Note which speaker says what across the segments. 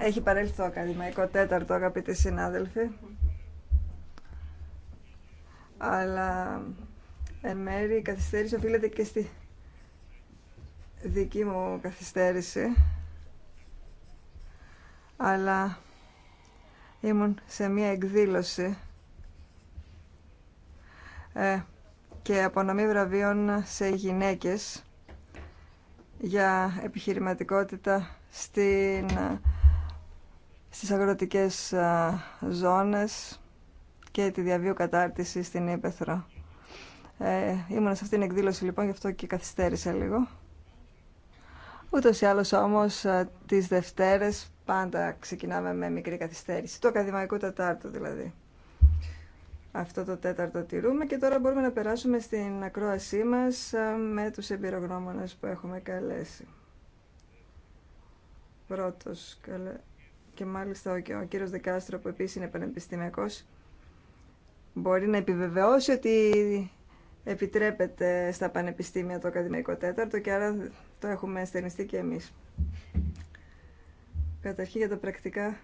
Speaker 1: Έχει παρέλθει το ακαδημαϊκό τέταρτο, αγαπητοί συνάδελφοι. Αλλά εν μέρη η καθυστέρηση οφείλεται και στη δική μου καθυστέρηση. Αλλά ήμουν σε μία εκδήλωση. Ε, και απονομή βραβείων σε γυναίκες για επιχειρηματικότητα στην, στις αγροτικές ζώνες και τη διαβίου κατάρτιση στην Ήπεθρο. Ε, ήμουν σε αυτήν την εκδήλωση λοιπόν, γι' αυτό και καθυστέρησα λίγο. Ούτως ή άλλως όμως τις Δευτέρες πάντα ξεκινάμε με μικρή καθυστέρηση, το ακαδημαϊκό Τετάρτο δηλαδή αυτό το τέταρτο τηρούμε και τώρα μπορούμε να περάσουμε στην ακρόασή μας ε, με τους εμπειρογνώμονες που έχουμε καλέσει. Πρώτος και μάλιστα ο κύριος Δεκάστρο που επίσης είναι πανεπιστημιακός μπορεί να επιβεβαιώσει ότι επιτρέπεται στα πανεπιστήμια το ακαδημαϊκό τέταρτο και άρα το έχουμε ασθενιστεί και εμείς. Καταρχήν για τα πρακτικά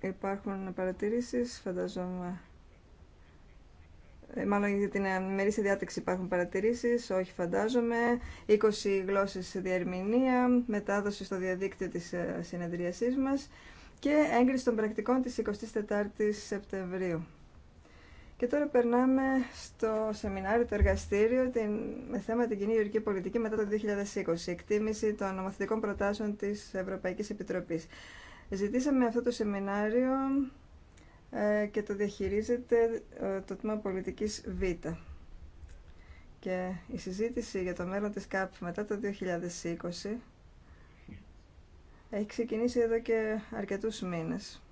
Speaker 1: υπάρχουν παρατηρήσεις, φανταζόμαι ε, μάλλον για την ε, μερίστη διάταξη υπάρχουν παρατηρήσεις, όχι φαντάζομαι. 20 γλώσσες διαρμηνία, μετάδοση στο διαδίκτυο τη ε, συνεδρίασή μας και έγκριση των πρακτικών τη 24 η Σεπτεμβρίου. Και τώρα περνάμε στο σεμινάριο, το εργαστήριο την, με θέμα την κοινή γεωργική πολιτική μετά το 2020, εκτίμηση των νομοθετικών προτάσεων της Ευρωπαϊκής Επιτροπής. Ζητήσαμε αυτό το σεμινάριο ε, και το διαχειρίζεται ε, το τμήμα πολιτικής Β. Και η συζήτηση για το μέλλον της ΚΑΠ μετά το 2020 έχει ξεκινήσει εδώ και αρκετούς μήνες.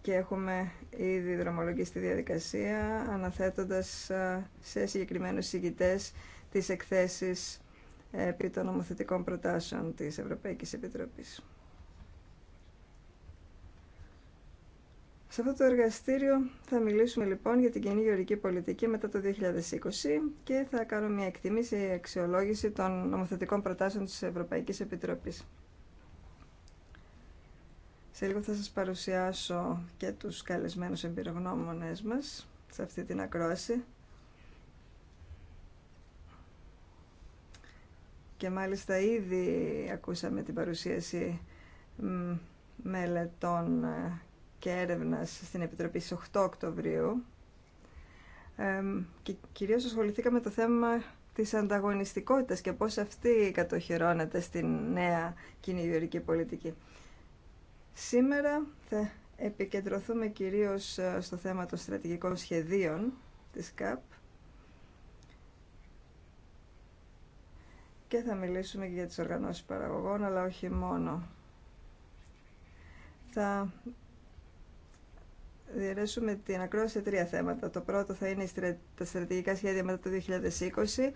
Speaker 1: Και έχουμε ήδη δρομολογήσει τη διαδικασία αναθέτοντας ε, σε συγκεκριμένους συγκητές τις εκθέσεις επί των νομοθετικών προτάσεων της Ευρωπαϊκής Επιτροπής. Σε αυτό το εργαστήριο θα μιλήσουμε λοιπόν για την κοινή γεωρική πολιτική μετά το 2020 και θα κάνω μια εκτιμήση αξιολόγηση των νομοθετικών προτάσεων της Ευρωπαϊκής Επιτροπής. Σε λίγο θα σας παρουσιάσω και τους καλεσμένους εμπειρογνώμονες μας σε αυτή την ακρόαση. Και μάλιστα ήδη ακούσαμε την παρουσίαση μελετών ε, και έρευνας στην Επιτροπή στις 8 Οκτωβρίου και κυρίως ασχοληθήκαμε με το θέμα της ανταγωνιστικότητας και πώς αυτή κατοχυρώνεται στην νέα κοινή πολιτική. Σήμερα θα επικεντρωθούμε κυρίως ε, στο θέμα των στρατηγικών σχεδίων της ΚΑΠ και θα μιλήσουμε και για τις οργανώσεις παραγωγών, αλλά όχι μόνο. Θα διαιρέσουμε την ακρόαση σε τρία θέματα. Το πρώτο θα είναι τα στρατηγικά σχέδια μετά το 2020,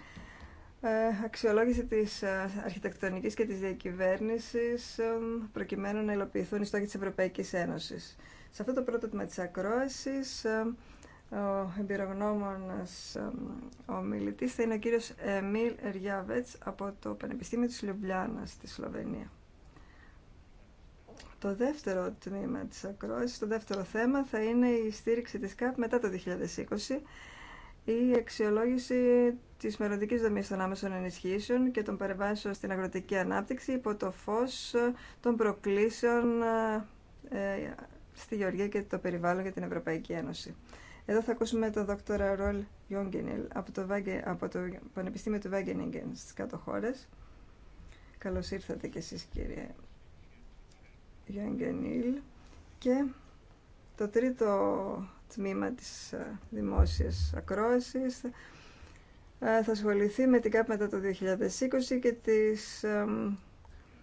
Speaker 1: ε, αξιολόγηση της ε, αρχιτεκτονικής και της διακυβέρνησης ε, προκειμένου να υλοποιηθούν οι στόχοι της Ευρωπαϊκής Ένωσης. Σε αυτό το πρώτο τμήμα της ακρόαση ο εμπειρογνώμονας ομιλητής θα είναι ο κύριος Εμίλ από το Πανεπιστήμιο της Λιουμπλιάνας στη Σλοβενία. Το δεύτερο τμήμα της ακρόασης, το δεύτερο θέμα θα είναι η στήριξη της ΚΑΠ μετά το 2020 η αξιολόγηση της μελλοντική δομή των άμεσων ενισχύσεων και των παρεμβάσεων στην αγροτική ανάπτυξη υπό το φως των προκλήσεων ε, στη γεωργία και το περιβάλλον για την Ευρωπαϊκή Ένωση. Εδώ θα ακούσουμε τον δόκτωρα Ρολ Γιόγκενιλ από το, από Πανεπιστήμιο του Βάγγενιγκεν στις κάτω χώρες. Καλώς ήρθατε και εσείς κύριε Γιόγκενιλ. Και το τρίτο τμήμα της ε, δημόσιας ακρόασης ε, θα ασχοληθεί με την ΚΑΠ μετά το 2020 και τις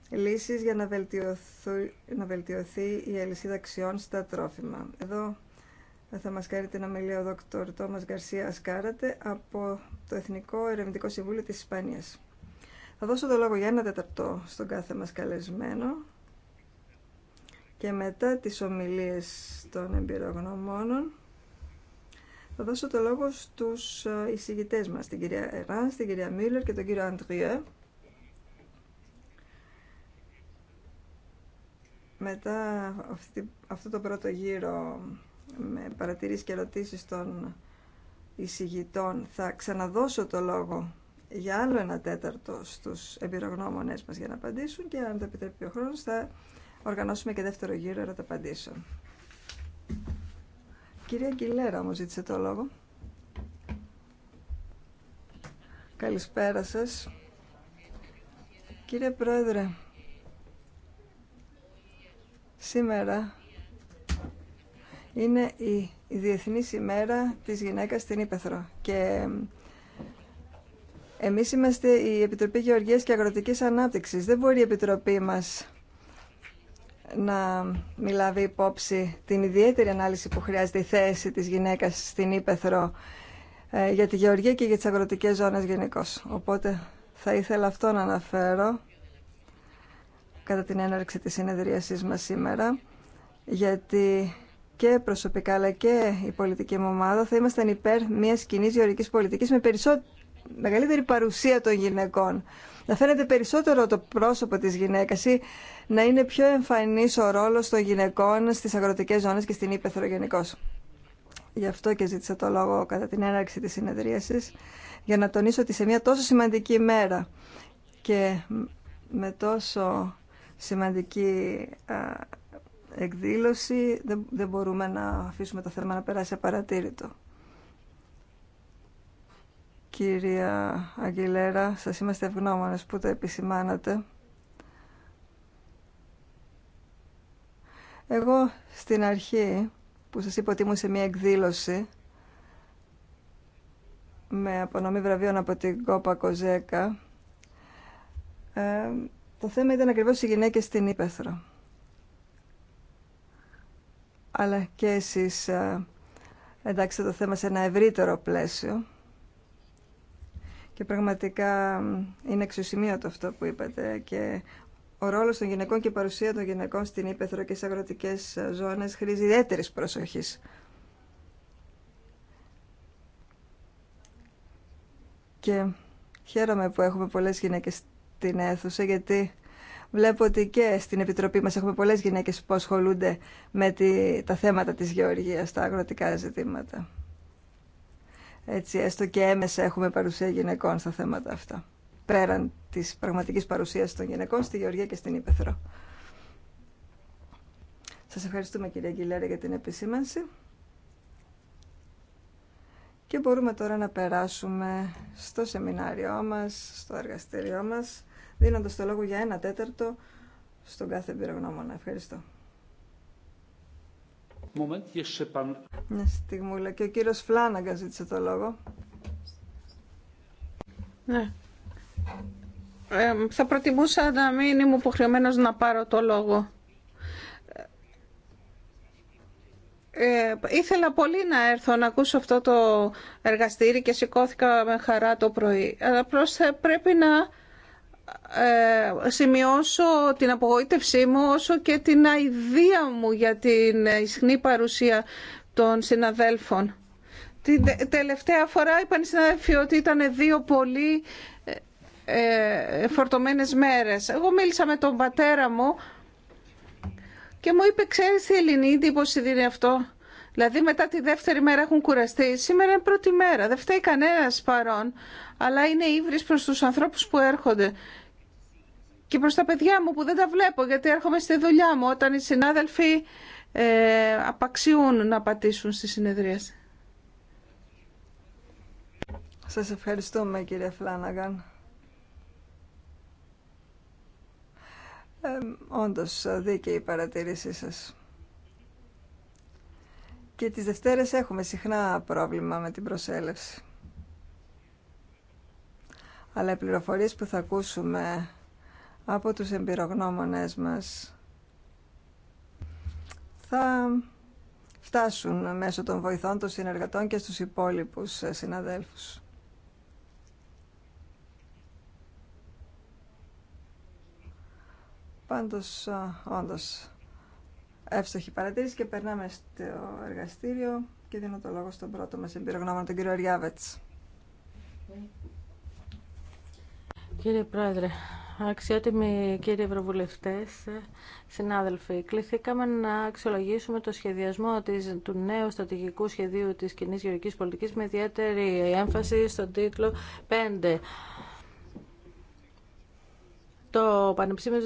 Speaker 1: λύσεις για να βελτιωθεί, να βελτιωθεί η αλυσίδα αξιών στα τρόφιμα. Εδώ ε, θα μας κάνει την ομιλία ο Δόκτωρ Τόμας Γκαρσία Ασκάρατε από το Εθνικό Ερευνητικό Συμβούλιο της Ισπανίας. Θα δώσω το λόγο για ένα τέταρτο στον κάθε μας καλεσμένο και μετά τις ομιλίες των εμπειρογνωμόνων θα δώσω το λόγο στους ε, εισηγητές μας, την κυρία Εράν, την κυρία Μίλλερ και τον κύριο Αντριέ. Μετά αυτή, αυτό το πρώτο γύρο με παρατηρήσεις και ερωτήσεις των εισηγητών θα ξαναδώσω το λόγο για άλλο ένα τέταρτο στους εμπειρογνώμονές μας για να απαντήσουν και αν το επιτρέπει ο χρόνος θα οργανώσουμε και δεύτερο γύρο ερωταπαντήσεων. Κυρία Κιλέρα μου ζήτησε το λόγο. Καλησπέρα σας. Κύριε Πρόεδρε, σήμερα είναι η διεθνή ημέρα της γυναίκας στην Ήπεθρο και εμείς είμαστε η Επιτροπή Γεωργίας και Αγροτικής Ανάπτυξης. Δεν μπορεί η Επιτροπή μας να μιλάει υπόψη την ιδιαίτερη ανάλυση που χρειάζεται η θέση της γυναίκας στην Ήπεθρο ε, για τη γεωργία και για τις αγροτικές ζώνες γενικώ. Οπότε θα ήθελα αυτό να αναφέρω κατά την έναρξη της συνεδρίασής μας σήμερα γιατί και προσωπικά αλλά και η πολιτική μου ομάδα θα ήμασταν υπέρ μιας κοινή γεωρικής πολιτικής με μεγαλύτερη παρουσία των γυναικών. Να φαίνεται περισσότερο το πρόσωπο της γυναίκας ή να είναι πιο εμφανής ο ρόλος των γυναικών στις αγροτικές ζώνες και στην ύπεθρο γενικώ. Γι' αυτό και ζήτησα το λόγο κατά την έναρξη της συνεδρίασης για να τονίσω ότι σε μια τόσο σημαντική μέρα και με τόσο σημαντική εκδήλωση δεν, δεν μπορούμε να αφήσουμε το θέμα να περάσει απαρατήρητο. Κυρία Αγγιλέρα, σας είμαστε ευγνώμονες που το επισημάνατε. Εγώ στην αρχή που σας είπα ότι ήμουν σε μια εκδήλωση με απονομή βραβείων από την Κόπα Κοζέκα, ε, το θέμα ήταν ακριβώς οι γυναίκες στην Ήπεθρο αλλά και εσείς ε, εντάξετε το θέμα σε ένα ευρύτερο πλαίσιο. Και πραγματικά είναι αξιοσημείωτο αυτό που είπατε και ο ρόλος των γυναικών και η παρουσία των γυναικών στην ύπεθρο και στις αγροτικές ε, ζώνες χρήζει ιδιαίτερης προσοχής. Και χαίρομαι που έχουμε πολλές γυναίκες στην αίθουσα γιατί Βλέπω ότι και στην Επιτροπή μας έχουμε πολλές γυναίκες που ασχολούνται με τα θέματα της γεωργίας, τα αγροτικά ζητήματα. Έτσι, έστω και έμεσα έχουμε παρουσία γυναικών στα θέματα αυτά. Πέραν της πραγματικής παρουσίας των γυναικών στη γεωργία και στην Ήπεθρο. Σας ευχαριστούμε κυρία Αγγιλέρα για την επισήμανση. Και μπορούμε τώρα να περάσουμε στο σεμινάριό μας, στο εργαστήριό μας. Δίνοντα το λόγο για ένα τέταρτο στον κάθε εμπειρογνώμονα. Ευχαριστώ. Μια στιγμή. Και ο κύριος Φλάναγκα ζήτησε το λόγο. Ναι. Ε, θα
Speaker 2: προτιμούσα να μην είμαι υποχρεωμένο να πάρω το λόγο. Ε, ήθελα πολύ να έρθω να ακούσω αυτό το εργαστήρι και σηκώθηκα με χαρά το πρωί. Αλλά προς πρέπει να ε, σημειώσω την απογοήτευσή μου όσο και την αηδία μου για την ισχνή παρουσία των συναδέλφων. Την τελευταία φορά είπαν οι συναδέλφοι ότι ήταν δύο πολύ ε, ε, φορτωμένες μέρες. Εγώ μίλησα με τον πατέρα μου και μου είπε «Ξέρεις τι Ελληνίδη πώς δίνει αυτό». Δηλαδή μετά τη δεύτερη μέρα έχουν κουραστεί. Σήμερα είναι πρώτη μέρα. Δεν φταίει κανένας παρόν αλλά είναι ύβρι προς του ανθρώπου που έρχονται και προ τα παιδιά μου που δεν τα βλέπω γιατί έρχομαι στη δουλειά μου όταν οι συνάδελφοι ε, απαξιούν να πατήσουν στη συνεδρίες.
Speaker 1: Σα ευχαριστούμε κύριε Φλάναγκαν. Ε, όντως δίκαιη η παρατήρησή σας. Και τις Δευτέρες έχουμε συχνά πρόβλημα με την προσέλευση αλλά οι πληροφορίες που θα ακούσουμε από τους εμπειρογνώμονες μας θα φτάσουν μέσω των βοηθών των συνεργατών και στους υπόλοιπους συναδέλφους. Πάντως, όντως, εύστοχη παρατήρηση και περνάμε στο εργαστήριο και δίνω το λόγο στον πρώτο μας εμπειρογνώμονα, τον κύριο Κύριε Πρόεδρε,
Speaker 3: αξιότιμοι κύριοι Ευρωβουλευτέ, συνάδελφοι, κληθήκαμε να αξιολογήσουμε το σχεδιασμό της, του νέου στρατηγικού σχεδίου της κοινή γεωργικής πολιτική με ιδιαίτερη έμφαση στον τίτλο 5. Το Πανεπιστήμιο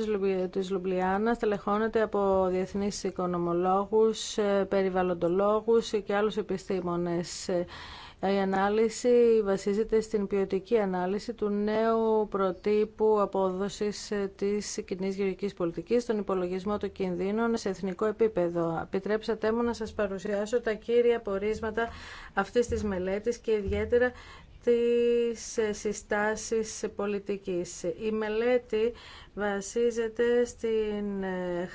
Speaker 3: της Λουμπλιάνα τελεχώνεται από διεθνείς οικονομολόγους, περιβαλλοντολόγους και άλλους επιστήμονες. Ε, η ανάλυση βασίζεται στην ποιοτική ανάλυση του νέου προτύπου απόδοση ε, της κοινή γεωργικής πολιτικής, τον υπολογισμό των κινδύνων σε εθνικό επίπεδο. Επιτρέψατε μου να σας παρουσιάσω τα κύρια πορίσματα αυτής της μελέτης και ιδιαίτερα στις συστάσεις πολιτικής. Η μελέτη βασίζεται στην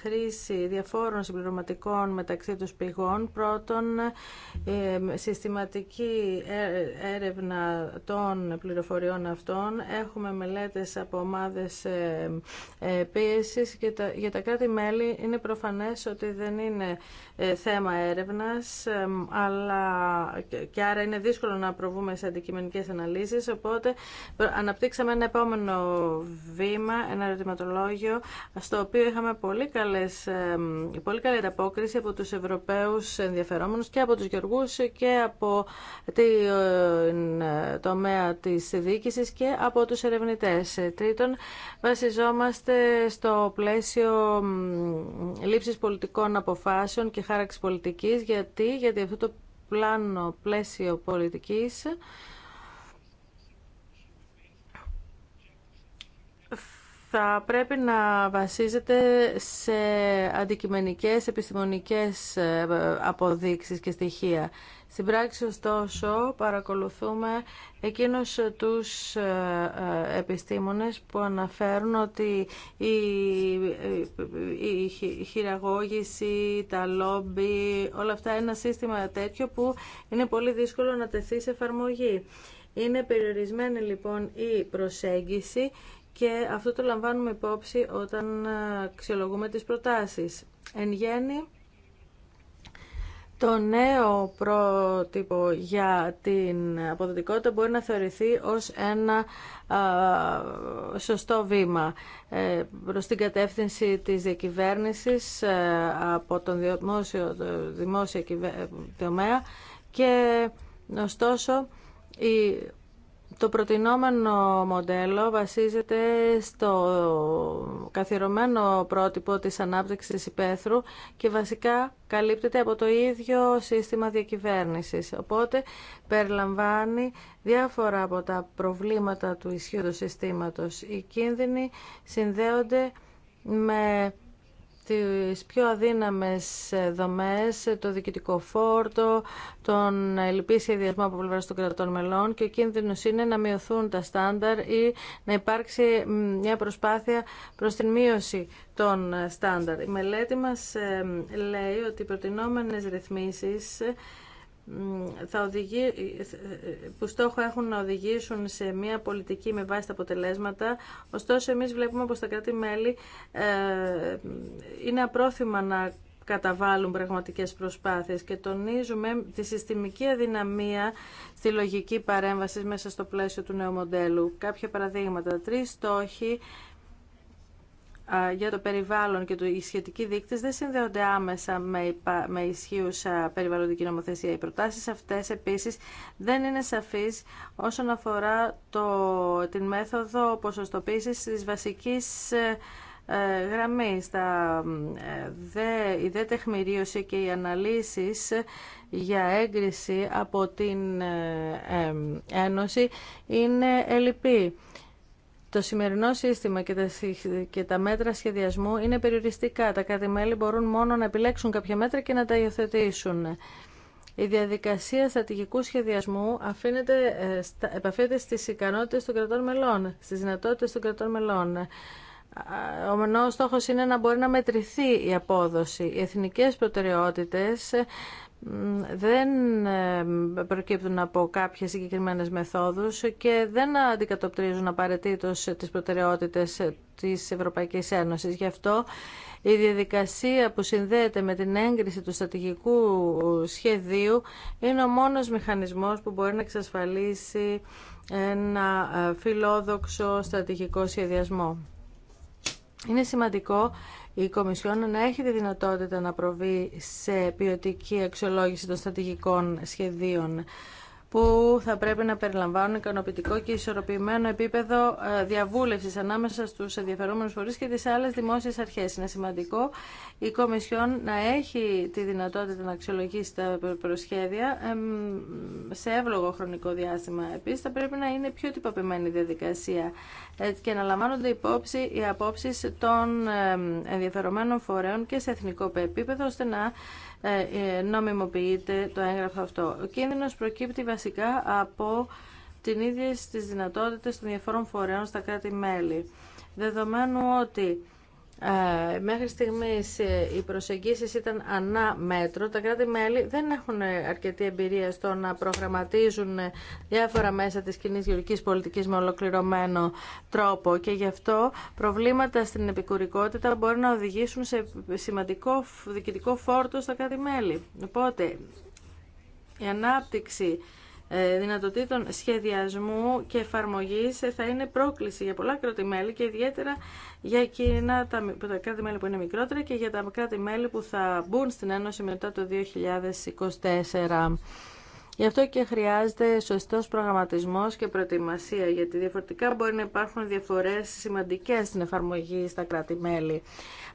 Speaker 3: χρήση διαφόρων συμπληρωματικών μεταξύ τους πηγών. Πρώτον, ε, συστηματική ε, έρευνα των πληροφοριών αυτών. Έχουμε μελέτες από ομάδες ε, πίεσης και για τα κράτη-μέλη είναι προφανές ότι δεν είναι θέμα έρευνας, αλλά και άρα είναι δύσκολο να προβούμε σε αντικειμενικές αναλύσεις, οπότε αναπτύξαμε ένα επόμενο βήμα, ένα ερωτηματολόγιο, στο οποίο είχαμε πολύ, καλές, ε, πολύ καλή ανταπόκριση από τους Ευρωπαίους ενδιαφερόμενους και από τους γεωργούς και από την ε, τομέα της διοίκησης και από τους ερευνητές. Τρίτον, βασιζόμαστε στο πλαίσιο λήψης πολιτικών αποφάσεων και χάραξη πολιτικής. Γιατί, γιατί αυτό το πλάνο πλαίσιο πολιτικής θα πρέπει να βασίζεται σε αντικειμενικές επιστημονικές ε, αποδείξεις και στοιχεία. Στην πράξη, ωστόσο, παρακολουθούμε εκείνους τους ε, ε, επιστήμονες που αναφέρουν ότι η χειραγώγηση, τα λόμπι, όλα αυτά είναι ένα σύστημα τέτοιο που είναι πολύ δύσκολο να τεθεί σε εφαρμογή. Είναι περιορισμένη λοιπόν η προσέγγιση και αυτό το λαμβάνουμε υπόψη όταν ε, αξιολογούμε τις προτάσεις. Εν γέννη, το νέο πρότυπο για την αποδοτικότητα μπορεί να θεωρηθεί ως ένα σωστό βήμα ε, προς την κατεύθυνση της διακυβέρνησης ε, από τον δημόσιο, δημόσιο τομέα και ωστόσο η το προτινόμενο μοντέλο βασίζεται στο καθιερωμένο πρότυπο της ανάπτυξης υπαίθρου και βασικά καλύπτεται από το ίδιο σύστημα διακυβέρνησης. Οπότε περιλαμβάνει διάφορα από τα προβλήματα του ισχύου του συστήματος. Οι κίνδυνοι συνδέονται με τις πιο αδύναμες δομές, το διοικητικό φόρτο, τον ελπίσει σχεδιασμό από πλευρά των κρατών μελών και ο κίνδυνο είναι να μειωθούν τα στάνταρ ή να υπάρξει μια προσπάθεια προς την μείωση των στάνταρ. Η μελέτη μας ε, λέει ότι οι προτινόμενες ρυθμίσεις θα οδηγεί, που στόχο έχουν να οδηγήσουν σε μια πολιτική με βάση τα αποτελέσματα. Ωστόσο, εμείς βλέπουμε πως τα κράτη-μέλη ε, είναι απρόθυμα να καταβάλουν πραγματικές προσπάθειες και τονίζουμε τη συστημική αδυναμία στη λογική παρέμβαση μέσα στο πλαίσιο του νέου μοντέλου. Κάποια παραδείγματα. Τρεις στόχοι για το περιβάλλον και οι σχετικοί δείκτες δεν συνδέονται άμεσα με ισχύουσα περιβαλλοντική νομοθεσία. Οι προτάσεις αυτές επίσης δεν είναι σαφείς όσον αφορά το, την μέθοδο ποσοστοποίησης της βασικής ε, ε, γραμμής. Τα, ε, δε, η δε τεχμηρίωση και οι αναλύσεις για έγκριση από την Ένωση είναι ελλειπή. Το σημερινό σύστημα και τα, μέτρα σχεδιασμού είναι περιοριστικά. Τα κράτη-μέλη μπορούν μόνο να επιλέξουν κάποια μέτρα και να τα υιοθετήσουν. Η διαδικασία στρατηγικού σχεδιασμού αφήνεται, ε, επαφείται στις ικανότητες των κρατών μελών, στις δυνατότητες των κρατών μελών. Ο μονός στόχος είναι να μπορεί να μετρηθεί η απόδοση. Οι εθνικές προτεραιότητες δεν ε, προκύπτουν από κάποιες συγκεκριμένες μεθόδους και δεν αντικατοπτρίζουν απαραίτητος τις προτεραιότητες της Ευρωπαϊκής Ένωσης. Γι' αυτό η διαδικασία που συνδέεται με την έγκριση του στρατηγικού σχεδίου είναι ο μόνος μηχανισμός που μπορεί να εξασφαλίσει ένα ε, φιλόδοξο στρατηγικό σχεδιασμό. Είναι σημαντικό η Κομισιόν να έχει τη δυνατότητα να προβεί σε ποιοτική αξιολόγηση των στρατηγικών σχεδίων που θα πρέπει να περιλαμβάνουν ικανοποιητικό και ισορροπημένο επίπεδο ε, διαβούλευση ανάμεσα στου ενδιαφερόμενου φορεί και τι άλλε δημόσιε αρχέ. Είναι σημαντικό η Κομισιόν να έχει τη δυνατότητα να αξιολογήσει τα προσχέδια σε εύλογο χρονικό διάστημα. Επίση, θα πρέπει να είναι πιο τυποποιημένη η διαδικασία ε, και να λαμβάνονται υπόψη οι απόψει των ε, ενδιαφερομένων φορέων και σε εθνικό επίπεδο, ώστε να ε, ε, νομιμοποιείται το έγγραφο αυτό. Ο κίνδυνος προκύπτει βασικά από την ίδια στις δυνατότητες των διαφόρων φορέων στα κράτη-μέλη. Δεδομένου ότι ε, μέχρι στιγμής ε, οι προσεγγίσει ήταν ανά μέτρο. Τα κράτη-μέλη δεν έχουν αρκετή εμπειρία στο να προγραμματίζουν διάφορα μέσα της κοινή γεωργική πολιτικής με ολοκληρωμένο τρόπο και γι' αυτό προβλήματα στην επικουρικότητα μπορεί να οδηγήσουν σε σημαντικό διοικητικό φόρτο στα κράτη-μέλη. Οπότε η ανάπτυξη ε, δυνατοτήτων σχεδιασμού και εφαρμογή ε, θα είναι πρόκληση για πολλά κράτη-μέλη και ιδιαίτερα για εκείνα τα, τα κράτη-μέλη που είναι μικρότερα και για τα κράτη-μέλη που θα μπουν στην Ένωση μετά το 2024. Γι' αυτό και χρειάζεται σωστός προγραμματισμός και προετοιμασία, γιατί διαφορετικά μπορεί να υπάρχουν διαφορέ σημαντικέ στην εφαρμογή στα κράτη-μέλη.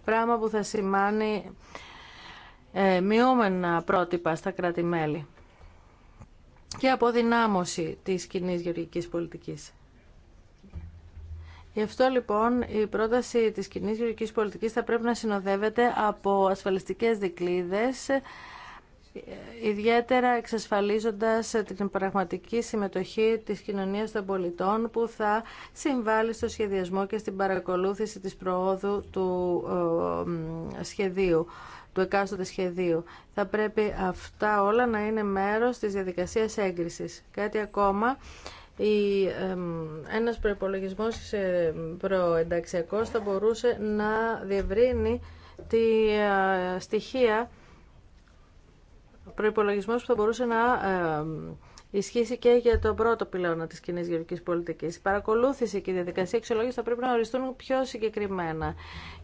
Speaker 3: Πράγμα που θα σημάνει ε, πρότυπα στα κράτη-μέλη και αποδυνάμωση της κοινή γεωργικής πολιτικής. Γι' αυτό λοιπόν η πρόταση της κοινή γεωργικής πολιτικής θα πρέπει να συνοδεύεται από ασφαλιστικές δικλίδες, ιδιαίτερα εξασφαλίζοντας την πραγματική συμμετοχή της κοινωνίας των πολιτών που θα συμβάλλει στο σχεδιασμό και στην παρακολούθηση της προόδου του ε, σχεδίου του εκάστοτε σχεδίου. Θα πρέπει αυτά όλα να είναι μέρος της διαδικασίας έγκρισης. Κάτι ακόμα, η, ε, ένας προϋπολογισμός ε, προενταξιακός θα μπορούσε να διευρύνει τη ε, στοιχεία προϋπολογισμός που θα μπορούσε να ε, ισχύσει και για τον πρώτο πυλώνα τη κοινή γεωργική πολιτική. Η παρακολούθηση και η διαδικασία αξιολόγηση θα πρέπει να οριστούν πιο συγκεκριμένα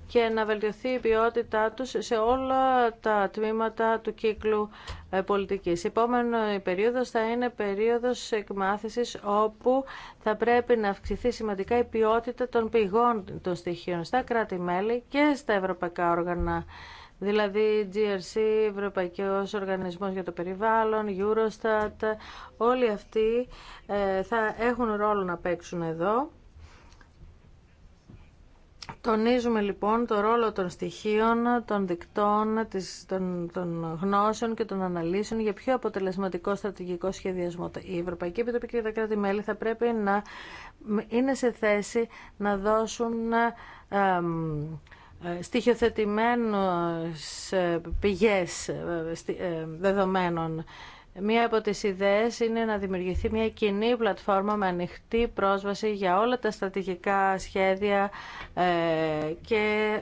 Speaker 3: και να βελτιωθεί η ποιότητά τους σε όλα τα τμήματα του κύκλου ε, πολιτικής. Η επόμενη περίοδος θα είναι περίοδος εκμάθησης όπου θα πρέπει να αυξηθεί σημαντικά η ποιότητα των πηγών των στοιχείων στα κράτη-μέλη και στα ευρωπαϊκά όργανα δηλαδή GRC, Ευρωπαϊκός Οργανισμός για το Περιβάλλον, Eurostat, όλοι αυτοί ε, θα έχουν ρόλο να παίξουν εδώ. Τονίζουμε λοιπόν το ρόλο των στοιχείων, των δικτών, των, των γνώσεων και των αναλύσεων για πιο αποτελεσματικό στρατηγικό σχεδιασμό. Η Ευρωπαϊκή Επιτροπή και τα κράτη-μέλη θα πρέπει να είναι σε θέση να δώσουν ε, ε, στοιχειοθετημένες ε, πηγές ε, δεδομένων. Μία από τις ιδέες είναι να δημιουργηθεί μια κοινή πλατφόρμα με ανοιχτή πρόσβαση για όλα τα στρατηγικά σχέδια και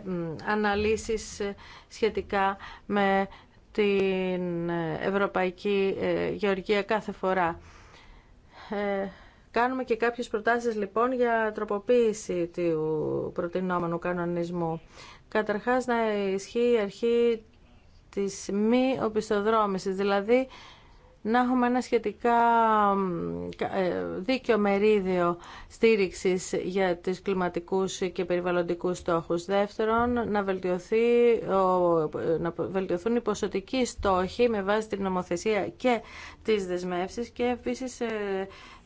Speaker 3: αναλύσεις σχετικά με την Ευρωπαϊκή Γεωργία κάθε φορά. Κάνουμε και κάποιες προτάσεις λοιπόν για τροποποίηση του προτινόμενου κανονισμού. Καταρχάς να ισχύει η αρχή της μη οπισθοδρόμησης, δηλαδή να έχουμε ένα σχετικά ε, δίκαιο μερίδιο στήριξης για τις κλιματικούς και περιβαλλοντικούς στόχους. Δεύτερον, να, βελτιωθεί, να βελτιωθούν οι ποσοτικοί στόχοι με βάση την νομοθεσία και τις δεσμεύσεις και επίσης ε,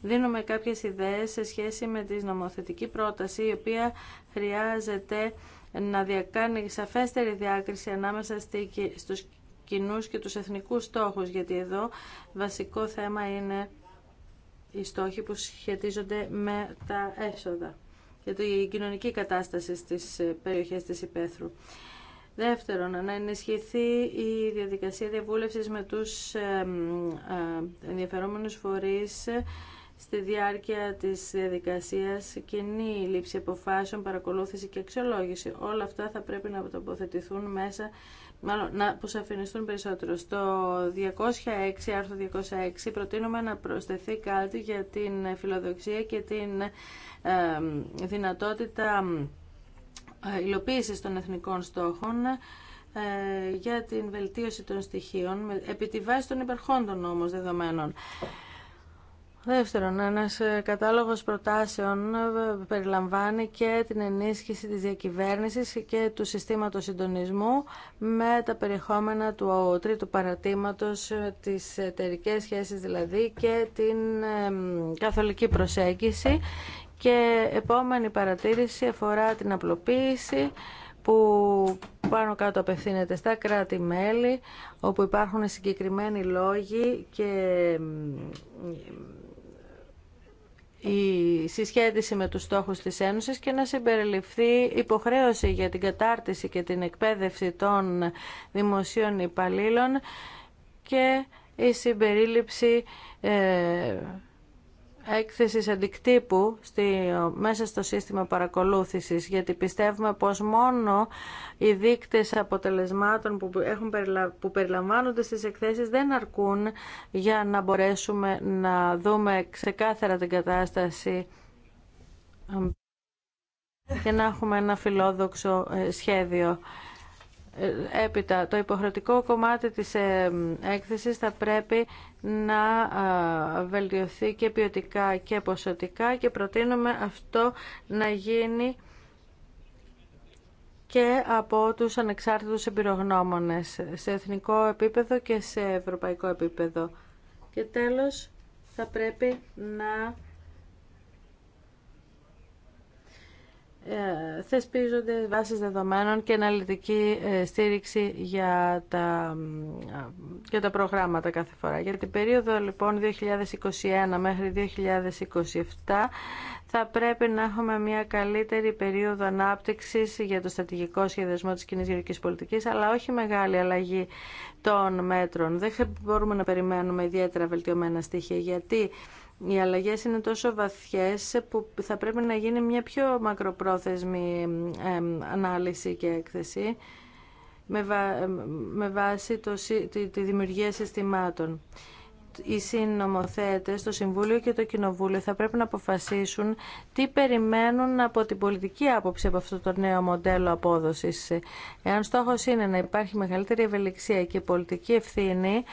Speaker 3: δίνουμε κάποιες ιδέες σε σχέση με τη νομοθετική πρόταση η οποία χρειάζεται να διακάνει σαφέστερη διάκριση ανάμεσα στους κοινού και τους εθνικούς στόχους γιατί εδώ βασικό θέμα είναι οι στόχοι που σχετίζονται με τα έσοδα και την κοινωνική κατάσταση στις περιοχές της υπαίθρου. Δεύτερον, να ενισχυθεί η διαδικασία διαβούλευσης με τους ε, ενδιαφερόμενους φορείς στη διάρκεια της διαδικασίας κοινή λήψη αποφάσεων, παρακολούθηση και αξιολόγηση. Όλα αυτά θα πρέπει να τοποθετηθούν μέσα, μάλλον να αποσαφινιστούν περισσότερο. Στο 206, άρθρο 206, προτείνουμε να προσθεθεί κάτι για την φιλοδοξία και την δυνατότητα υλοποίησης των εθνικών στόχων ε, για την βελτίωση των στοιχείων, επί τη βάση των υπερχόντων όμως δεδομένων. Δεύτερον, ένας ε, κατάλογος προτάσεων ε, περιλαμβάνει και την ενίσχυση της διακυβέρνησης και του συστήματος συντονισμού με τα περιεχόμενα του τρίτου παρατήματος, ε, τις εταιρικέ σχέσεις δηλαδή και την καθολική προσέγγιση. Και επόμενη παρατήρηση αφορά την απλοποίηση που πάνω κάτω απευθύνεται στα κράτη-μέλη, όπου υπάρχουν συγκεκριμένοι λόγοι και η συσχέτιση με τους στόχους της Ένωσης και να συμπεριληφθεί υποχρέωση για την κατάρτιση και την εκπαίδευση των δημοσίων υπαλλήλων και η συμπερίληψη ε, Έκθεση αντικτύπου στη, μέσα στο σύστημα παρακολούθησης γιατί πιστεύουμε πως μόνο οι δείκτες αποτελεσμάτων που, έχουν, που περιλαμβάνονται στις εκθέσεις δεν αρκούν για να μπορέσουμε να δούμε ξεκάθαρα την κατάσταση και να έχουμε ένα φιλόδοξο ε, σχέδιο. Έπειτα, το υποχρεωτικό κομμάτι της ε, έκθεσης θα πρέπει να βελτιωθεί και ποιοτικά και ποσοτικά και προτείνουμε αυτό να γίνει και από τους ανεξάρτητους εμπειρογνώμονες σε εθνικό επίπεδο και σε ευρωπαϊκό επίπεδο. Και τέλος, θα πρέπει να Ε, θεσπίζονται βάσεις δεδομένων και αναλυτική ε, στήριξη για τα, ε, για τα προγράμματα κάθε φορά. Για την περίοδο λοιπόν 2021 μέχρι 2027 θα πρέπει να έχουμε μια καλύτερη περίοδο ανάπτυξης για το στρατηγικό σχεδιασμό της κοινή γεωργικής πολιτικής, αλλά όχι μεγάλη αλλαγή των μέτρων. Δεν μπορούμε να περιμένουμε ιδιαίτερα βελτιωμένα στοιχεία, γιατί οι αλλαγέ είναι τόσο βαθιές που θα πρέπει να γίνει μια πιο μακροπρόθεσμη ανάλυση και έκθεση με, βάση τη, δημιουργία συστημάτων οι συνομοθέτες, το Συμβούλιο και το Κοινοβούλιο θα πρέπει να αποφασίσουν τι περιμένουν από την πολιτική άποψη από αυτό το νέο μοντέλο απόδοσης. Εάν στόχο είναι να υπάρχει μεγαλύτερη ευελιξία και πολιτική ευθύνη,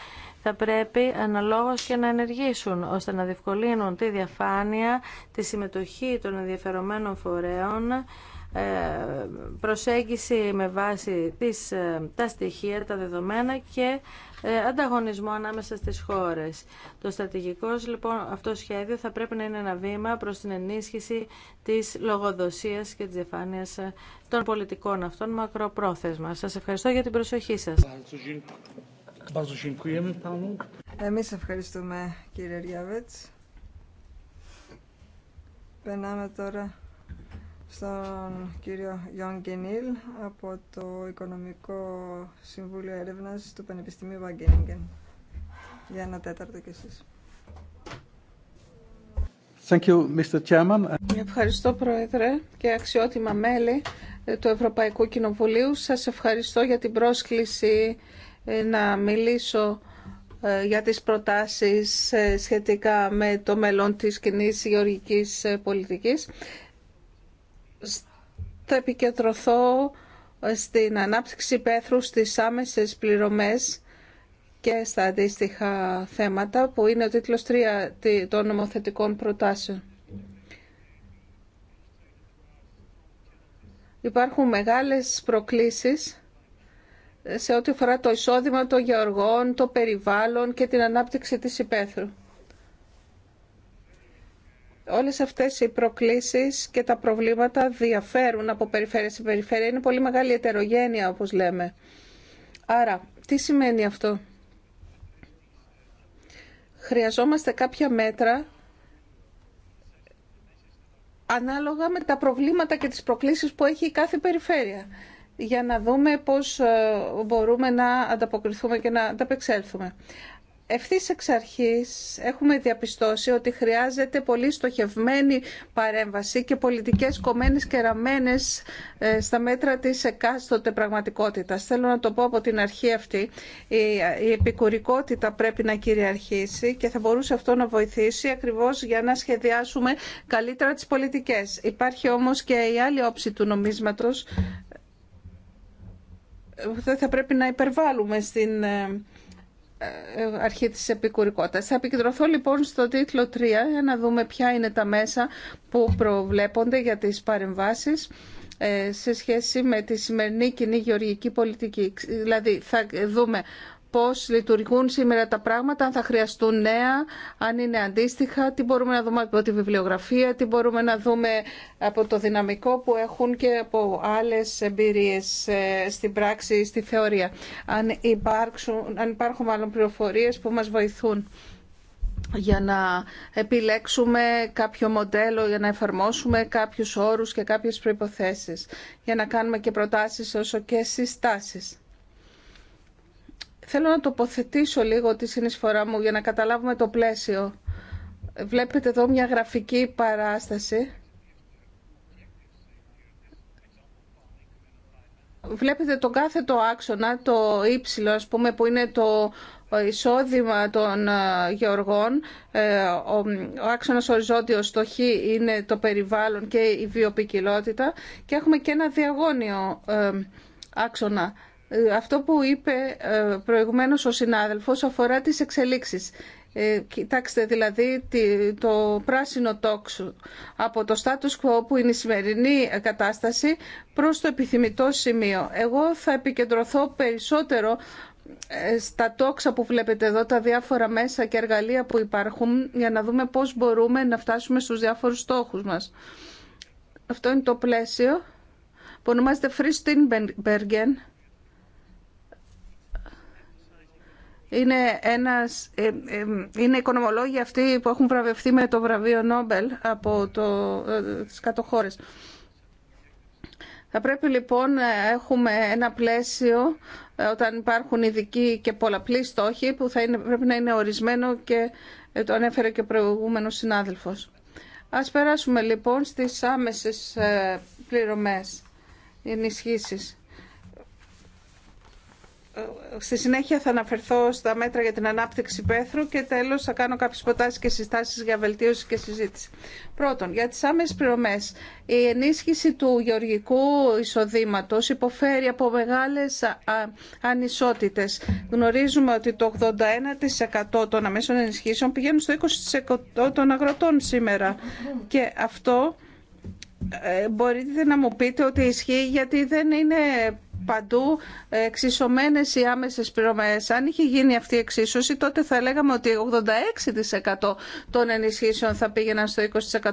Speaker 3: θα πρέπει αναλόγως και να ενεργήσουν ώστε να διευκολύνουν τη διαφάνεια, τη συμμετοχή των ενδιαφερομένων φορέων, ε, προσέγγιση με βάση τις, ε, τα στοιχεία, τα δεδομένα και ε, ανταγωνισμό ανάμεσα στις χώρες. Το στρατηγικό λοιπόν αυτό σχέδιο θα πρέπει να είναι ένα βήμα προς την ενίσχυση της λογοδοσίας και της διαφάνειας των πολιτικών αυτών μακροπρόθεσμα. Σας ευχαριστώ για την προσοχή σας.
Speaker 1: Ε, εμείς ευχαριστούμε κύριε Ριάβετς. Περνάμε τώρα στον κύριο Γιον Γκενίλ από το Οικονομικό Συμβούλιο Έρευνας του Πανεπιστημίου Βαγγένιγκεν. Για ένα τέταρτο κι εσείς. Thank you, Mr. Chairman.
Speaker 2: Ευχαριστώ Πρόεδρε και αξιότιμα μέλη του Ευρωπαϊκού Κοινοβουλίου. Σας ευχαριστώ για την πρόσκληση ε, να μιλήσω ε, για τις προτάσεις ε, σχετικά με το μέλλον της κοινή γεωργικής πολιτικής. Θα επικεντρωθώ στην ανάπτυξη πέθρου στις άμεσες πληρωμές και στα αντίστοιχα θέματα που είναι ο τίτλος 3 των νομοθετικών προτάσεων. Υπάρχουν μεγάλες προκλήσεις σε ό,τι αφορά το εισόδημα των γεωργών, το περιβάλλον και την ανάπτυξη της υπαίθρου. Όλες αυτές οι προκλήσεις και τα προβλήματα διαφέρουν από περιφέρεια σε περιφέρεια. Είναι πολύ μεγάλη ετερογένεια, όπως λέμε. Άρα, τι σημαίνει αυτό. Χρειαζόμαστε κάποια μέτρα ανάλογα με τα προβλήματα και τις προκλήσεις που έχει η κάθε περιφέρεια για να δούμε πώς ε, μπορούμε να ανταποκριθούμε και να ανταπεξέλθουμε. Ευθύς εξ αρχής έχουμε διαπιστώσει ότι χρειάζεται πολύ στοχευμένη παρέμβαση και πολιτικές κομμένες και ραμμένες ε, στα μέτρα της εκάστοτε πραγματικότητας. Θέλω να το πω από την αρχή αυτή. Η επικουρικότητα πρέπει να κυριαρχήσει και θα μπορούσε αυτό να βοηθήσει ακριβώς για να σχεδιάσουμε καλύτερα τις πολιτικές. Υπάρχει όμως και η άλλη όψη του νομίσματος δεν θα πρέπει να υπερβάλλουμε στην ε, ε, αρχή της επικουρικότητας. Θα επικεντρωθώ λοιπόν στο τίτλο 3 για να δούμε ποια είναι τα μέσα που προβλέπονται για τις παρεμβάσεις ε, σε σχέση με τη σημερινή κοινή γεωργική πολιτική. Δηλαδή θα δούμε πώς λειτουργούν σήμερα τα πράγματα, αν θα χρειαστούν νέα, αν είναι αντίστοιχα, τι μπορούμε να δούμε από τη βιβλιογραφία, τι μπορούμε να δούμε από το δυναμικό που έχουν και από άλλες εμπειρίες ε, στην πράξη, στη θεωρία. Αν, υπάρχουν αν υπάρχουν μάλλον πληροφορίες που μας βοηθούν για να επιλέξουμε κάποιο μοντέλο, για να εφαρμόσουμε κάποιους όρους και κάποιες προϋποθέσεις, για να κάνουμε και προτάσεις όσο και συστάσεις. Θέλω να τοποθετήσω λίγο τη συνεισφορά μου για να καταλάβουμε το πλαίσιο. Βλέπετε εδώ μια γραφική παράσταση. Βλέπετε τον κάθετο άξονα, το ύψιλο ας πούμε, που είναι το εισόδημα των ε, γεωργών. Ε, ο άξονας οριζόντιος στο Χ είναι το περιβάλλον και η βιοπικιλότητα. Και έχουμε και ένα διαγώνιο ε, άξονα ε, αυτό που είπε ε, προηγουμένως ο συνάδελφος αφορά τις εξελίξεις. Ε, κοιτάξτε δηλαδή το πράσινο τόξο από το status quo που είναι η σημερινή κατάσταση προς το επιθυμητό σημείο. Εγώ θα επικεντρωθώ περισσότερο στα τόξα που βλέπετε εδώ, τα διάφορα μέσα και εργαλεία που υπάρχουν για να δούμε πώς μπορούμε να φτάσουμε στους διάφορους στόχους μας. Αυτό είναι το πλαίσιο που ονομάζεται Free είναι, ένας, ε, ε, είναι οικονομολόγοι αυτοί που έχουν βραβευτεί με το βραβείο Νόμπελ από το, ε, τις κατοχώρες. Θα πρέπει λοιπόν να έχουμε ένα πλαίσιο ε, όταν υπάρχουν ειδικοί και πολλαπλοί στόχοι που θα πρέπει να είναι ορισμένο και το ανέφερε και ο προηγούμενος συνάδελφος. Ας περάσουμε λοιπόν στις άμεσες πληρωμές, ενισχύσεις. Στη συνέχεια θα αναφερθώ στα μέτρα για την ανάπτυξη πέθρου και τέλος θα κάνω κάποιε προτάσει και συστάσεις για βελτίωση και συζήτηση. Πρώτον, για τις άμεσες πληρωμέ. Η ενίσχυση του γεωργικού εισοδήματο υποφέρει από μεγάλες ανισότητες. Γνωρίζουμε ότι το 81% των αμέσων ενισχύσεων πηγαίνουν στο 20% των αγροτών σήμερα και αυτό ε, μπορείτε να μου πείτε ότι ισχύει γιατί δεν είναι παντού ε, εξισωμένες οι άμεσες πληρωμές. Αν είχε γίνει αυτή η εξίσωση, τότε θα λέγαμε ότι 86% των ενισχύσεων θα πήγαιναν στο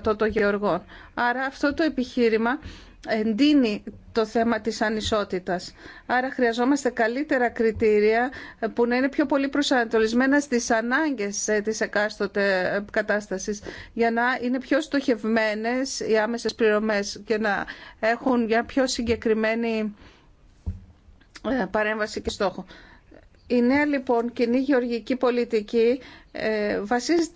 Speaker 2: 20% των γεωργών. Άρα αυτό το επιχείρημα εντείνει το θέμα της ανισότητας. Άρα χρειαζόμαστε καλύτερα κριτήρια που να είναι πιο πολύ προσανατολισμένα στις ανάγκες ε, της εκάστοτε ε, κατάστασης για να είναι πιο στοχευμένες οι άμεσες πληρωμές και να έχουν μια πιο συγκεκριμένη ε, παρέμβαση και στόχο. Η νέα λοιπόν κοινή γεωργική πολιτική ε, βασίζεται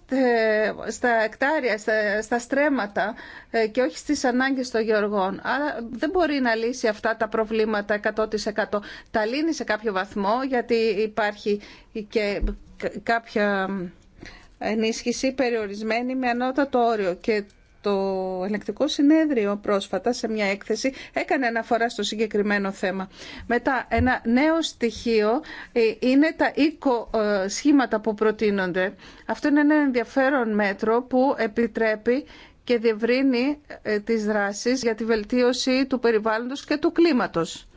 Speaker 2: στα εκτάρια, στα, στα στρέμματα ε, και όχι στις ανάγκες των γεωργών. Άρα δεν μπορεί να λύσει αυτά τα προβλήματα 100%. Τα λύνει σε κάποιο βαθμό γιατί υπάρχει και κάποια ενίσχυση περιορισμένη με ανώτατο όριο και το ελεκτικό συνέδριο πρόσφατα σε μια έκθεση έκανε αναφορά στο συγκεκριμένο θέμα. Μετά, ένα νέο στοιχείο ε, είναι τα οίκο ε, σχήματα που προτείνονται. Αυτό είναι ένα ενδιαφέρον μέτρο που επιτρέπει και διευρύνει ε, τις δράσεις για τη βελτίωση του περιβάλλοντος και του κλίματος.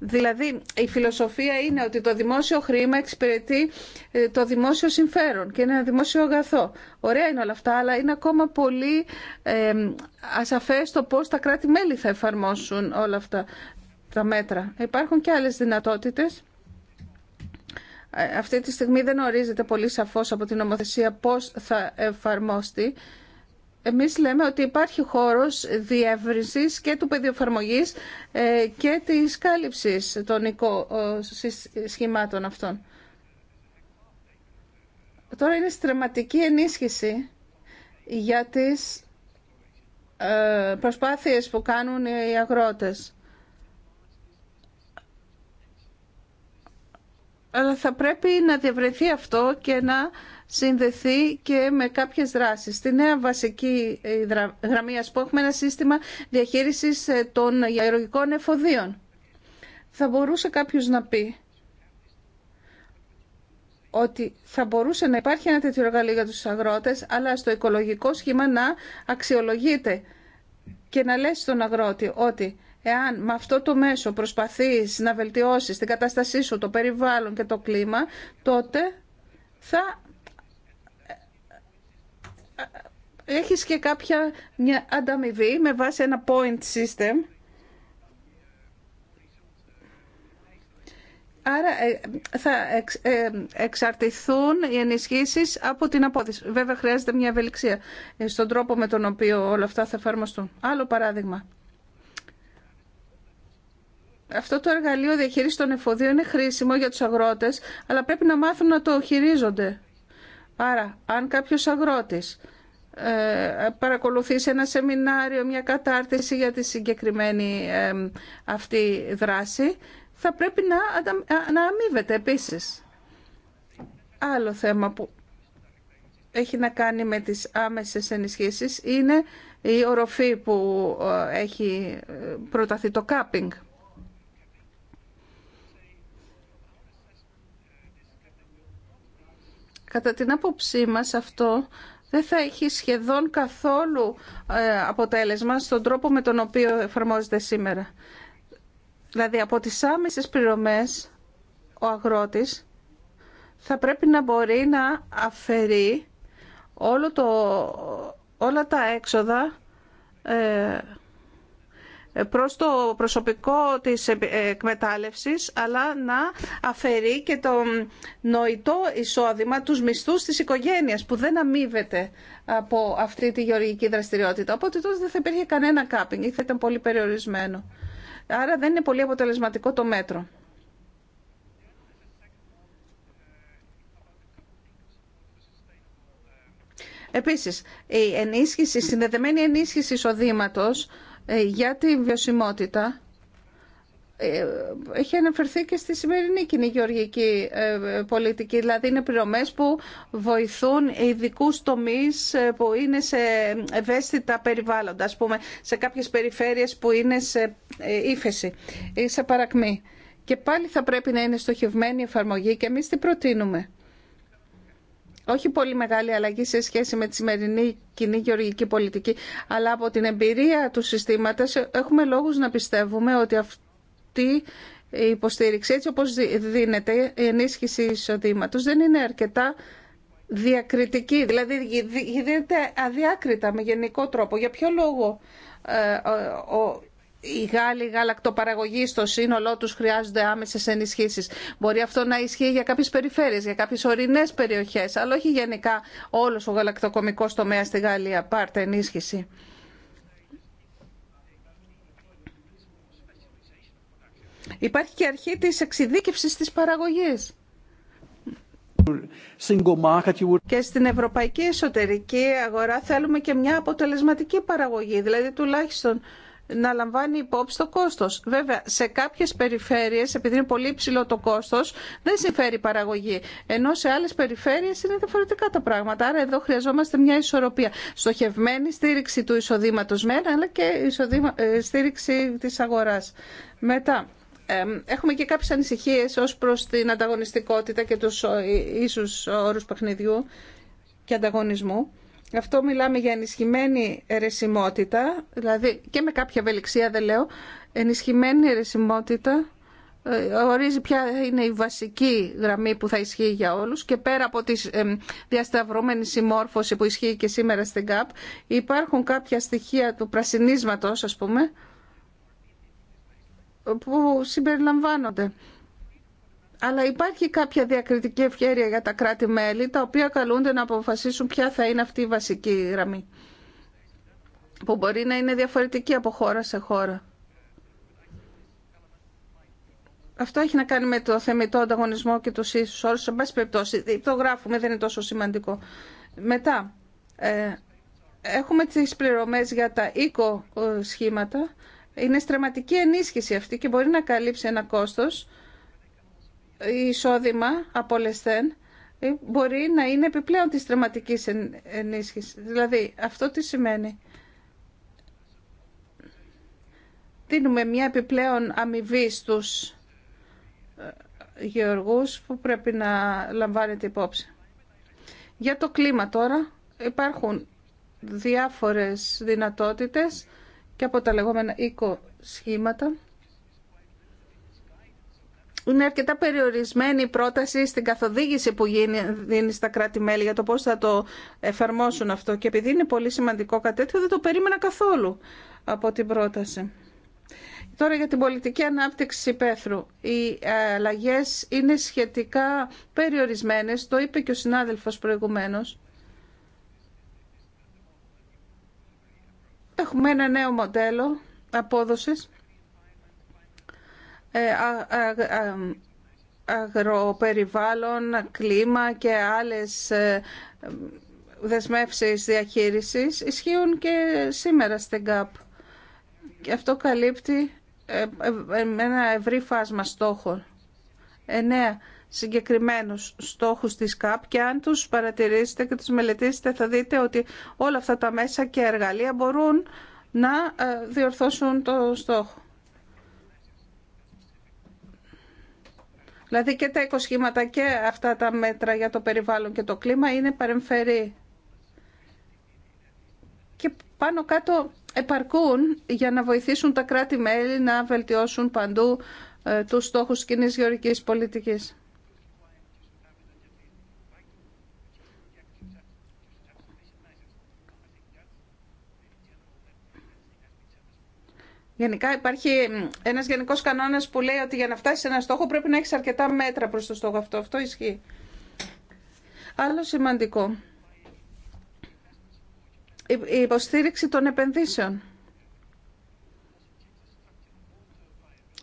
Speaker 2: Δηλαδή, η φιλοσοφία είναι ότι το δημόσιο χρήμα εξυπηρετεί ε, το δημόσιο συμφέρον και είναι ένα δημόσιο αγαθό. Ωραία είναι όλα αυτά, αλλά είναι ακόμα πολύ ε, ασαφές το πώς τα κράτη-μέλη θα εφαρμόσουν όλα αυτά τα μέτρα. Υπάρχουν και άλλες δυνατότητες. Ε, αυτή τη στιγμή δεν ορίζεται πολύ σαφώς από την νομοθεσία πώς θα εφαρμόστη εμείς λέμε ότι υπάρχει χώρος διεύρυνσης και του πεδιοφαρμογής ε, και της κάλυψης των ε, σχημάτων αυτών. Τώρα είναι στρεματική ενίσχυση για τις ε, προσπάθειες που κάνουν οι αγρότες. Αλλά θα πρέπει να διευρυνθεί αυτό και να συνδεθεί και με κάποιες δράσεις. Στη νέα βασική ε, γραμμή, ας πούμε, έχουμε ένα σύστημα διαχείρισης ε, των γεωργικών εφοδίων. Θα μπορούσε κάποιος να πει ότι θα μπορούσε να υπάρχει ένα τέτοιο εργαλείο για τους αγρότες, αλλά στο οικολογικό σχήμα να αξιολογείται και να λες στον αγρότη ότι εάν με αυτό το μέσο προσπαθείς να βελτιώσεις την κατάστασή σου, το περιβάλλον και το κλίμα, τότε θα έχεις και κάποια μια ανταμοιβή με βάση ένα point system. Άρα ε, θα ε, εξαρτηθούν οι ενισχύσεις από την απόδειξη. Βέβαια χρειάζεται μια ευελιξία ε, στον τρόπο με τον οποίο όλα αυτά θα εφαρμοστούν. Άλλο παράδειγμα. Αυτό το εργαλείο διαχείριση των εφοδίων είναι χρήσιμο για τους αγρότες, αλλά πρέπει να μάθουν να το χειρίζονται. Άρα, αν κάποιος αγρότης σε ένα σεμινάριο, μια κατάρτιση για τη συγκεκριμένη αυτή δράση, θα πρέπει να, να αμείβεται
Speaker 1: επίσης.
Speaker 2: Άλλο θέμα που έχει να κάνει με τις άμεσες ενισχύσεις είναι η οροφή που ε, έχει ε, προταθεί το κάπινγκ. Κατά την άποψή μας αυτό δεν θα έχει σχεδόν καθόλου ε, αποτέλεσμα στον τρόπο με τον οποίο εφαρμόζεται σήμερα. Δηλαδή από τις άμεσες πληρωμές ο αγρότης θα πρέπει να μπορεί να αφαιρεί όλο το, όλα τα έξοδα ε, προς το προσωπικό της εκμετάλλευσης αλλά να αφαιρεί και το νοητό εισόδημα τους μισθούς της οικογένειας που δεν αμείβεται από αυτή τη γεωργική δραστηριότητα. Οπότε τότε δεν θα υπήρχε κανένα κάπινγκ ή θα ήταν πολύ περιορισμένο. Άρα δεν είναι πολύ αποτελεσματικό το μέτρο. Επίσης, η ενίσχυση, η συνδεδεμένη ενίσχυση εισοδήματος ε, για τη βιωσιμότητα ε, έχει αναφερθεί και στη σημερινή κοινή γεωργική ε, πολιτική. Δηλαδή είναι πληρωμές που βοηθούν ειδικού τομείς που είναι σε ευαίσθητα περιβάλλοντα, ας πούμε, σε κάποιες περιφέρειες που είναι σε ύφεση ή σε παρακμή. Και πάλι θα πρέπει να είναι στοχευμένη η εφαρμογή και εμείς τι προτείνουμε όχι πολύ μεγάλη αλλαγή σε σχέση με τη σημερινή κοινή γεωργική πολιτική, αλλά από την εμπειρία του συστήματος έχουμε λόγους να πιστεύουμε ότι αυτή η υποστήριξη, έτσι όπως δίνεται η ενίσχυση εισοδήματο, δεν είναι αρκετά διακριτική, δηλαδή γίνεται αδιάκριτα με γενικό τρόπο. Για ποιο λόγο ε, ο οι Γάλλοι γαλακτοπαραγωγοί στο σύνολό τους χρειάζονται άμεσε ενισχύσει. Μπορεί αυτό να ισχύει για κάποιες περιφέρειες, για κάποιες ορεινέ περιοχές, αλλά όχι γενικά όλος ο γαλακτοκομικός τομέας στη Γαλλία. Πάρτε ενίσχυση. Υπάρχει και αρχή της εξειδίκευσης της παραγωγής. Και στην ευρωπαϊκή εσωτερική αγορά θέλουμε και μια αποτελεσματική παραγωγή, δηλαδή τουλάχιστον να λαμβάνει υπόψη το κόστος. Βέβαια, σε κάποιες περιφέρειες, επειδή είναι πολύ υψηλό το κόστος, δεν συμφέρει η παραγωγή. Ενώ σε άλλες περιφέρειες είναι διαφορετικά τα πράγματα. Άρα εδώ χρειαζόμαστε μια ισορροπία. Στοχευμένη στήριξη του εισοδήματο μένα, αλλά και ε, στήριξη της αγοράς. Μετά, έχουμε και κάποιες ανησυχίες ως προς την ανταγωνιστικότητα και τους ε, ίσους όρους παιχνιδιού και ανταγωνισμού. Αυτό μιλάμε για ενισχυμένη ερεσιμότητα, δηλαδή και με κάποια ευελιξία δεν λέω, ενισχυμένη ερεσιμότητα ε, ορίζει ποια είναι η βασική γραμμή που θα ισχύει για όλους και πέρα από τη ε, διασταυρωμένη συμμόρφωση που ισχύει και σήμερα στην ΚΑΠ υπάρχουν κάποια στοιχεία του πρασινίσματος ας πούμε που συμπεριλαμβάνονται αλλά υπάρχει κάποια διακριτική ευκαιρία για τα κράτη-μέλη, τα οποία καλούνται να αποφασίσουν ποια θα είναι αυτή η βασική γραμμή, που μπορεί να είναι διαφορετική από χώρα σε χώρα. Αυτό έχει να κάνει με το θεμητό ανταγωνισμό και τους ίσους όρους. Σε πάση περιπτώσει, το γράφουμε, δεν είναι τόσο σημαντικό. Μετά, ε, έχουμε τις πληρωμές για τα οίκο ε, σχήματα. Είναι στρεματική ενίσχυση αυτή και μπορεί να καλύψει ένα κόστος εισόδημα από λεσθέν ε, μπορεί να είναι επιπλέον της τρεματικής ενίσχυσης. Δηλαδή, αυτό τι σημαίνει. Δίνουμε μια επιπλέον αμοιβή στους ε, γεωργούς που πρέπει να λαμβάνετε υπόψη. Για το κλίμα τώρα υπάρχουν διάφορες δυνατότητες και από τα λεγόμενα οίκο-σχήματα είναι αρκετά περιορισμένη η πρόταση στην καθοδήγηση που δίνει στα κράτη-μέλη για το πώς θα το εφαρμόσουν αυτό. Και επειδή είναι πολύ σημαντικό κάτι δεν το περίμενα καθόλου από την πρόταση. Τώρα για την πολιτική ανάπτυξη υπαίθρου. Οι αλλαγέ είναι σχετικά περιορισμένες, το είπε και ο συνάδελφος προηγουμένως. Έχουμε ένα νέο μοντέλο απόδοσης ε, αγροπεριβάλλον, κλίμα και άλλες ε, δεσμεύσεις διαχείρισης ισχύουν και σήμερα στην ΚΑΠ. Και αυτό καλύπτει ε, ένα ευρύ φάσμα στόχων. Εννέα συγκεκριμένους στόχους της ΚΑΠ και αν τους παρατηρήσετε και τους μελετήσετε θα δείτε ότι όλα αυτά τα μέσα και εργαλεία μπορούν να διορθώσουν το στόχο. Δηλαδή και τα οικοσχήματα και αυτά τα μέτρα για το περιβάλλον και το κλίμα είναι παρεμφερή. Και πάνω κάτω επαρκούν για να βοηθήσουν τα κράτη-μέλη να βελτιώσουν παντού ε, τους στόχους κοινή γεωργικής πολιτικής. Γενικά υπάρχει ένας γενικός κανόνας που λέει ότι για να φτάσεις σε ένα στόχο πρέπει να έχεις αρκετά μέτρα προς το στόχο αυτό. Αυτό ισχύει. Άλλο σημαντικό. Η υποστήριξη των επενδύσεων.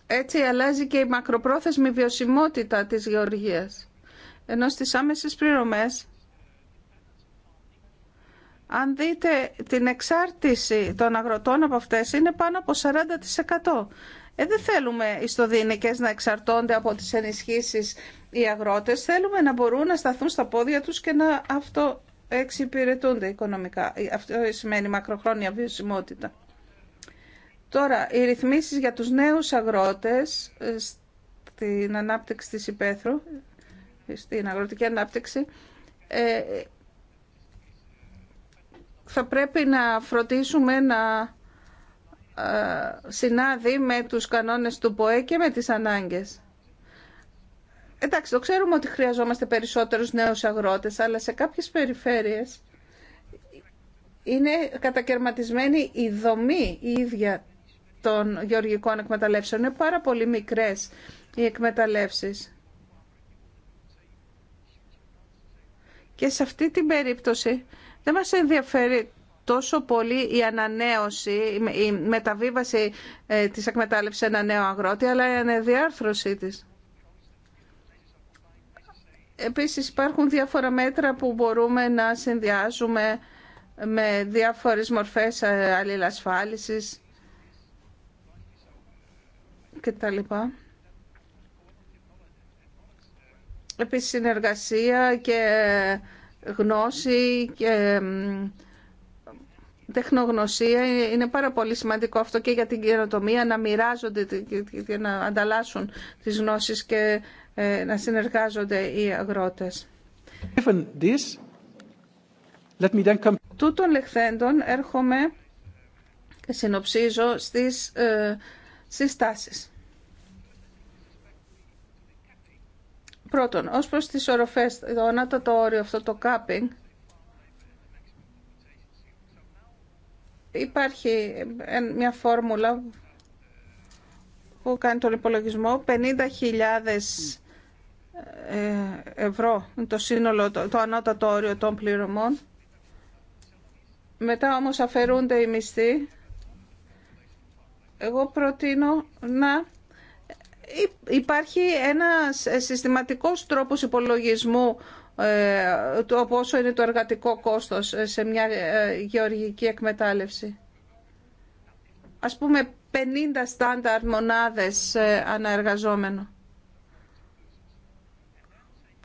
Speaker 2: Έτσι αλλάζει και η μακροπρόθεσμη βιωσιμότητα της γεωργίας. Ενώ στις άμεσες πληρωμές αν δείτε την εξάρτηση των αγροτών από αυτές είναι πάνω από 40%. Ε, δεν θέλουμε οι στοδίνικες να εξαρτώνται από τις ενισχύσεις οι αγρότες. Θέλουμε να μπορούν να σταθούν στα πόδια τους και να αυτό εξυπηρετούνται οικονομικά. Ε, αυτό σημαίνει μακροχρόνια βιωσιμότητα. Τώρα, οι ρυθμίσεις για τους νέους αγρότες ε, στην ανάπτυξη της υπαίθρου, ε, στην αγροτική ανάπτυξη, θα πρέπει να φροντίσουμε να ε, συνάδει με τους κανόνες του ΠΟΕ και με τις ανάγκες. Εντάξει, το ξέρουμε ότι χρειαζόμαστε περισσότερους νέους αγρότες, αλλά σε κάποιες περιφέρειες είναι κατακαιρματισμένη η δομή η ίδια των γεωργικών εκμεταλλεύσεων. Είναι πάρα πολύ μικρές οι εκμεταλλεύσεις. Και σε αυτή την περίπτωση δεν μας ενδιαφέρει τόσο πολύ η ανανέωση, η μεταβίβαση ε, της εκμετάλλευσης σε ένα νέο αγρότη, αλλά η ανεδιάρθρωσή της. Επίσης υπάρχουν διάφορα μέτρα που μπορούμε να συνδυάζουμε με διάφορες μορφές ε, αλληλασφάλισης και τα λοιπά. Επίσης συνεργασία και γνώση και τεχνογνωσία. Είναι πάρα πολύ σημαντικό αυτό και για την καινοτομία να μοιράζονται και να ανταλλάσσουν τις γνώσεις και ε, να συνεργάζονται οι αγρότες. This, let Τούτων λεχθέντων έρχομαι και συνοψίζω στις ε, συστάσεις. Πρώτον, ως προς τις οροφές, το ανάτατο όριο αυτό το κάπινγκ, υπάρχει μια φόρμουλα που κάνει τον υπολογισμό 50.000 ε, ευρώ το σύνολο, το, το όριο των πληρωμών. Μετά όμως αφαιρούνται οι μισθοί. Εγώ προτείνω να υπάρχει ένας ε, συστηματικός τρόπος υπολογισμού ε, του πόσο είναι το εργατικό κόστος ε, σε μια γεωργική εκμετάλλευση. Ας πούμε 50 στάνταρ μονάδες αναεργαζόμενο.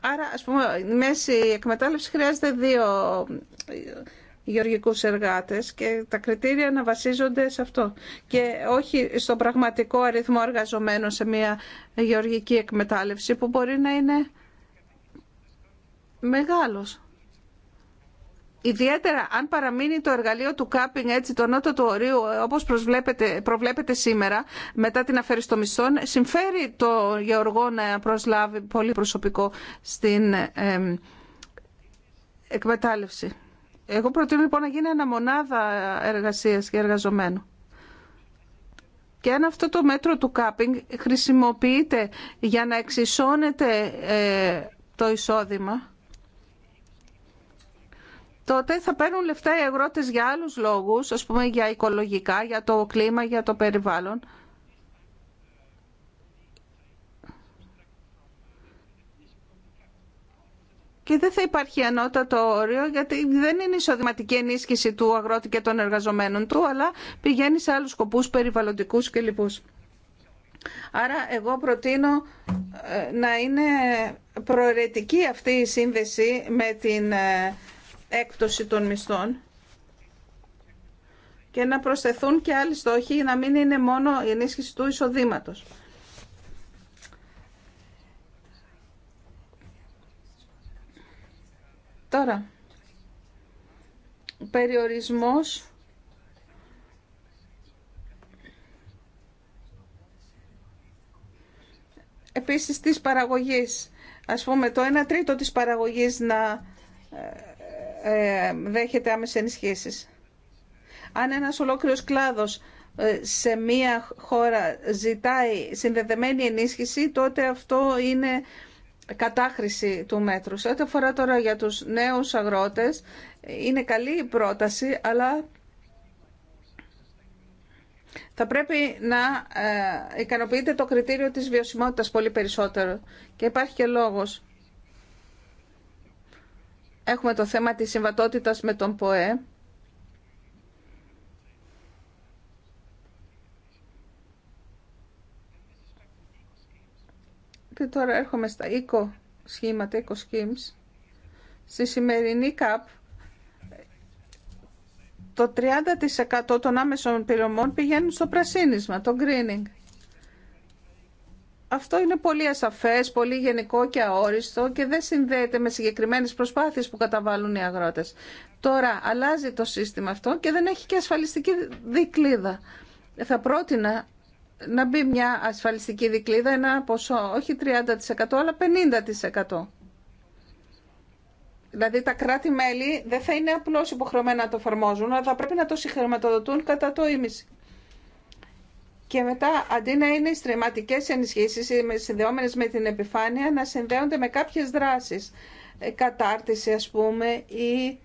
Speaker 2: Άρα, ας πούμε, η μέση εκμετάλλευση χρειάζεται δύο γεωργικούς εργάτες και τα κριτήρια να βασίζονται σε αυτό και όχι στον πραγματικό αριθμό εργαζομένων σε μια γεωργική εκμετάλλευση που μπορεί να είναι μεγάλος. Ιδιαίτερα αν παραμείνει το εργαλείο του κάπινγκ έτσι το νότο του ορίου όπως προβλέπεται σήμερα μετά την αφαίρεση των μισθών συμφέρει το γεωργό να προσλάβει πολύ προσωπικό στην ε, εκμετάλλευση. Εγώ προτείνω λοιπόν να γίνει ένα μονάδα εργασίας και εργαζομένου. Και αν αυτό το μέτρο του κάπινγκ χρησιμοποιείται για να εξισώνεται ε, το εισόδημα, τότε θα παίρνουν λεφτά οι αγρότες για άλλους λόγους, ας πούμε για οικολογικά, για το κλίμα, για το περιβάλλον. και δεν θα υπάρχει ανώτατο όριο γιατί δεν είναι εισοδηματική ενίσχυση του αγρότη και των εργαζομένων του αλλά πηγαίνει σε άλλους σκοπούς περιβαλλοντικούς και λοιπούς. Άρα εγώ προτείνω ε, να είναι προαιρετική αυτή η σύνδεση με την ε, έκπτωση των μισθών και να προσθεθούν και άλλοι στόχοι να μην είναι μόνο η ενίσχυση του εισοδήματος. Τώρα, περιορισμός επίσης της παραγωγής. Ας πούμε το 1 τρίτο της παραγωγής να ε, ε, δέχεται άμεσα ενισχύσεις. Αν ένας ολόκληρος κλάδος ε, σε μία χώρα ζητάει συνδεδεμένη ενίσχυση, τότε αυτό είναι κατάχρηση του μέτρου. Σε ό,τι αφορά τώρα για τους νέους αγρότες, είναι καλή η πρόταση, αλλά θα πρέπει να ε, ικανοποιείται το κριτήριο της βιωσιμότητας πολύ περισσότερο. Και υπάρχει και λόγος. Έχουμε το θέμα της συμβατότητας με τον ΠΟΕ Και τώρα έρχομαι στα οίκο σχήματα, οίκο schemes. Στη σημερινή ΚΑΠ το 30% των άμεσων πληρωμών πηγαίνουν στο πρασίνισμα, το greening. Αυτό είναι πολύ ασαφές, πολύ γενικό και αόριστο και δεν συνδέεται με συγκεκριμένες προσπάθειες που καταβάλουν οι αγρότες. Τώρα αλλάζει το σύστημα αυτό και δεν έχει και ασφαλιστική δικλίδα. Θα πρότεινα να μπει μια ασφαλιστική δικλίδα, ένα ποσό, όχι 30% αλλά 50%. Δηλαδή τα κράτη-μέλη δεν θα είναι απλώς υποχρεωμένα να το εφαρμόζουν, αλλά θα πρέπει να το συγχρηματοδοτούν κατά το ίμιση. Και μετά, αντί να είναι στρεματικές ενισχύσεις συνδεόμενες με την επιφάνεια, να συνδέονται με κάποιες δράσεις. Ε, κατάρτιση, α πούμε, ή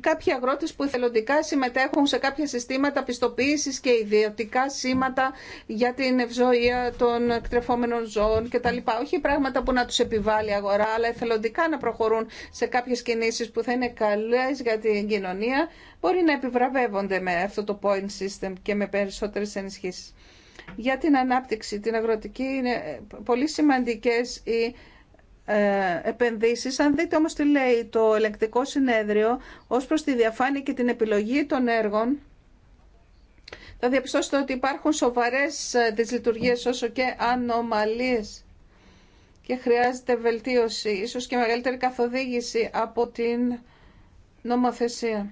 Speaker 2: κάποιοι αγρότες που εθελοντικά συμμετέχουν σε κάποια συστήματα πιστοποίησης και ιδιωτικά σήματα για την ευζοία των εκτρεφόμενων ζώων κτλ. Όχι πράγματα που να τους επιβάλλει η αγορά, αλλά εθελοντικά να προχωρούν σε κάποιες κινήσεις που θα είναι καλές για την κοινωνία, μπορεί να επιβραβεύονται με αυτό το point system και με περισσότερες ενισχύσεις. Για την ανάπτυξη, την αγροτική, είναι πολύ σημαντικές οι ε, επενδύσεις. Αν δείτε όμως τι λέει το ελεγκτικό συνέδριο ως προς τη διαφάνεια και την επιλογή των έργων, θα διαπιστώσετε ότι υπάρχουν σοβαρές ε, δυσλειτουργίες όσο και ανομαλίες και χρειάζεται βελτίωση, ίσως και μεγαλύτερη καθοδήγηση από την νομοθεσία.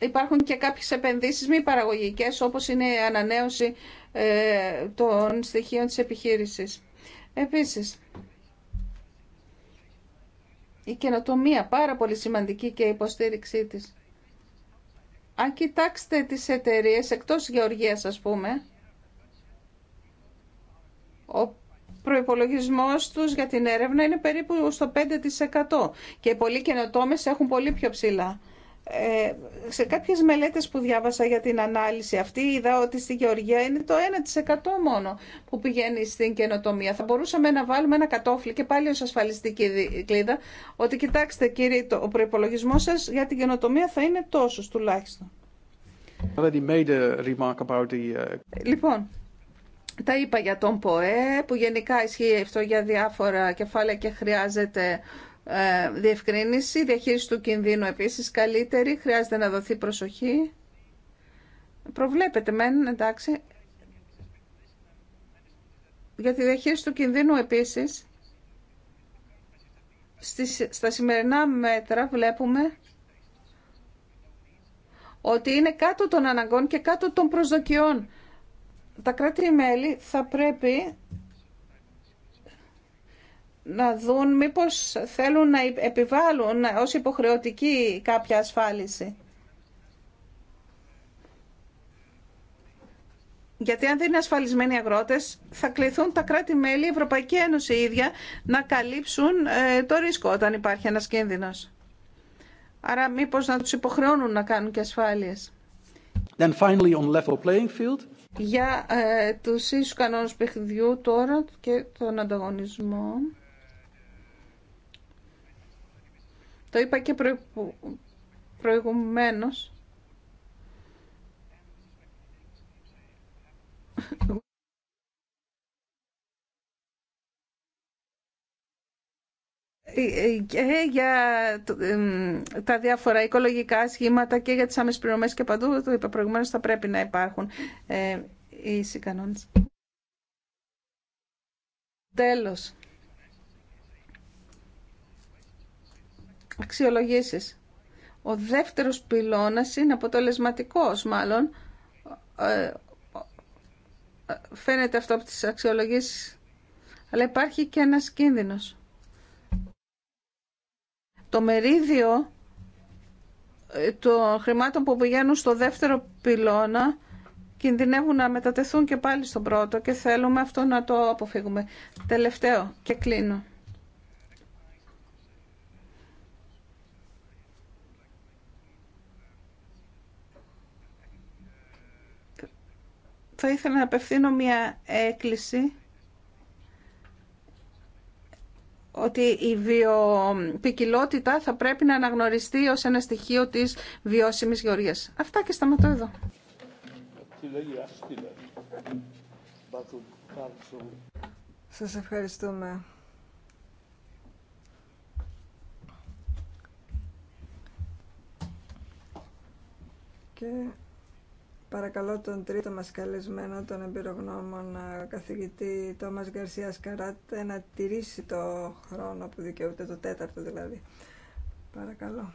Speaker 2: Υπάρχουν και κάποιες επενδύσεις μη παραγωγικές όπως είναι η ανανέωση ε, των στοιχείων της επιχείρησης. Επίσης, η καινοτομία πάρα πολύ σημαντική και η υποστήριξή της. Αν κοιτάξετε τις εταιρείες εκτός γεωργίας ας πούμε, ο προϋπολογισμός τους για την έρευνα είναι περίπου στο 5% και πολλοί καινοτόμες έχουν πολύ πιο ψηλά. Ε, σε κάποιες μελέτες που διάβασα για την ανάλυση αυτή είδα ότι στη Γεωργία είναι το 1% μόνο που πηγαίνει στην καινοτομία. Θα μπορούσαμε να βάλουμε ένα κατόφλι και πάλι ως ασφαλιστική κλίδα ότι κοιτάξτε κύριε ο προπολογισμό σας για την καινοτομία θα είναι τόσος τουλάχιστον. Uh, λοιπόν, τα είπα για τον ΠΟΕ που γενικά ισχύει αυτό για διάφορα κεφάλαια και χρειάζεται ε, διευκρίνηση, διαχείριση του κινδύνου επίσης καλύτερη, χρειάζεται να δοθεί προσοχή. Προβλέπετε μεν, εντάξει. Για τη διαχείριση του κινδύνου επίσης, στις, στα σημερινά μέτρα βλέπουμε ότι είναι κάτω των αναγκών και κάτω των προσδοκιών. Τα κράτη-μέλη θα πρέπει να δουν μήπως θέλουν να επιβάλλουν ως υποχρεωτική κάποια ασφάλιση. Γιατί αν δεν είναι ασφαλισμένοι οι αγρότες, θα κληθούν τα κράτη-μέλη, η Ευρωπαϊκή Ένωση ίδια, να καλύψουν ε, το ρίσκο όταν υπάρχει ένας κίνδυνος. Άρα μήπως να τους υποχρεώνουν να κάνουν και ασφάλειες. Then finally on level playing field. Για ε, τους ίσους κανόνες παιχνιδιού τώρα και τον ανταγωνισμό. Το είπα και προηγουμένως. Ε, ε, και για τα διάφορα οικολογικά σχήματα και για τις άμεσες πληρωμές και παντού, το είπα προηγουμένως, θα πρέπει να υπάρχουν οι ε, ίσοι συγκανόνες. Τέλος. αξιολογήσεις. Ο δεύτερος πυλώνας είναι αποτελεσματικός μάλλον. Ε, ε, φαίνεται αυτό από τις αξιολογήσεις. Αλλά υπάρχει και ένας κίνδυνος. Το μερίδιο ε, των χρημάτων που πηγαίνουν στο δεύτερο πυλώνα κινδυνεύουν να μετατεθούν και πάλι στον πρώτο και θέλουμε αυτό να το αποφύγουμε. Τελευταίο και κλείνω. θα ήθελα να απευθύνω μια έκκληση ότι η βιοπικιλότητα θα πρέπει να αναγνωριστεί ως ένα στοιχείο της βιώσιμης γεωργίας. Αυτά και σταματώ εδώ.
Speaker 1: Σας ευχαριστούμε. Και... Παρακαλώ τον τρίτο μας καλεσμένο, τον εμπειρογνώμων ε, καθηγητή Τόμας Γκαρσία Καράτ να τηρήσει το χρόνο που δικαιούται, το τέταρτο δηλαδή. Παρακαλώ.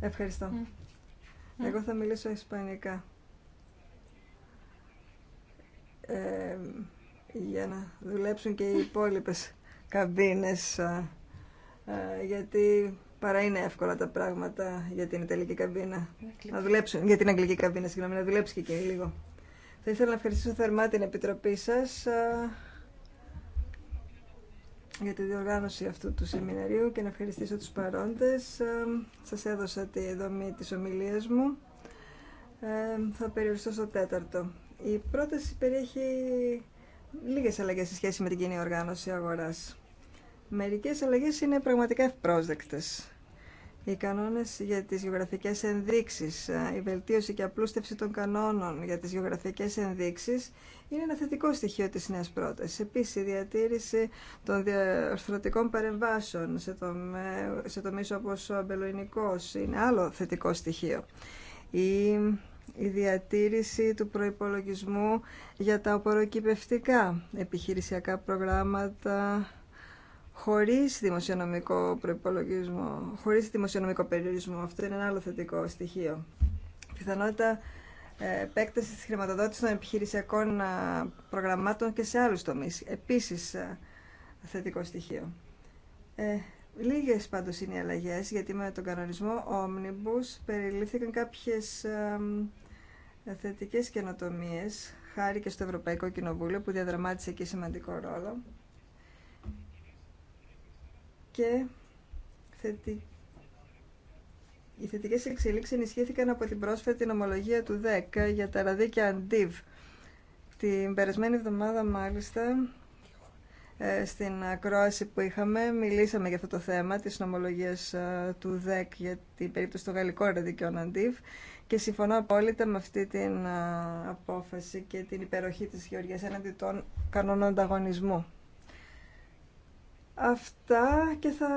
Speaker 1: Ευχαριστώ. Mm. Mm. Εγώ θα μιλήσω ισπανικά. Ε, για να δουλέψουν και οι υπόλοιπε καμπίνες γιατί παρά είναι εύκολα τα πράγματα για την Ιταλική καμπίνα να δουλέψουν, για την Αγγλική καμπίνα συγγνώμη, να δουλέψει και λίγο θα ήθελα να ευχαριστήσω θερμά την Επιτροπή σα για τη διοργάνωση αυτού του σεμιναρίου και να ευχαριστήσω τους παρόντες. Σας έδωσα τη δομή της ομιλίας μου. Ε, θα περιοριστώ στο τέταρτο. Η πρόταση περιέχει λίγες αλλαγές σε σχέση με την κοινή οργάνωση αγοράς. Μερικές αλλαγές είναι πραγματικά ευπρόσδεκτες. Οι κανόνες για τις γεωγραφικές ενδείξεις, ε, η βελτίωση και απλούστευση των κανόνων για τις γεωγραφικές ενδείξεις είναι ένα θετικό στοιχείο της νέας πρότασης. Επίσης, η διατήρηση των διαρθρωτικών παρεμβάσεων σε, το σε τομείς όπως ο αμπελοϊνικός είναι άλλο θετικό στοιχείο. Η η διατήρηση του προϋπολογισμού για τα οποροκυπευτικά επιχειρησιακά προγράμματα χωρίς δημοσιονομικό προϋπολογισμό, χωρίς δημοσιονομικό περιορισμό. Αυτό είναι ένα άλλο θετικό στοιχείο. Πιθανότητα ε, επέκταση της χρηματοδότησης των επιχειρησιακών ε, προγραμμάτων και σε άλλους τομείς. Επίσης ε, θετικό στοιχείο. Λίγε πάντως είναι οι αλλαγές, γιατί με τον κανονισμό Omnibus περιλήφθηκαν κάποιες θετικέ καινοτομίε, χάρη και στο Ευρωπαϊκό Κοινοβούλιο που διαδραμάτισε εκεί σημαντικό ρόλο και θετι... οι θετικέ εξελίξει ενισχύθηκαν από την πρόσφατη νομολογία του 10 για τα ραδίκια Αντίβ. Την περασμένη εβδομάδα μάλιστα ε, στην ακρόαση που είχαμε μιλήσαμε για αυτό το θέμα της νομολογίας ε, του ΔΕΚ για την περίπτωση των γαλλικών ραδικιών αντίβ και συμφωνώ απόλυτα με αυτή την ε, απόφαση και την υπεροχή της Γεωργίας έναντι των κανόνων ανταγωνισμού. Αυτά και θα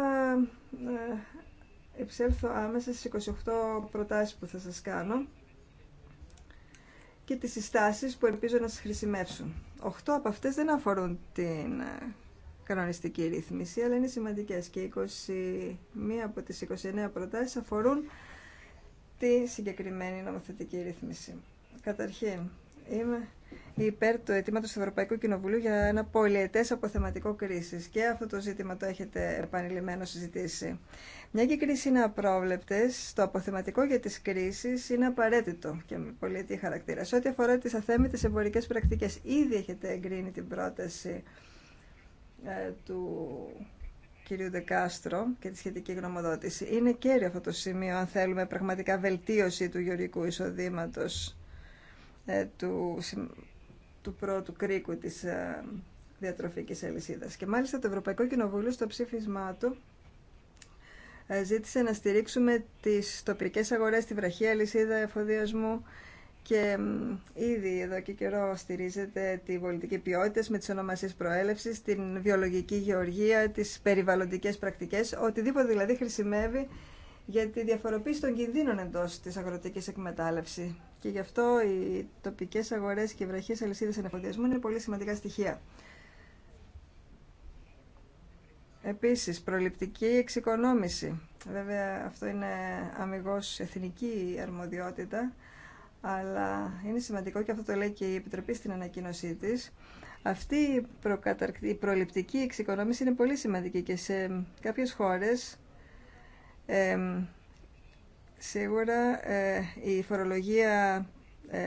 Speaker 1: εψέλθω άμεσα στις 28 προτάσεις που θα σας κάνω και τις συστάσεις που ελπίζω να σας χρησιμεύσουν. Οχτώ από αυτές δεν αφορούν την ε, κανονιστική ρύθμιση, αλλά είναι σημαντικές και 21 από τις 29 προτάσεις αφορούν τη συγκεκριμένη νομοθετική ρύθμιση. Καταρχήν, είμαι υπέρ του αιτήματο του Ευρωπαϊκού Κοινοβουλίου για ένα πολιετέ αποθεματικό κρίση. Και αυτό το ζήτημα το έχετε επανειλημμένο συζητήσει. Μια και οι κρίσει είναι απρόβλεπτε, το αποθεματικό για τι κρίσει είναι απαραίτητο και με πολιετή χαρακτήρα. Σε ό,τι αφορά τι αθέμητε εμπορικέ πρακτικέ, ήδη έχετε εγκρίνει την πρόταση ε, του κυρίου Δεκάστρο και τη σχετική γνωμοδότηση. Είναι κέριο αυτό το σημείο αν θέλουμε πραγματικά βελτίωση του γεωργικού εισοδήματο. Ε, του, του πρώτου κρίκου της ε, διατροφικής αλυσίδας. Και μάλιστα το Ευρωπαϊκό Κοινοβούλιο στο ψήφισμά του ε, ζήτησε να στηρίξουμε τις τοπικές αγορές, τη βραχή αλυσίδα εφοδιασμού και ήδη εδώ και καιρό στηρίζεται τη πολιτική ποιότητα με τις ονομασίες προέλευσης, την βιολογική γεωργία, τις περιβαλλοντικές πρακτικές, οτιδήποτε δηλαδή χρησιμεύει για τη διαφοροποίηση των κινδύνων εντός τη αγροτική εκμετάλλευση. Και γι' αυτό οι τοπικές αγορές και οι βραχές αλυσίδες ενεφοδιασμού είναι πολύ σημαντικά στοιχεία. Επίσης, προληπτική εξοικονόμηση. Βέβαια, αυτό είναι αμυγό εθνική αρμοδιότητα, αλλά είναι σημαντικό και αυτό το λέει και η Επιτροπή στην ανακοίνωσή τη. Αυτή η, προληπτική εξοικονόμηση είναι πολύ σημαντική και σε κάποιες χώρες ε, σίγουρα η φορολογία ε,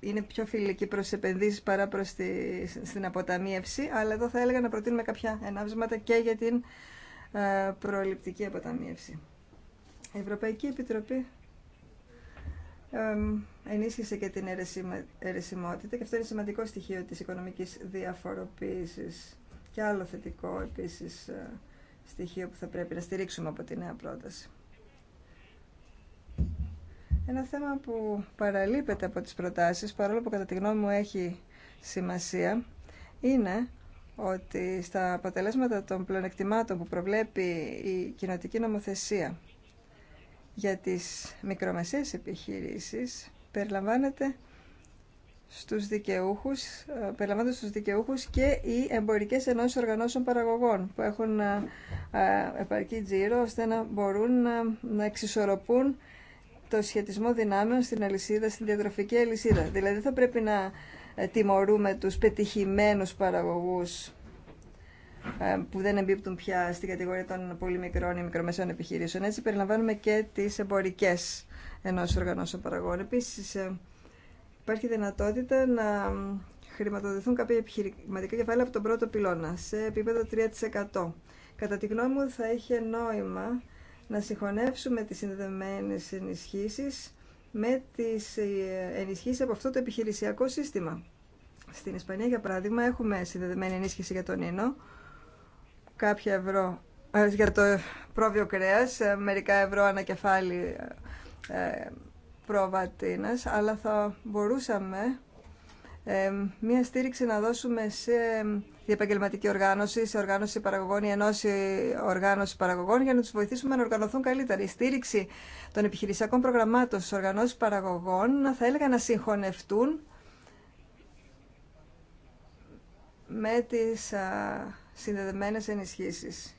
Speaker 1: είναι πιο φιλική προς επενδύσεις παρά προς τη, στην αποταμίευση, αλλά εδώ θα έλεγα να προτείνουμε κάποια ενάψματα και για την ε, προληπτική αποταμίευση. Η Ευρωπαϊκή Επιτροπή ενίσχυσε και την αιρεσιμότητα και αυτό είναι σημαντικό στοιχείο της οικονομικής διαφοροποίησης και άλλο θετικό επίσης ε, στοιχείο που θα πρέπει να στηρίξουμε από τη νέα πρόταση. Ένα θέμα που παραλείπεται από τις προτάσεις, παρόλο που κατά τη γνώμη μου έχει σημασία, είναι ότι στα αποτελέσματα των πλεονεκτημάτων που προβλέπει η κοινοτική νομοθεσία για τις μικρομεσαίες επιχειρήσεις περιλαμβάνεται στους δικαιούχους, ε, περιλαμβάνονται στους δικαιούχους και οι εμπορικές ενώσεις οργανώσεων παραγωγών που έχουν ε, ε, επαρκή τζίρο ώστε να μπορούν να εξισορροπούν το σχετισμό δυνάμεων στην αλυσίδα, στην διατροφική αλυσίδα. Δηλαδή θα πρέπει να τιμωρούμε τους πετυχημένους παραγωγούς που δεν εμπίπτουν πια στην κατηγορία των πολύ μικρών ή μικρομεσαίων επιχειρήσεων. Έτσι περιλαμβάνουμε και τις εμπορικές ενώσεις οργανώσεων παραγωγών. Επίσης, υπάρχει δυνατότητα να χρηματοδοτηθούν κάποια επιχειρηματικά κεφάλαια από τον πρώτο πυλώνα σε επίπεδο 3%. Κατά τη γνώμη μου θα είχε νόημα να συγχωνεύσουμε τις συνδεδεμένες ενισχύσεις με τις ε, ενισχύσεις από αυτό το επιχειρησιακό σύστημα. Στην Ισπανία, για παράδειγμα, έχουμε συνδεδεμένη ενίσχυση για τον ίνο, κάποια ευρώ ε, για το πρόβιο κρέας, ε, μερικά ευρώ ανακεφάλι αλλά θα μπορούσαμε μία στήριξη να δώσουμε σε διεπαγγελματική οργάνωση, σε οργάνωση παραγωγών ή ενώση οργάνωση παραγωγών για να τους βοηθήσουμε να οργανωθούν καλύτερα. Η στήριξη των επιχειρησιακών προγραμμάτων στις οργανώσεις παραγωγών θα έλεγα να συγχωνευτούν με τις συνδεδεμένε συνδεδεμένες ενισχύσεις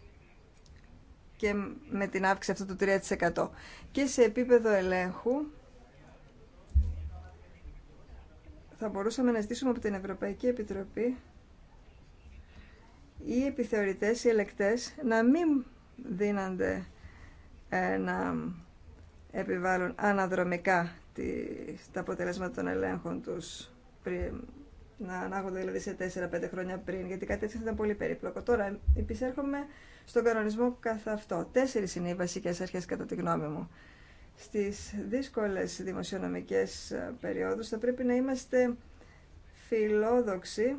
Speaker 1: και με την αύξηση αυτού του 3% και σε επίπεδο ελέγχου θα μπορούσαμε να ζητήσουμε από την Ευρωπαϊκή Επιτροπή οι επιθεωρητές, οι ελεκτές να μην δίνανται ε, να επιβάλλουν αναδρομικά τα αποτελέσματα των ελέγχων τους πριν, να ανάγονται δηλαδή σε 4-5 χρόνια πριν, γιατί κάτι έτσι θα ήταν πολύ περίπλοκο. Τώρα επισέρχομαι στον κανονισμό καθ' αυτό. Τέσσερις είναι οι βασικές αρχές κατά τη γνώμη μου στις δύσκολες δημοσιονομικές ε, περιόδους θα πρέπει να είμαστε φιλόδοξοι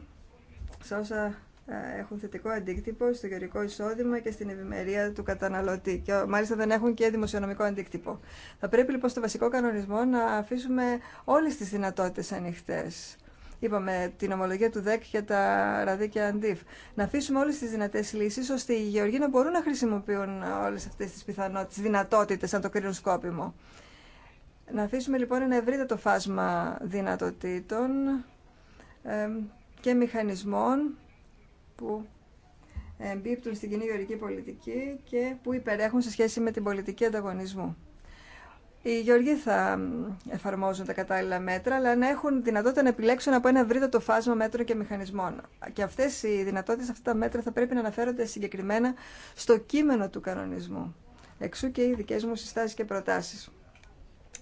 Speaker 1: σε όσα ε, έχουν θετικό αντίκτυπο στο γεωρικό εισόδημα και στην ευημερία του καταναλωτή. Και ε, μάλιστα δεν έχουν και δημοσιονομικό αντίκτυπο. Θα πρέπει λοιπόν στο βασικό κανονισμό να αφήσουμε όλες τις δυνατότητες ανοιχτές Είπαμε την ομολογία του ΔΕΚ για τα ραδίκια αντίφ. Να αφήσουμε όλε τι δυνατέ λύσει ώστε οι γεωργοί να μπορούν να χρησιμοποιούν όλε αυτέ τι πιθανότητε, δυνατότητε, αν το κρίνουν σκόπιμο. Να αφήσουμε λοιπόν ένα ευρύτατο φάσμα δυνατοτήτων και μηχανισμών που εμπίπτουν στην κοινή γεωργική πολιτική και που υπερέχουν σε σχέση με την πολιτική ανταγωνισμού οι γεωργοί θα εφαρμόζουν τα κατάλληλα μέτρα, αλλά να έχουν δυνατότητα να επιλέξουν από ένα ευρύτατο φάσμα μέτρων και μηχανισμών. Και αυτέ οι δυνατότητε, αυτά τα μέτρα θα πρέπει να αναφέρονται συγκεκριμένα στο κείμενο του κανονισμού. Εξού και οι δικέ μου συστάσεις και προτάσει.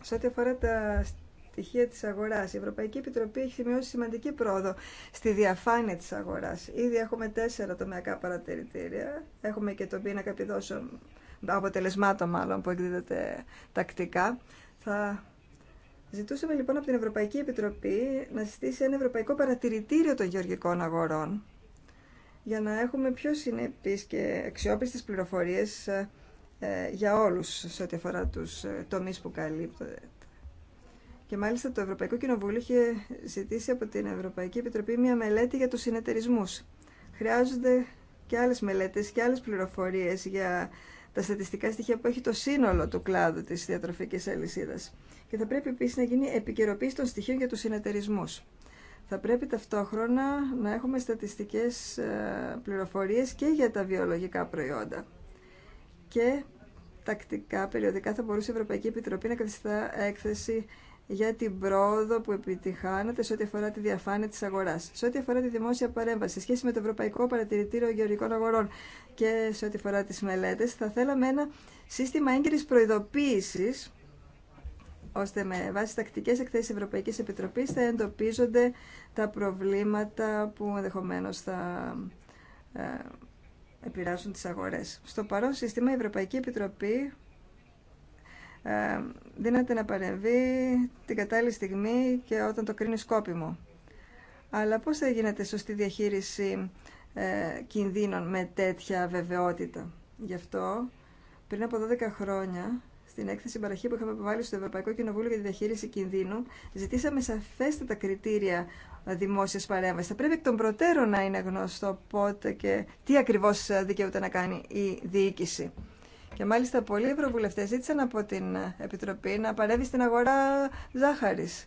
Speaker 1: Σε ό,τι αφορά τα στοιχεία τη αγορά, η Ευρωπαϊκή Επιτροπή έχει σημειώσει σημαντική πρόοδο στη διαφάνεια τη αγορά. Ήδη έχουμε τέσσερα τομεακά παρατηρητήρια, έχουμε και τον πίνακα επιδόσεων αποτελεσμάτων μάλλον που εκδίδεται τακτικά. Θα ζητούσαμε λοιπόν από την Ευρωπαϊκή Επιτροπή να συστήσει ένα ευρωπαϊκό παρατηρητήριο των γεωργικών αγορών για να έχουμε πιο συνεπείς και αξιόπιστες πληροφορίες ε, για όλους σε ό,τι αφορά τους ε, τομείς που καλύπτονται. Και μάλιστα το Ευρωπαϊκό Κοινοβούλιο είχε ζητήσει από την Ευρωπαϊκή Επιτροπή μια μελέτη για τους συνεταιρισμούς. Χρειάζονται και άλλες μελέτες και άλλες πληροφορίες για τα στατιστικά στοιχεία που έχει το σύνολο του κλάδου τη διατροφική αλυσίδα. Και θα πρέπει επίση να γίνει επικαιροποίηση των στοιχείων για του συνεταιρισμού. Θα πρέπει ταυτόχρονα να έχουμε στατιστικέ ε, πληροφορίε και για τα βιολογικά προϊόντα. Και τακτικά, περιοδικά θα μπορούσε η Ευρωπαϊκή Επιτροπή να καθιστά έκθεση για την πρόοδο που επιτυχάνεται σε ό,τι αφορά τη διαφάνεια τη αγορά. Σε ό,τι αφορά τη δημόσια παρέμβαση, σε σχέση με το Ευρωπαϊκό Παρατηρητήριο Γεωργικών Αγορών, και σε ό,τι φορά τις μελέτες, θα θέλαμε ένα σύστημα έγκυρης προειδοποίησης, ώστε με βάση τακτικές εκθέσεις Ευρωπαϊκής Επιτροπής θα εντοπίζονται τα προβλήματα που ενδεχομένω θα ε, επηρεάσουν τις αγορές. Στο παρόν σύστημα η Ευρωπαϊκή Επιτροπή ε, δύναται να παρεμβεί την κατάλληλη στιγμή και όταν το κρίνει σκόπιμο. Αλλά πώς θα γίνεται σωστή διαχείριση ε, κινδύνων με τέτοια βεβαιότητα. Γι' αυτό, πριν από 12 χρόνια, στην έκθεση παραχή που είχαμε επιβάλει στο Ευρωπαϊκό Κοινοβούλιο για τη διαχείριση κινδύνου, ζητήσαμε σαφέστατα κριτήρια δημόσια παρέμβαση. Θα πρέπει εκ των προτέρων να είναι γνωστό πότε και τι ακριβώ δικαιούται να κάνει η διοίκηση. Και μάλιστα πολλοί ευρωβουλευτέ ζήτησαν από την Επιτροπή να παρέμβει στην αγορά ζάχαρης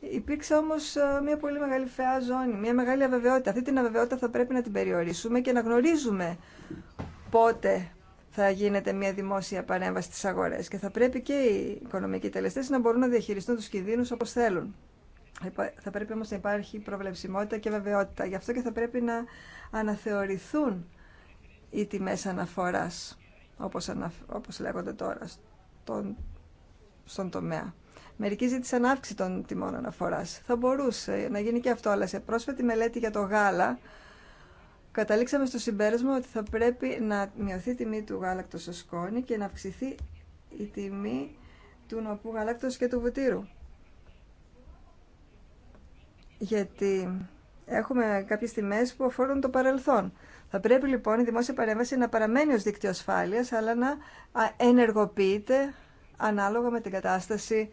Speaker 1: Υπήρξε όμω ε, μια πολύ μεγάλη φαιά ζώνη, μια μεγάλη αβεβαιότητα. Αυτή την αβεβαιότητα θα πρέπει να την περιορίσουμε και να γνωρίζουμε πότε θα γίνεται μια δημόσια παρέμβαση στι αγορές και θα πρέπει και οι οικονομικοί τελεστέ να μπορούν να διαχειριστούν του κινδύνου όπω θέλουν. Θα πρέπει όμω να υπάρχει προβλεψιμότητα και βεβαιότητα. Γι' αυτό και θα πρέπει να αναθεωρηθούν οι τιμέ αναφορά, όπω λέγονται τώρα, στον, στον τομέα. Μερικοί ζήτησαν αύξηση των τιμών αναφορά. Θα μπορούσε να γίνει και αυτό, αλλά σε πρόσφατη μελέτη για το γάλα καταλήξαμε στο συμπέρασμα ότι θα πρέπει να μειωθεί η τιμή του γάλακτο στο σκόνη και να αυξηθεί η τιμή του νοπού γάλακτο και του βουτύρου. Γιατί έχουμε κάποιε τιμέ που αφορούν το παρελθόν. Θα πρέπει λοιπόν η δημόσια παρέμβαση να παραμένει ως δίκτυο ασφάλεια αλλά να ενεργοποιείται ανάλογα με την κατάσταση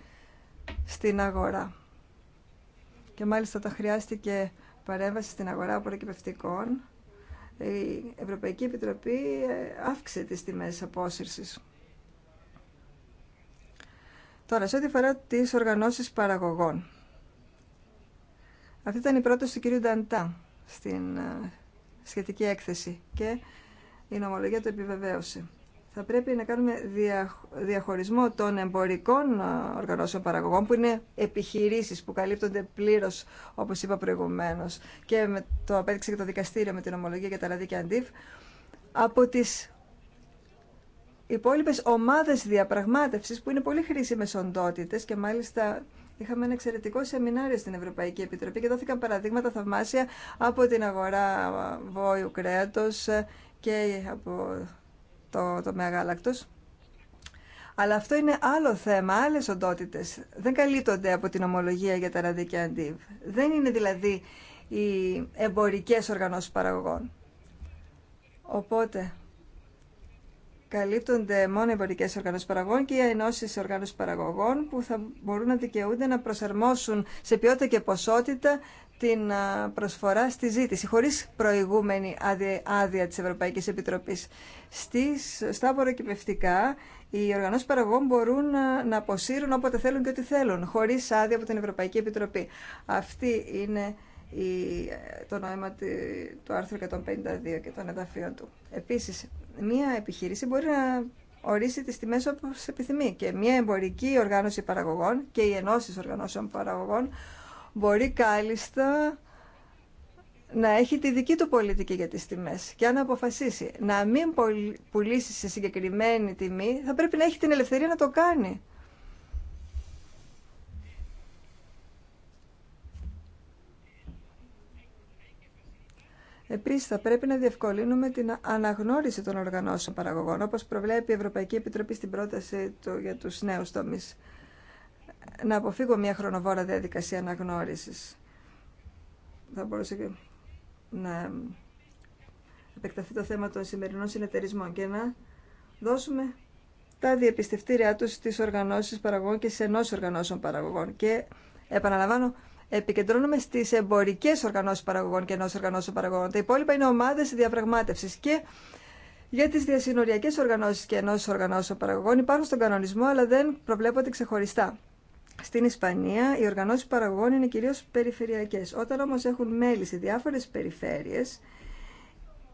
Speaker 1: στην αγορά. Και μάλιστα όταν χρειάστηκε παρέμβαση στην αγορά προκυπευτικών, η Ευρωπαϊκή Επιτροπή ε, αύξησε τις τιμές απόσυρσης. Τώρα, σε ό,τι αφορά τις οργανώσεις παραγωγών. Αυτή ήταν η πρόταση του κυρίου Νταντά στην ε, σχετική έκθεση και η νομολογία το επιβεβαίωσε θα πρέπει να κάνουμε διαχωρισμό των εμπορικών ε, οργανώσεων παραγωγών που είναι επιχειρήσεις που καλύπτονται πλήρως όπως είπα προηγουμένως και με το απέδειξε και το δικαστήριο με την ομολογία για τα λαδί και αντίφ από τις υπόλοιπες ομάδες διαπραγμάτευσης που είναι πολύ χρήσιμες οντότητες και μάλιστα Είχαμε ένα εξαιρετικό σεμινάριο στην Ευρωπαϊκή Επιτροπή και δόθηκαν παραδείγματα θαυμάσια από την αγορά ε, βόηου κρέατος ε, και από το τομέα γάλακτος. Αλλά αυτό είναι άλλο θέμα, άλλε οντότητε. Δεν καλύπτονται από την ομολογία για τα ραδίκια αντίβ. Δεν είναι δηλαδή οι εμπορικέ οργανώσει παραγωγών. Οπότε, καλύπτονται μόνο οι εμπορικέ οργανώσει παραγωγών και οι ενώσει οργανώσει παραγωγών που θα μπορούν να δικαιούνται να προσαρμόσουν σε ποιότητα και ποσότητα την προσφορά στη ζήτηση, χωρίς προηγούμενη άδεια, της Ευρωπαϊκής Επιτροπής. Στις, στα απορροκυπευτικά, οι οργανώσεις παραγωγών μπορούν να, αποσύρουν όποτε θέλουν και ό,τι θέλουν, χωρίς άδεια από την Ευρωπαϊκή Επιτροπή. Αυτή είναι η, το νόημα του, άρθρου 152 και των εδαφείων του. Επίσης, μία επιχείρηση μπορεί να ορίσει τις τιμές όπως επιθυμεί και μία εμπορική οργάνωση παραγωγών και οι ενώσεις οργανώσεων παραγωγών μπορεί κάλλιστα να έχει τη δική του πολιτική για τις τιμές και αν αποφασίσει να μην πουλήσει σε συγκεκριμένη τιμή θα πρέπει να έχει την ελευθερία να το κάνει. Επίσης, θα πρέπει να διευκολύνουμε την αναγνώριση των οργανώσεων παραγωγών, όπως προβλέπει η Ευρωπαϊκή Επιτροπή στην πρόταση του για τους νέους τομείς να αποφύγω μια χρονοβόρα διαδικασία αναγνώρισης. Θα μπορούσε και να επεκταθεί το θέμα των σημερινών συνεταιρισμών και να δώσουμε τα διεπιστευτήριά τους στις οργανώσεις παραγωγών και σε ενός οργανώσεων παραγωγών. Και επαναλαμβάνω, επικεντρώνουμε στις εμπορικές οργανώσεις παραγωγών και ενός οργανώσεων παραγωγών. Τα υπόλοιπα είναι ομάδες διαπραγμάτευση. και για τις διασυνοριακές οργανώσεις και ενός οργανώσεων παραγωγών υπάρχουν στον κανονισμό αλλά δεν προβλέπονται ξεχωριστά. Στην Ισπανία οι οργανώσεις παραγωγών είναι κυρίως περιφερειακές. Όταν όμως έχουν μέλη σε διάφορες περιφέρειες,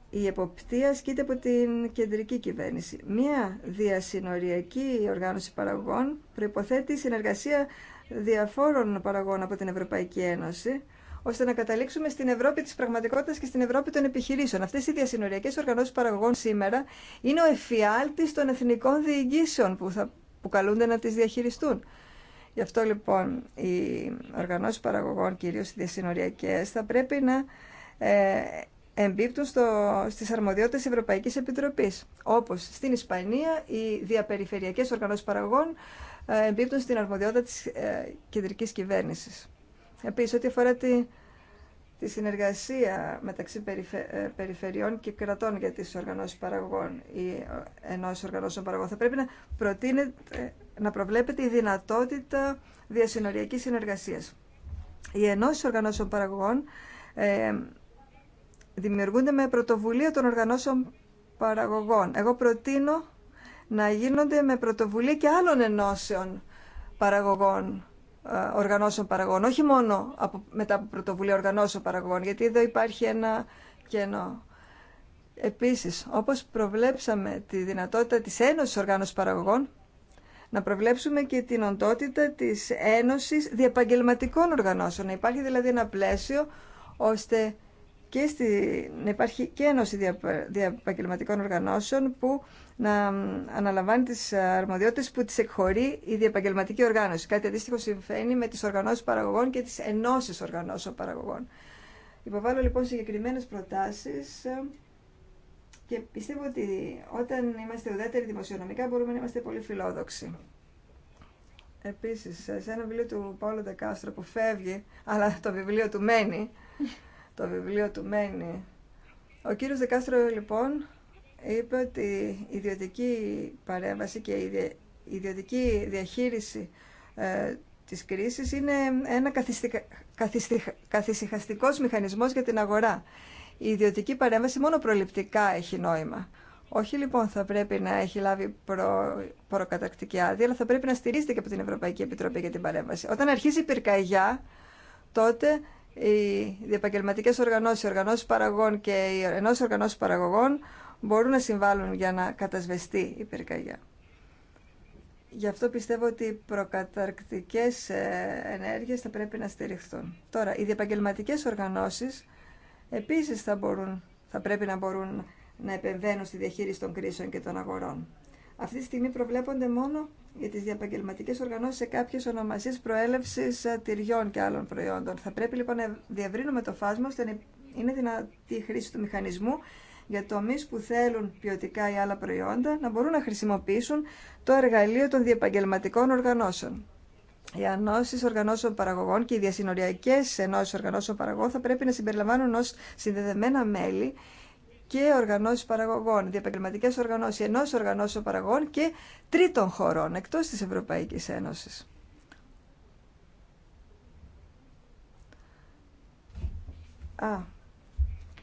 Speaker 1: η εποπτεία ασκείται από την κεντρική κυβέρνηση. Μία διασυνοριακή οργάνωση παραγωγών προϋποθέτει συνεργασία διαφόρων παραγών από την Ευρωπαϊκή Ένωση, ώστε να καταλήξουμε στην Ευρώπη τη πραγματικότητα και στην Ευρώπη των επιχειρήσεων. Αυτέ οι διασυνοριακέ οργανώσει παραγωγών σήμερα είναι ο εφιάλτη των εθνικών διηγήσεων που, θα, που καλούνται να τι διαχειριστούν. Γι' αυτό λοιπόν οι οργανώσει παραγωγών, κυρίω οι διασυνοριακέ θα πρέπει να ε, εμπίπτουν στο, στις αρμοδιότητες Ευρωπαϊκής Επιτροπής. Όπως στην Ισπανία οι διαπεριφερειακές οργανώσεις παραγωγών ε, εμπίπτουν στην αρμοδιότητα της ε, κεντρικής κυβέρνησης. Επίσης, ό,τι αφορά τη, συνεργασία μεταξύ περιφερειών και κρατών για τις οργανώσεις παραγωγών ή ενός οργανώσεων παραγωγών, θα πρέπει να προτείνεται να προβλέπεται η δυνατότητα διασυνοριακής συνεργασίας. Οι ενώσεις οργανώσεων παραγωγών ε, δημιουργούνται με πρωτοβουλία των οργανώσεων παραγωγών. Εγώ προτείνω να γίνονται με πρωτοβουλία και άλλων ενώσεων παραγωγών, ε, οργανώσεων παραγωγών, όχι μόνο από, μετά από πρωτοβουλία οργανώσεων παραγωγών, γιατί εδώ υπάρχει ένα κενό. Επίσης, όπως προβλέψαμε τη δυνατότητα της Ένωσης Οργάνωσης Παραγωγών, να προβλέψουμε και την οντότητα της Ένωσης Διαπαγγελματικών Οργανώσεων. Να υπάρχει δηλαδή ένα πλαίσιο ώστε και στη, να υπάρχει και Ένωση Διαπαγγελματικών Οργανώσεων που να αναλαμβάνει τις αρμοδιότητες που τις εκχωρεί η Διαπαγγελματική οργάνωση. Κάτι αντίστοιχο συμβαίνει με τις οργανώσεις παραγωγών και τις ενώσεις οργανώσεων παραγωγών. Υποβάλλω λοιπόν συγκεκριμένες προτάσεις ε, και πιστεύω ότι όταν είμαστε ουδέτεροι δημοσιονομικά μπορούμε να είμαστε πολύ φιλόδοξοι. Επίσης, σε ένα βιβλίο του Παόλου Ντεκάστρο που φεύγει, αλλά το βιβλίο του μένει, το βιβλίο του μένει. Ο κύριος Δεκάστρο λοιπόν είπε ότι η ιδιωτική παρέμβαση και η ιδιωτική διαχείριση ε, της κρίσης είναι ένα καθυσυχαστικός μηχανισμός για την αγορά η ιδιωτική παρέμβαση μόνο προληπτικά έχει νόημα. Όχι λοιπόν θα πρέπει να έχει λάβει προ... προκατακτική άδεια, αλλά θα πρέπει να στηρίζεται και από την Ευρωπαϊκή Επιτροπή για την παρέμβαση. Όταν αρχίζει η πυρκαγιά, τότε οι διαπαγγελματικέ οργανώσει, οι οργανώσει παραγών και οι ενώσει οργανώσει παραγωγών μπορούν να συμβάλλουν για να κατασβεστεί η πυρκαγιά. Γι' αυτό πιστεύω ότι οι προκαταρκτικές ε, ενέργειες θα πρέπει να στηριχθούν. Τώρα, οι διαπαγγελματικέ οργανώσεις επίσης θα, μπορούν, θα πρέπει να μπορούν να επεμβαίνουν στη διαχείριση των κρίσεων και των αγορών. Αυτή τη στιγμή προβλέπονται μόνο για τις διαπαγγελματικές οργανώσεις σε κάποιες ονομασίες προέλευσης ε, τυριών και άλλων προϊόντων. Θα πρέπει λοιπόν να διευρύνουμε το φάσμα ώστε να είναι δυνατή η χρήση του μηχανισμού για τομεί που θέλουν ποιοτικά ή άλλα προϊόντα να μπορούν να χρησιμοποιήσουν το εργαλείο των διαπαγγελματικών οργανώσεων οι ανώσει οργανώσεων παραγωγών και οι διασυνοριακέ ενώσει οργανώσεων παραγωγών θα πρέπει να συμπεριλαμβάνουν ω συνδεδεμένα μέλη και οργανώσει παραγωγών, διαπαγγελματικέ οργανώσει ενό οργανώσεων παραγωγών και τρίτων χωρών εκτό τη Ευρωπαϊκή Ένωση. Α,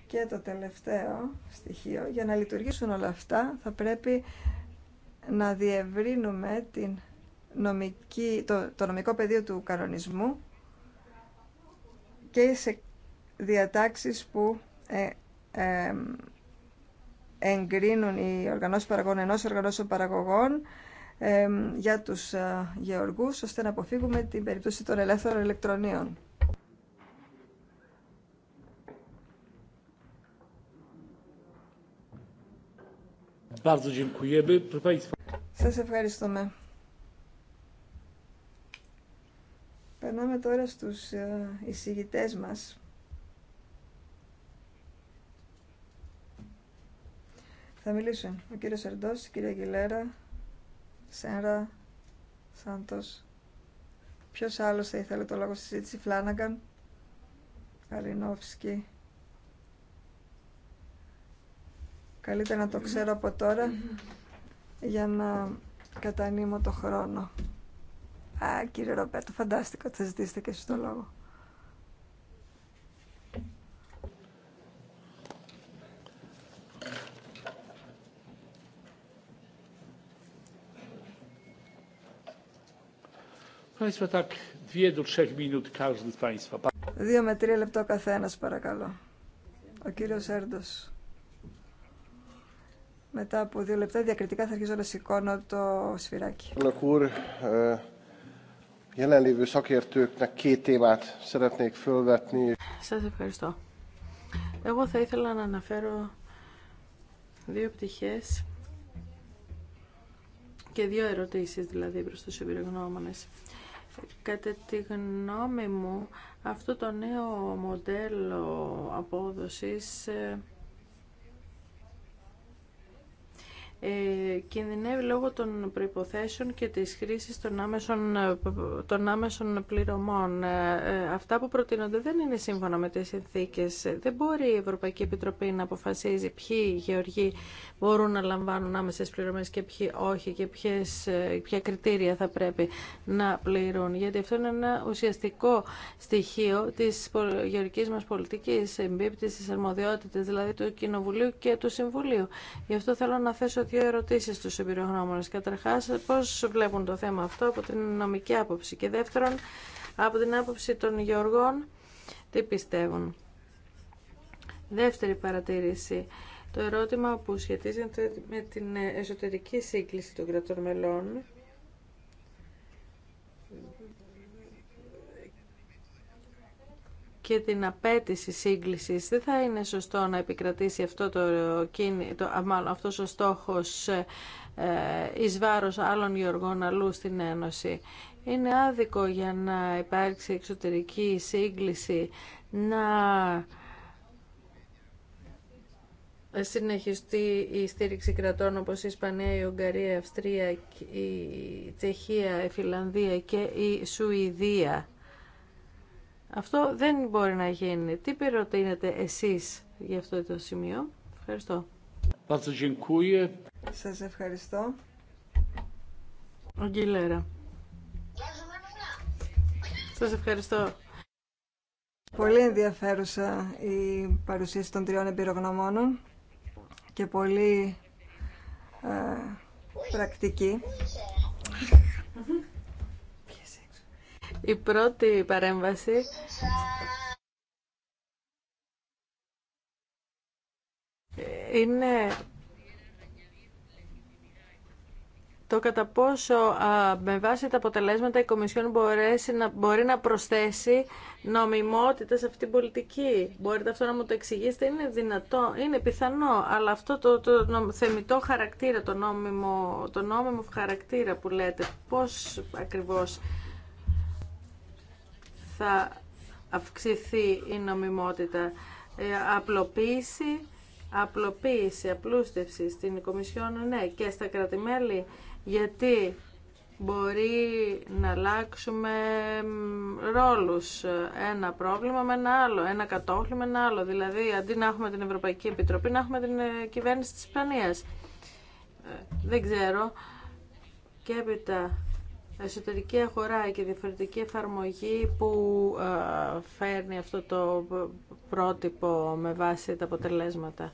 Speaker 1: και το τελευταίο στοιχείο. Για να λειτουργήσουν όλα αυτά θα πρέπει να διευρύνουμε την νομική, το, νομικό πεδίο του κανονισμού και σε διατάξεις που ε, ε εγκρίνουν οι οργανώσεις παραγωγών ενός οργανώσεων παραγωγών ε, για τους ε, γεωργούς, ώστε να αποφύγουμε την περίπτωση των ελεύθερων ηλεκτρονίων. Σας ευχαριστούμε. Περνάμε τώρα στους ε, εισηγητές μας. Θα μιλήσουν ο κύριος Ερντός, η κυρία Γιλέρα, Σένρα, Σάντος. Ποιος άλλος θα ήθελε το λόγο στη συζήτηση, Φλάναγκαν, Καλινόφσκι. Καλύτερα να το ξέρω από τώρα για να κατανείμω το χρόνο. Α, κύριε Ρομπέρτο, φαντάστηκα ότι θα ζητήσετε και εσείς τον λόγο. Δύο με τρία λεπτό καθένας, παρακαλώ. Ο κύριος Έρντος. Μετά από δύο λεπτά διακριτικά θα αρχίσω να σηκώνω το σφυράκι.
Speaker 3: Ε, jelenlévő Σας ευχαριστώ. Εγώ θα ήθελα να αναφέρω δύο πτυχές και δύο ερωτήσεις δηλαδή προς τους εμπειρογνώμονες. Κατά τη γνώμη μου, αυτό το νέο μοντέλο απόδοσης ε, Ε, κινδυνεύει λόγω των προϋποθέσεων και της χρήσης των άμεσων, των άμεσων πληρωμών. Ε, ε, αυτά που προτείνονται δεν είναι σύμφωνα με τις συνθήκες. Δεν μπορεί η Ευρωπαϊκή Επιτροπή να αποφασίζει ποιοι γεωργοί μπορούν να λαμβάνουν άμεσες πληρωμές και ποιοι όχι και ποιες, ποια κριτήρια θα πρέπει να πληρούν. Γιατί αυτό είναι ένα ουσιαστικό στοιχείο της γεωργικής μας πολιτικής εμπίπτυσης, αρμοδιότητες δηλαδή του Κοινοβουλίου και του Συμβουλίου. Γι' αυτό θέλω να θέσω δύο ερωτήσεις στους εμπειρογνώμονες. Καταρχάς, πώς βλέπουν το θέμα αυτό από την νομική άποψη και δεύτερον, από την άποψη των γεωργών, τι πιστεύουν. Δεύτερη παρατήρηση. Το ερώτημα που σχετίζεται με την εσωτερική σύγκληση των κρατών μελών και την απέτηση σύγκληση, δεν θα είναι σωστό να επικρατήσει αυτό το, το αυτός ο στόχος ε, εις βάρος άλλων γεωργών αλλού στην Ένωση. Είναι άδικο για να υπάρξει εξωτερική σύγκληση να συνεχιστεί η στήριξη κρατών όπως η Ισπανία, η Ουγγαρία, η Αυστρία, η Τσεχία, η Φιλανδία και η Σουηδία. Αυτό δεν μπορεί να γίνει. Τι περιοτείνετε εσείς για αυτό το σημείο. Ευχαριστώ.
Speaker 2: Σας
Speaker 1: ευχαριστώ. Ο Σας ευχαριστώ. Πολύ ενδιαφέρουσα η παρουσίαση των τριών εμπειρογνωμόνων και πολύ ε, πρακτική.
Speaker 3: Η πρώτη παρέμβαση είναι το κατά πόσο με βάση τα αποτελέσματα η Κομισιόν να, μπορεί να προσθέσει νομιμότητα σε αυτή την πολιτική. Μπορείτε αυτό να μου το εξηγήσετε, είναι δυνατό, είναι πιθανό, αλλά αυτό το, το, θεμητό χαρακτήρα, το νόμιμο, το νόμιμο χαρακτήρα που λέτε, πώς ακριβώς θα αυξηθεί η νομιμότητα. Ε, απλοποίηση, απλοποίηση, απλούστευση στην Κομισιόν, ναι, και στα κρατημέλη, γιατί μπορεί να αλλάξουμε ρόλους ένα πρόβλημα με ένα άλλο, ένα κατόχλη με ένα άλλο. Δηλαδή, αντί να έχουμε την Ευρωπαϊκή Επιτροπή, να έχουμε την ε, κυβέρνηση της Ισπανίας. Ε, δεν ξέρω. Και έπειτα εσωτερική αγορά και διαφορετική εφαρμογή που ε, φέρνει αυτό το πρότυπο με βάση τα αποτελέσματα.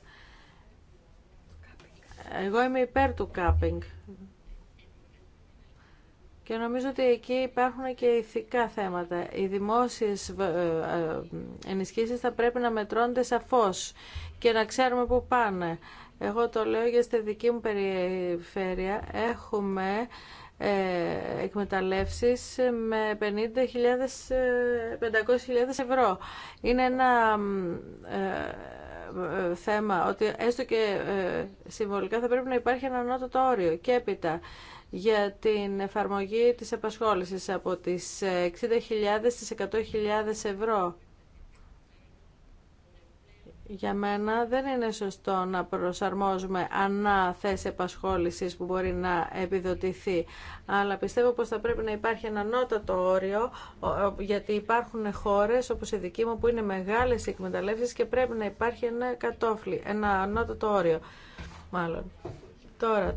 Speaker 3: Εγώ είμαι υπέρ του κάπινγκ. Και νομίζω ότι εκεί υπάρχουν και ηθικά θέματα. Οι δημόσιες ε, ε, ενισχύσεις θα πρέπει να μετρώνται σαφώς και να ξέρουμε πού πάνε. Εγώ το λέω για στη δική μου περιφέρεια. Έχουμε ε, εκμεταλλεύσεις με 50.000, 500.000 ε, ευρώ. Είναι ένα ε, θέμα ότι έστω και συμβολικά θα πρέπει να υπάρχει ένα ανώτατο όριο και έπειτα για την εφαρμογή της απασχόλησης από τις 60.000 στις 100.000 ευρώ για μένα δεν είναι σωστό να προσαρμόζουμε ανά θέση επασχόλησης που μπορεί να επιδοτηθεί. Αλλά πιστεύω πως θα πρέπει να υπάρχει ένα ανώτατο όριο, γιατί υπάρχουν χώρες όπως η δική μου που είναι μεγάλες εκμεταλλεύσεις και πρέπει να υπάρχει ένα κατόφλι, ένα ανώτατο όριο μάλλον. Τώρα,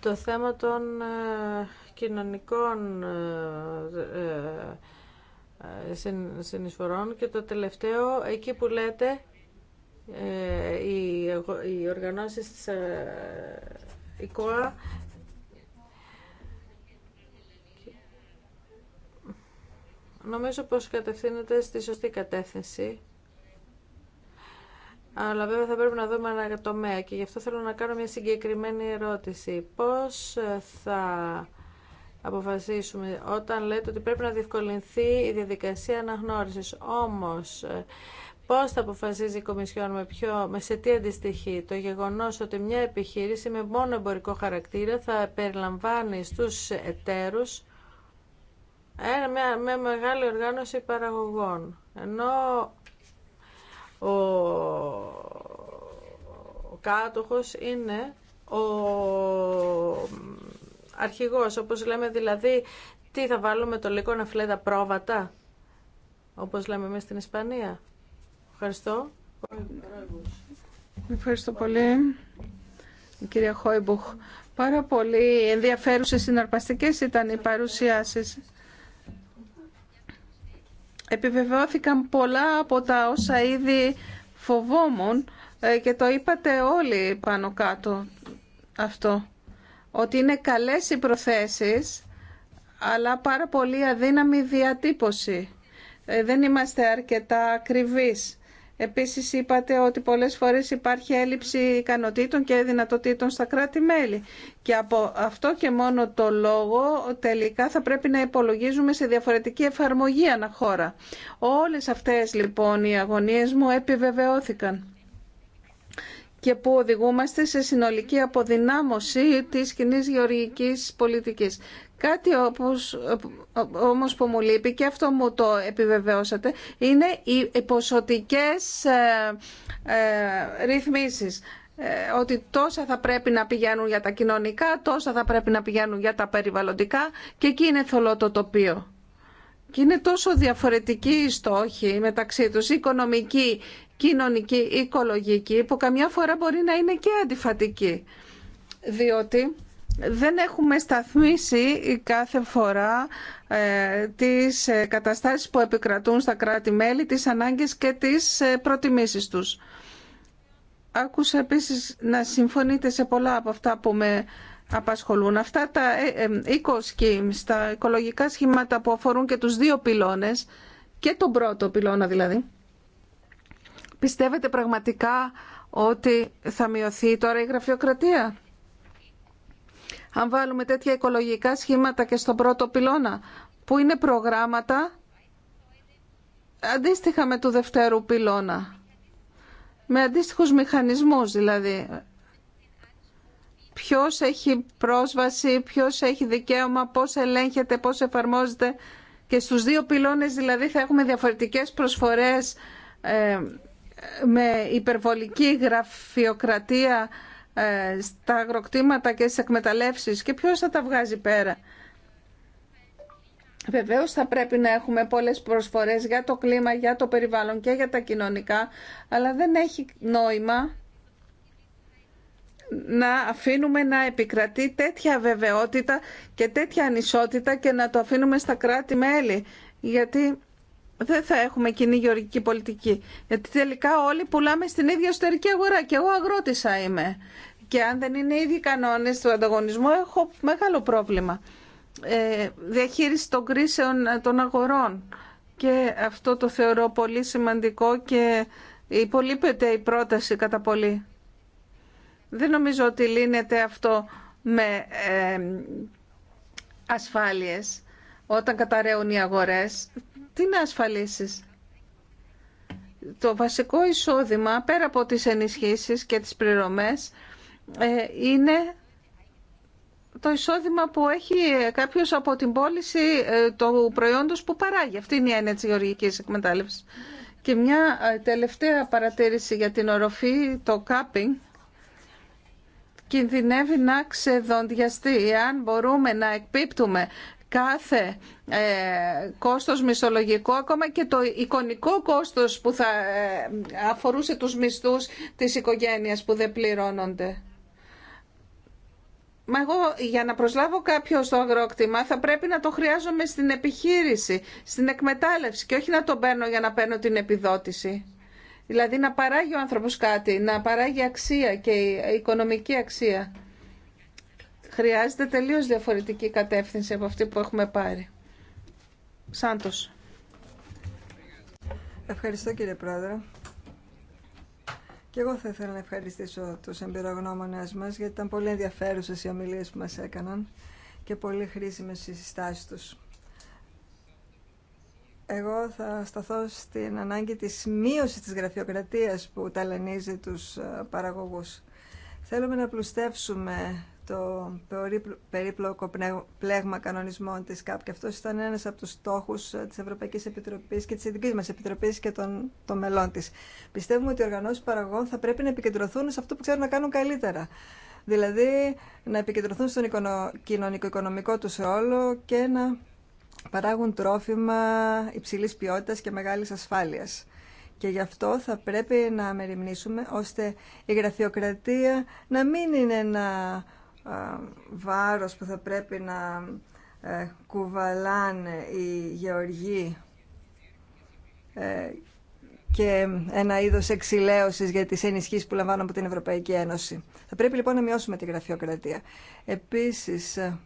Speaker 3: το θέμα των ε, κοινωνικών ε, ε, συνεισφορών και το τελευταίο εκεί που λέτε ε, οι οργανώσεις της ΕΚΟΑ νομίζω πως κατευθύνεται στη σωστή κατεύθυνση. Αλλά βέβαια θα πρέπει να δούμε ένα τομέα και γι' αυτό θέλω να κάνω μια συγκεκριμένη ερώτηση. Πώς ε, θα αποφασίσουμε όταν λέτε ότι πρέπει να διευκολυνθεί η διαδικασία αναγνώρισης. Όμως ε, Πώς θα αποφασίζει η Κομισιόν με με σε τι αντιστοιχεί το γεγονός ότι μια επιχείρηση με μόνο εμπορικό χαρακτήρα θα περιλαμβάνει στους εταίρους μια, μια μεγάλη οργάνωση παραγωγών. Ενώ ο, ο κάτοχος είναι ο αρχηγός, όπως λέμε δηλαδή, τι θα βάλουμε το λίκο να τα πρόβατα, όπως λέμε εμείς στην Ισπανία. Ευχαριστώ.
Speaker 2: Ευχαριστώ πολύ, κυρία Χόιμπουχ. Πάρα πολύ ενδιαφέρουσες συναρπαστικές ήταν οι παρουσιάσεις. Επιβεβαιώθηκαν πολλά από τα όσα ήδη φοβόμουν ε, και το είπατε όλοι πάνω κάτω αυτό. Ότι είναι καλές οι προθέσεις, αλλά πάρα πολύ αδύναμη διατύπωση. Ε, δεν είμαστε αρκετά ακριβείς Επίσης είπατε ότι πολλές φορές υπάρχει έλλειψη ικανοτήτων και δυνατοτήτων στα κράτη-μέλη. Και από αυτό και μόνο το λόγο τελικά θα πρέπει να υπολογίζουμε σε διαφορετική εφαρμογή ανά χώρα. Όλες αυτές λοιπόν οι αγωνίες μου επιβεβαιώθηκαν και που οδηγούμαστε σε συνολική αποδυνάμωση της κοινή γεωργικής πολιτικής. Κάτι όπως, όμως που μου λείπει και αυτό μου το επιβεβαιώσατε είναι οι ποσοτικές ε, ε, ρυθμίσεις. Ε, ότι τόσα θα πρέπει να πηγαίνουν για τα κοινωνικά, τόσα θα πρέπει να πηγαίνουν για τα περιβαλλοντικά και εκεί είναι θολό το τοπίο. Και είναι τόσο διαφορετική η στόχη μεταξύ τους, οικονομική, κοινωνική, οικολογική που καμιά φορά μπορεί να είναι και αντιφατική. Διότι δεν έχουμε σταθμίσει κάθε φορά ε, τις ε, καταστάσεις που επικρατούν στα κράτη-μέλη, τις ανάγκες και τις ε, προτιμήσεις τους. Άκουσα επίσης να συμφωνείτε σε πολλά από αυτά που με απασχολούν. Αυτά τα eco-schemes, τα οικολογικά σχήματα που αφορούν και τους δύο πυλώνες και τον πρώτο πυλώνα δηλαδή. Πιστεύετε πραγματικά ότι θα μειωθεί τώρα η γραφειοκρατία αν βάλουμε τέτοια οικολογικά σχήματα και στον πρώτο πυλώνα, που είναι προγράμματα αντίστοιχα με του δευτέρου πυλώνα. Με αντίστοιχους μηχανισμούς δηλαδή. Ποιος έχει πρόσβαση, ποιος έχει δικαίωμα, πώς ελέγχεται, πώς εφαρμόζεται. Και στους δύο πυλώνες δηλαδή θα έχουμε διαφορετικές προσφορές ε, με υπερβολική γραφειοκρατία ε, στα αγροκτήματα και στις εκμεταλλεύσεις και ποιος θα τα βγάζει πέρα. Βεβαίως θα πρέπει να έχουμε πολλές προσφορές για το κλίμα, για το περιβάλλον και για τα κοινωνικά, αλλά δεν έχει νόημα να αφήνουμε να επικρατεί τέτοια βεβαιότητα και τέτοια ανισότητα και να το αφήνουμε στα κράτη-μέλη. Γιατί δεν θα έχουμε κοινή γεωργική πολιτική. Γιατί τελικά όλοι πουλάμε στην ίδια εσωτερική αγορά και εγώ αγρότησα είμαι. Και αν δεν είναι οι ίδιοι κανόνες του ανταγωνισμού έχω μεγάλο πρόβλημα. Ε, διαχείριση των κρίσεων ε, των αγορών. Και αυτό το θεωρώ πολύ σημαντικό και υπολείπεται η πρόταση κατά πολύ. Δεν νομίζω ότι λύνεται αυτό με ε, ασφάλειες όταν καταραίουν οι αγορές. Τι να ασφαλίσεις. Το βασικό εισόδημα, πέρα από τις ενισχύσεις και τις πληρωμές, ε, είναι το εισόδημα που έχει ε, κάποιος από την πώληση ε, του προϊόντος που παράγει. Αυτή είναι η έννοια της γεωργικής εκμετάλλευσης. Και μια τελευταία παρατήρηση για την οροφή, το κάπινγκ, κινδυνεύει να ξεδοντιαστεί. Εάν μπορούμε να εκπίπτουμε κάθε ε, κόστος μισολογικό ακόμα και το εικονικό κόστος που θα ε, αφορούσε τους μισθούς της οικογένειας που δεν πληρώνονται. Μα εγώ για να προσλάβω κάποιο στο αγρόκτημα θα πρέπει να το χρειάζομαι στην επιχείρηση, στην εκμετάλλευση και όχι να το παίρνω για να παίρνω την επιδότηση. Δηλαδή να παράγει ο άνθρωπος κάτι, να παράγει αξία και οικονομική αξία χρειάζεται τελείως διαφορετική κατεύθυνση
Speaker 1: από αυτή που έχουμε πάρει. Σάντος. Ευχαριστώ κύριε Πρόεδρε. Και εγώ θα ήθελα να ευχαριστήσω τους εμπειρογνώμονες μας γιατί ήταν πολύ ενδιαφέρουσες οι ομιλίες που μας έκαναν και πολύ χρήσιμες οι συστάσεις τους. Εγώ θα σταθώ στην ανάγκη της μείωση της γραφειοκρατίας που ταλανίζει τους ε, παραγωγούς. Θέλουμε να πλουστεύσουμε το περίπλοκο πλέγμα κανονισμών της ΚΑΠ και αυτός ήταν ένας από τους στόχους ε, της Ευρωπαϊκής Επιτροπής και της ειδικής μας Επιτροπής και των, των μελών της. Πιστεύουμε ότι οι οργανώσεις παραγών θα πρέπει να επικεντρωθούν σε αυτό που ξέρουν να κάνουν καλύτερα. Δηλαδή να επικεντρωθούν στον κοινωνικο-οικονομικό τους ρόλο και να παράγουν τρόφιμα υψηλής ποιότητας και μεγάλης ασφάλειας. Και γι' αυτό θα πρέπει να μεριμνήσουμε ώστε η γραφειοκρατία να μην είναι ένα βάρος που θα πρέπει να ε, κουβαλάνε οι γεωργοί ε, και ένα είδος εξηλαίωσης για τις ενισχύσεις που λαμβάνουν από την Ευρωπαϊκή Ένωση. Θα πρέπει λοιπόν να μειώσουμε τη γραφειοκρατία. Επίσης, ε,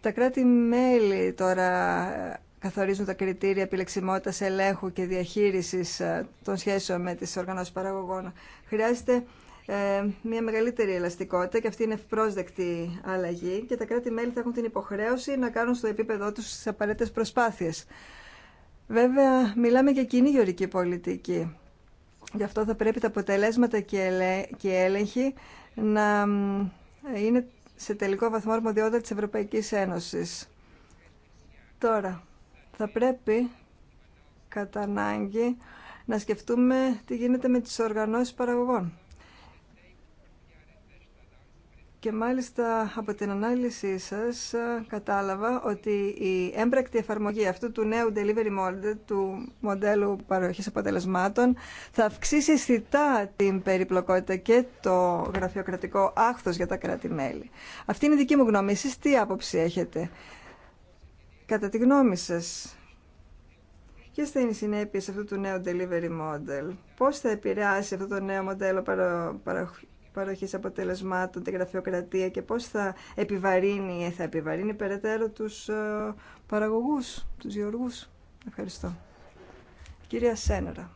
Speaker 1: τα κράτη-μέλη τώρα καθορίζουν τα κριτήρια επιλεξιμότητας ελέγχου και διαχείρισης των σχέσεων με τις οργανώσεις παραγωγών. Χρειάζεται ε, μια μεγαλύτερη ελαστικότητα και αυτή είναι ευπρόσδεκτη αλλαγή και τα κράτη-μέλη θα έχουν την υποχρέωση να κάνουν στο επίπεδό τους τις απαραίτητες προσπάθειες. Βέβαια, μιλάμε για κοινή γεωρική πολιτική. Γι' αυτό θα πρέπει τα αποτελέσματα και έλεγχοι να είναι σε τελικό βαθμό αρμοδιότητα της Ευρωπαϊκής Ένωσης. Τώρα, θα πρέπει κατά ανάγκη να σκεφτούμε τι γίνεται με τις οργανώσεις παραγωγών. Και μάλιστα από την ανάλυση σας ε, κατάλαβα ότι η έμπρακτη εφαρμογή αυτού του νέου delivery model, του μοντέλου παροχής αποτελεσμάτων, θα αυξήσει αισθητά την περιπλοκότητα και το γραφειοκρατικό άχθος για τα κράτη-μέλη. Αυτή είναι η δική μου γνώμη. Εσείς τι άποψη έχετε. Κατά τη γνώμη σας, ποιες θα είναι οι συνέπειες αυτού του νέου delivery model. Πώς θα επηρεάσει αυτό το νέο μοντέλο παροχής παροχή αποτελεσμάτων, τη γραφειοκρατία και πώς θα επιβαρύνει, ε, θα επιβαρύνει περαιτέρω τους ε, παραγωγούς, τους γεωργού. Ευχαριστώ. Κυρία Σένερα.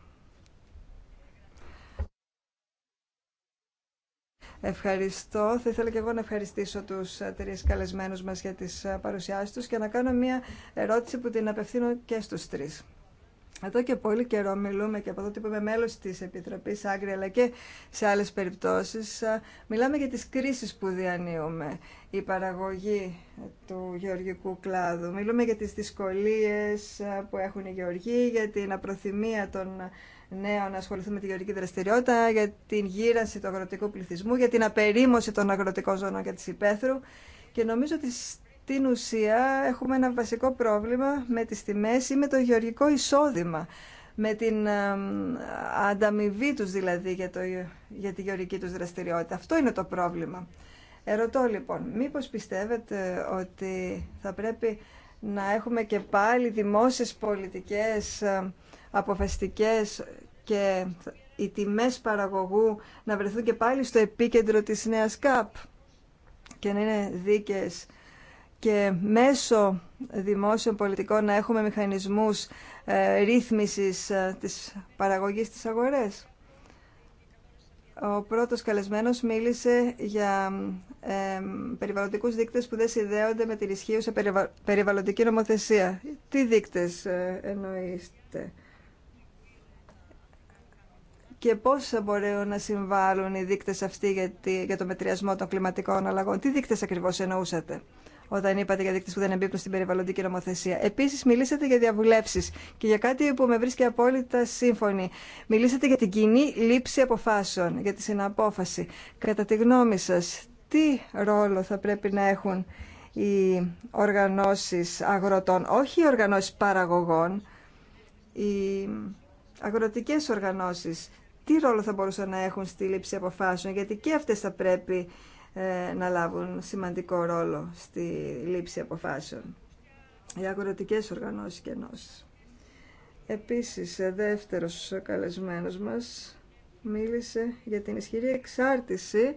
Speaker 1: Ευχαριστώ. Θα ήθελα και εγώ να ευχαριστήσω τους τρει καλεσμένους μας για τις ε, παρουσιάσεις τους και να κάνω μια ερώτηση που την απευθύνω και στους τρεις. Εδώ και πολύ καιρό μιλούμε και από εδώ που είμαι μέλος της Επιτροπής Άγκρη αλλά και σε άλλες περιπτώσεις μιλάμε για τις κρίσεις που διανύουμε η παραγωγή του γεωργικού κλάδου. Μιλούμε για τις δυσκολίες που έχουν οι γεωργοί, για την απροθυμία των νέων να ασχοληθούν με τη γεωργική δραστηριότητα, για την γύραση του αγροτικού πληθυσμού, για την απερίμωση των αγροτικών ζωνών και της υπαίθρου. Και νομίζω ότι την ουσία έχουμε ένα βασικό πρόβλημα με τις τιμές ή με το γεωργικό εισόδημα, με την ανταμοιβή τους δηλαδή για, το, για τη γεωργική τους δραστηριότητα. Αυτό είναι το πρόβλημα. Ερωτώ λοιπόν, μήπως πιστεύετε ότι θα πρέπει να έχουμε και πάλι δημόσιες πολιτικές αποφασιστικές και οι τιμές παραγωγού να βρεθούν και πάλι στο επίκεντρο της νέας ΚΑΠ και να είναι δίκαιες και μέσω δημόσιων πολιτικών να έχουμε μηχανισμούς ε, ρύθμισης ε, της παραγωγής της αγορές. Ο πρώτος καλεσμένος μίλησε για ε, περιβαλλοντικούς δείκτες που δεν συνδέονται με την ισχύουσα περιβαλλοντική νομοθεσία. Τι δείκτες ε, εννοείστε και πώς μπορούν να συμβάλλουν οι δείκτες αυτοί για, τη... για το μετριασμό των κλιματικών αλλαγών. Τι δείκτες ακριβώς εννοούσατε όταν είπατε για δείκτε που δεν εμπίπτουν στην περιβαλλοντική νομοθεσία. Επίση, μιλήσατε για διαβουλεύσει και για κάτι που με βρίσκει απόλυτα σύμφωνη. Μιλήσατε για την κοινή λήψη αποφάσεων, για τη συναπόφαση. Κατά τη γνώμη σα, τι ρόλο θα πρέπει να έχουν οι οργανώσεις αγροτών, όχι οι οργανώσεις παραγωγών, οι αγροτικές οργανώσεις, τι ρόλο θα μπορούσαν να έχουν στη λήψη αποφάσεων, γιατί και αυτές θα πρέπει ε, να λάβουν σημαντικό ρόλο στη λήψη αποφάσεων. Οι αγροτικές οργανώσεις και ενώσεις. Επίσης, ε, δεύτερος καλεσμένος μας μίλησε για την ισχυρή εξάρτηση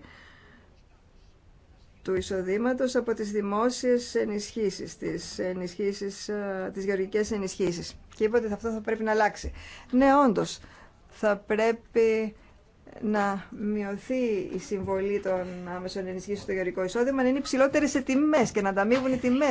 Speaker 1: του εισοδήματος από τις δημόσιες ενισχύσεις, τις, ενισχύσεις, ε, τις γεωργικές ενισχύσεις. Και είπε ότι αυτό θα πρέπει να αλλάξει. Ναι, όντως, θα πρέπει να μειωθεί η συμβολή των άμεσων ενισχύσεων στο γεωργικό εισόδημα, να είναι υψηλότερε σε τιμέ και να ανταμείβουν οι τιμέ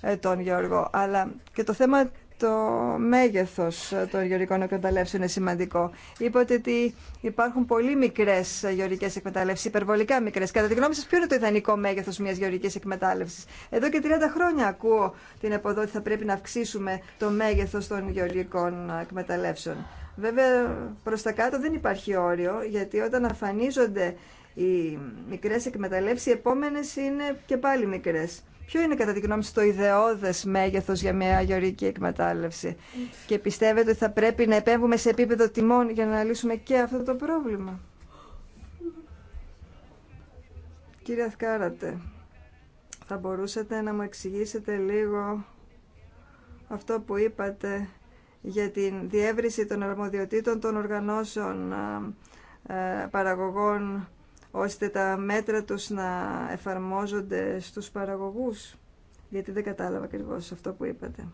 Speaker 1: ε, των γεωργών. Αλλά και το θέμα το μέγεθο ε, των γεωρικών εκμεταλλεύσεων είναι σημαντικό. Είπατε ότι υπάρχουν πολύ μικρέ ε, γεωρικές εκμεταλλεύσεις, υπερβολικά μικρέ. Κατά τη γνώμη σας, ποιο είναι το ιδανικό μέγεθο μια γεωρικής εκμετάλλευση. Εδώ και 30 χρόνια ακούω την εποδό θα πρέπει να αυξήσουμε το μέγεθο των γεωρικών εκμεταλλεύσεων. Βέβαια, προ τα κάτω δεν υπάρχει όριο, γιατί όταν αφανίζονται οι μικρέ εκμεταλλεύσει, οι επόμενες είναι και πάλι μικρές. Ποιο είναι κατά τη γνώμη το ιδεώδες μέγεθος για μια αγιορική εκμετάλλευση και πιστεύετε ότι θα πρέπει να επέμβουμε σε επίπεδο τιμών για να λύσουμε και αυτό το πρόβλημα. Κύριε Αθκάρατε, θα μπορούσατε να μου εξηγήσετε λίγο αυτό που είπατε για τη διεύρυνση των αρμοδιοτήτων των οργανώσεων ε, παραγωγών ώστε τα μέτρα τους να εφαρμόζονται στους παραγωγούς. Γιατί δεν κατάλαβα ακριβώ αυτό που είπατε.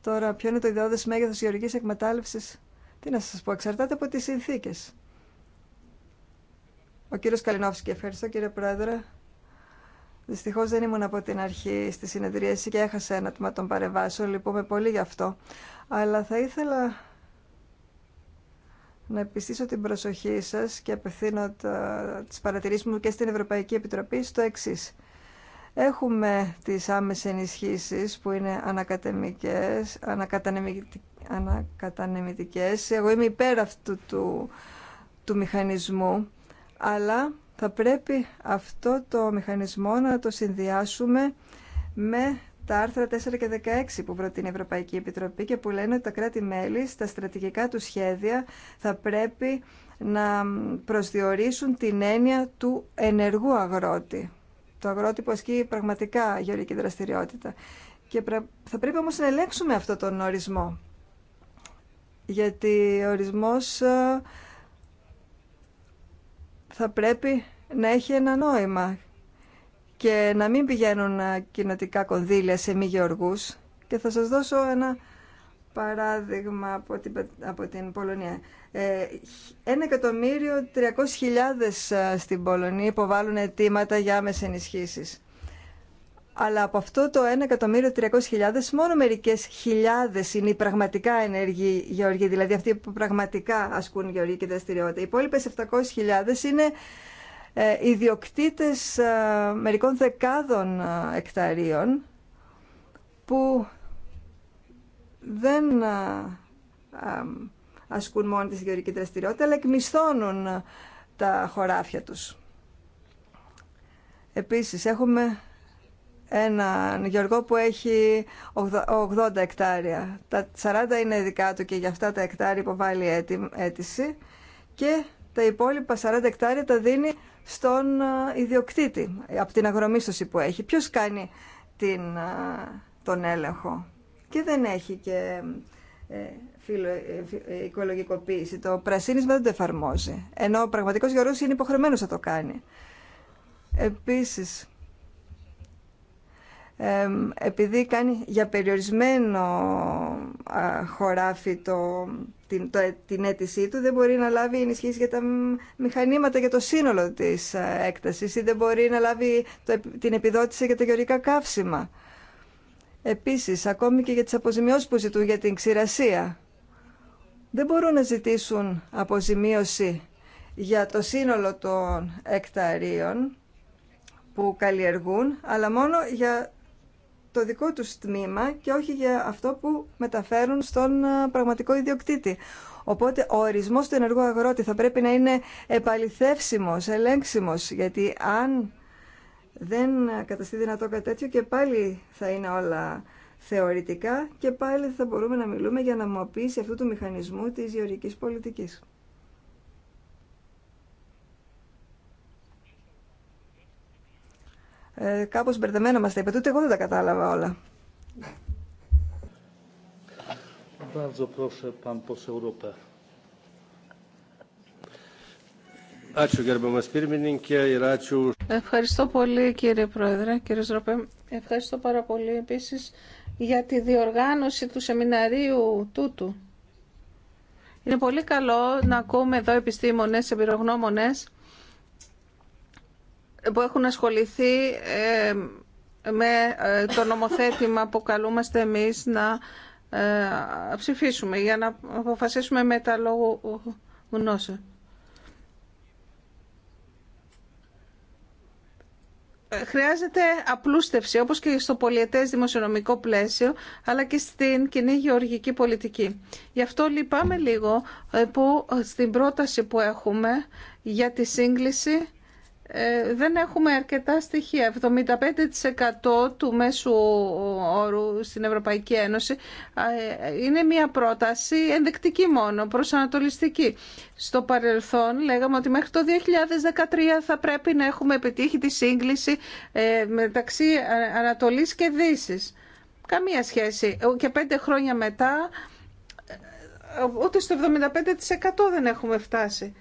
Speaker 1: Τώρα, ποιο είναι το ιδεώδες μέγεθος γεωργικής εκμετάλλευσης. Τι να σας πω, εξαρτάται από τις συνθήκες. Ο κύριος Καλινόφσκι, ευχαριστώ κύριε Πρόεδρε. Δυστυχώ δεν ήμουν από την αρχή στη συνεδρίαση και έχασα ένα τμήμα των παρεμβάσεων. Λυπούμε πολύ γι' αυτό. Αλλά θα ήθελα να επιστήσω την προσοχή σας και απευθύνω τι τις παρατηρήσεις μου και στην Ευρωπαϊκή Επιτροπή στο εξή. Έχουμε τις άμεσες ενισχύσεις που είναι ανακατεμικές, ανακατανεμητικές. Εγώ είμαι υπέρ αυτού του, του μηχανισμού, αλλά θα πρέπει αυτό το μηχανισμό να το συνδυάσουμε με τα άρθρα 4 και 16 που προτείνει η Ευρωπαϊκή Επιτροπή και που λένε ότι τα κράτη-μέλη στα στρατηγικά του σχέδια θα πρέπει να προσδιορίσουν την έννοια του ενεργού αγρότη. Το αγρότη που ασκεί πραγματικά γεωρική δραστηριότητα. Και θα πρέπει όμως να ελέγξουμε αυτό τον ορισμό. Γιατί ο ορισμός ε, θα πρέπει να έχει ένα νόημα και να μην πηγαίνουν ε, κοινοτικά κονδύλια σε μη γεωργούς. Και θα σας δώσω ένα παράδειγμα από την, από την Πολωνία. Ε, ένα εκατομμύριο τριακόσι χιλιάδες ε, στην Πολωνία υποβάλλουν αιτήματα για άμεσες ενισχύσεις. Αλλά από αυτό το 1.300.000 μόνο μερικές χιλιάδες είναι οι πραγματικά ενεργοί γεωργοί, δηλαδή αυτοί που πραγματικά ασκούν γεωργική δραστηριότητα. Οι υπόλοιπε 700.000 είναι ε, ιδιοκτήτες ε, μερικών δεκάδων ε, εκταρίων που δεν ασκούν μόνο τη συγκεκριτική δραστηριότητα αλλά εκμισθώνουν τα χωράφια τους. Επίσης έχουμε έναν γεωργό που έχει 80 εκτάρια. Τα 40 είναι δικά του και για αυτά τα εκτάρια υποβάλλει αίτηση και τα υπόλοιπα 40 εκτάρια τα δίνει στον ε, ιδιοκτήτη από την αγρομίσθωση που έχει. Ποιος κάνει την, ε, τον έλεγχο και δεν έχει και ε, φιλο, οικολογικοποίηση. Το πρασίνισμα δεν το εφαρμόζει, ενώ ο πραγματικός γερός είναι υποχρεωμένος να το κάνει. Επίσης, επειδή κάνει για περιορισμένο χωράφι το, την, το, την αίτησή του, δεν μπορεί να λάβει ενισχύσει για τα μηχανήματα για το σύνολο της έκτασης ή δεν μπορεί να λάβει την επιδότηση για τα γεωρικά καύσιμα. Επίσης, ακόμη και για τις αποζημιώσεις που ζητούν για την ξηρασία. Δεν μπορούν να ζητήσουν αποζημίωση για το σύνολο των εκταρίων που καλλιεργούν, αλλά μόνο για το δικό του τμήμα και όχι για αυτό που μεταφέρουν στον ε, πραγματικό ιδιοκτήτη. Οπότε ο ορισμός του ενεργού αγρότη θα πρέπει να είναι επαληθεύσιμος, ελέγξιμος, γιατί αν δεν καταστεί δυνατό κάτι τέτοιο και πάλι θα είναι όλα θεωρητικά και πάλι θα μπορούμε να μιλούμε για να μοποιήσει αυτού του μηχανισμού της γεωργικής πολιτικής. Ε, κάπως μπερδεμένα μας τα είπε, ούτε εγώ δεν τα κατάλαβα όλα.
Speaker 2: Ευχαριστώ πολύ κύριε Πρόεδρε, κύριε Ζροπέ. Ευχαριστώ πάρα πολύ επίσης για τη διοργάνωση του σεμιναρίου τούτου. Είναι πολύ καλό να ακούμε εδώ επιστήμονες, εμπειρογνώμονες που έχουν ασχοληθεί ε, με ε, το νομοθέτημα που καλούμαστε εμείς να ε, ψηφίσουμε για να αποφασίσουμε με τα λόγου γνώσεων. χρειάζεται απλούστευση, όπως και στο πολιετές δημοσιονομικό πλαίσιο, αλλά και στην κοινή γεωργική πολιτική. Γι' αυτό λυπάμαι λίγο που στην πρόταση που έχουμε για τη σύγκληση ε, δεν έχουμε αρκετά στοιχεία. 75% του μέσου όρου στην Ευρωπαϊκή Ένωση ε, είναι μια πρόταση ενδεκτική μόνο, προσανατολιστική. Στο παρελθόν λέγαμε ότι μέχρι το 2013 θα πρέπει να έχουμε επιτύχει τη σύγκληση ε, μεταξύ Ανατολής και Δύσης. Καμία σχέση. Και πέντε χρόνια μετά ούτε στο 75% δεν έχουμε φτάσει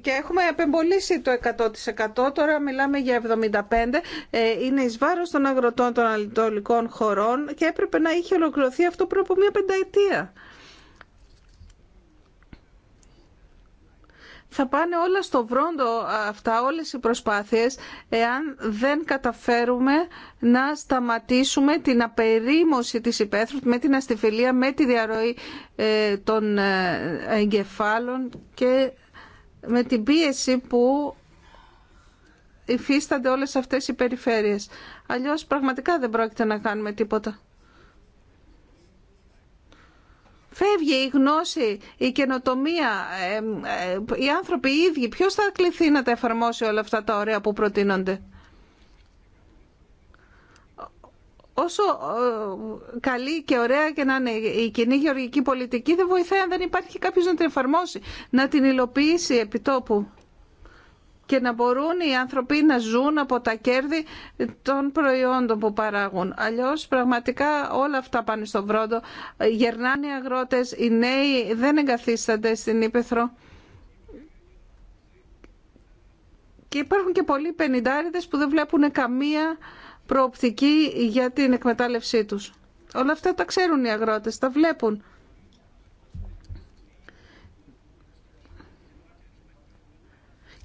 Speaker 2: και έχουμε επεμπολίσει το 100%, τώρα μιλάμε για 75%, ε, είναι εις βάρος των αγροτών των αλλητολικών χωρών και έπρεπε να είχε ολοκληρωθεί αυτό πριν από μια πενταετία. Θα πάνε όλα στο βρόντο αυτά, όλες οι προσπάθειες, εάν δεν καταφέρουμε να σταματήσουμε την απερίμωση της υπαίθρου με την αστιφιλία, με τη διαρροή ε, των ε, εγκεφάλων και με την πίεση που υφίστανται όλες αυτές οι περιφέρειες. Αλλιώς πραγματικά δεν πρόκειται να κάνουμε τίποτα. Φεύγει η γνώση, η καινοτομία, ε, ε, οι άνθρωποι οι ίδιοι. Ποιος θα κληθεί να τα εφαρμόσει όλα αυτά τα ωραία που προτείνονται. όσο ε, καλή και ωραία και να είναι η κοινή γεωργική πολιτική, δεν βοηθάει αν δεν υπάρχει κάποιο να την εφαρμόσει, να την υλοποιήσει επιτόπου και να μπορούν οι άνθρωποι να ζουν από τα κέρδη των προϊόντων που παράγουν. Αλλιώς πραγματικά όλα αυτά πάνε στον βρόντο. Γερνάνε οι αγρότες, οι νέοι δεν εγκαθίστανται στην Ήπεθρο. Και υπάρχουν και πολλοί πενιντάριδες που δεν βλέπουν καμία προοπτική για την εκμετάλλευσή τους. Όλα αυτά τα ξέρουν οι αγρότες, τα βλέπουν.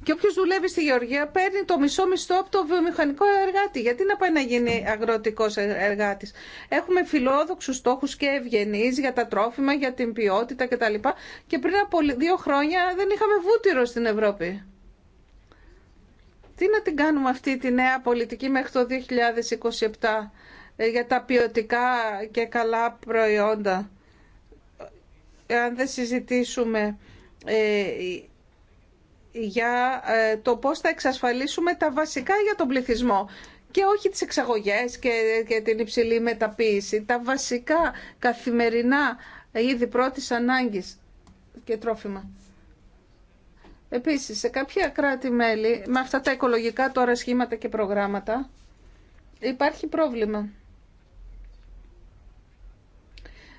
Speaker 2: Και όποιος δουλεύει στη Γεωργία παίρνει το μισό μισθό από το βιομηχανικό εργάτη. Γιατί να πάει να γίνει αγροτικός εργάτης. Έχουμε φιλόδοξους στόχους και ευγενείς για τα τρόφιμα, για την ποιότητα κτλ. Και πριν από δύο χρόνια δεν είχαμε βούτυρο στην Ευρώπη. Τι να την κάνουμε αυτή τη νέα πολιτική μέχρι το 2027 ε, για τα ποιοτικά και καλά προϊόντα. Αν δεν συζητήσουμε ε, για ε, το πώς θα εξασφαλίσουμε τα βασικά για τον πληθυσμό και όχι τις εξαγωγές και, την υψηλή μεταποίηση, τα βασικά καθημερινά είδη πρώτης ανάγκης και τρόφιμα. Επίσης, σε κάποια κράτη-μέλη, με αυτά τα οικολογικά τώρα σχήματα και προγράμματα, υπάρχει πρόβλημα.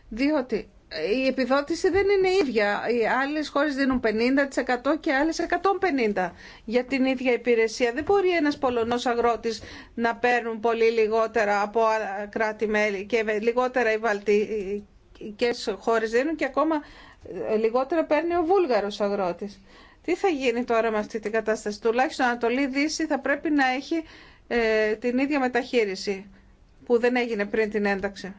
Speaker 2: Διότι η επιδότηση δεν είναι ίδια. Οι άλλες χώρες δίνουν 50% και άλλες 150% για την ίδια υπηρεσία. Δεν μπορεί ένας Πολωνός αγρότης να παίρνουν πολύ λιγότερα από κράτη-μέλη και λιγότερα οι βαλτικές χώρες δίνουν και ακόμα λιγότερα παίρνει ο Βούλγαρος αγρότης. Τι θα γίνει τώρα με αυτή την κατάσταση. Τουλάχιστον Ανατολή Δύση θα πρέπει να έχει ε, την ίδια μεταχείριση που δεν έγινε πριν την ένταξη.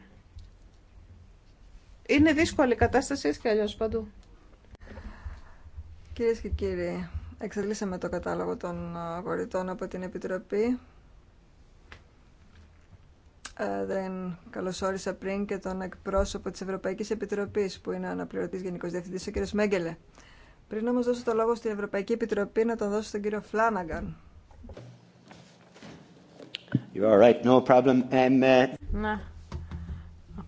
Speaker 2: Είναι δύσκολη η κατάσταση
Speaker 1: και και παντού. Κυρίε και κύριοι, εξελίσσαμε το κατάλογο των αγορητών από την Επιτροπή. Ε, δεν καλωσόρισα πριν και τον εκπρόσωπο της Ευρωπαϊκής Επιτροπής που είναι ο αναπληρωτής Γενικός Διευθυντής, ο κ. Μέγκελε. Πριν όμως δώσω το λόγο στην Ευρωπαϊκή Επιτροπή να το δώσω στον κύριο Φλάναγκαν. right, no problem. Ε, ναι,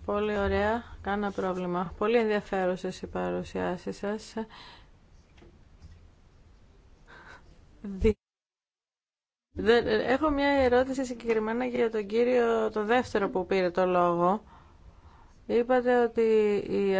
Speaker 3: πολύ ωραία, κάνα πρόβλημα. Πολύ ενδιαφέρουσες οι παρουσιάσεις σας. Έχω μια ερώτηση συγκεκριμένα για τον κύριο, το δεύτερο που πήρε το λόγο. Είπατε ότι οι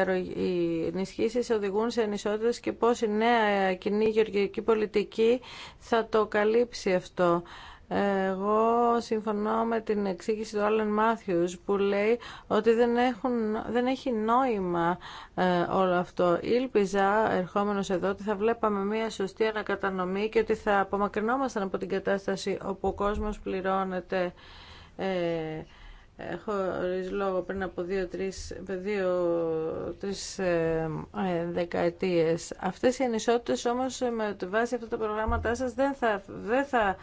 Speaker 3: ενισχύσεις οδηγούν σε ανισότητες και πώς η νέα κοινή γεωργική πολιτική θα το καλύψει αυτό. Εγώ συμφωνώ με την εξήγηση του Άλεν Μάθιους που λέει ότι δεν, έχουν, δεν έχει νόημα ε, όλο αυτό. Ήλπιζα ερχόμενος εδώ ότι θα βλέπαμε μια σωστή ανακατανομή και ότι θα απομακρυνόμασταν από την κατάσταση όπου ο κόσμος πληρώνεται ε, ε, χωρίς λόγο πριν από δύο-τρεις ε, ε, δεκαετίες. Αυτές οι ανισότητες όμως με τη βάση αυτά τα προγράμματά σας δεν θα, δεν θα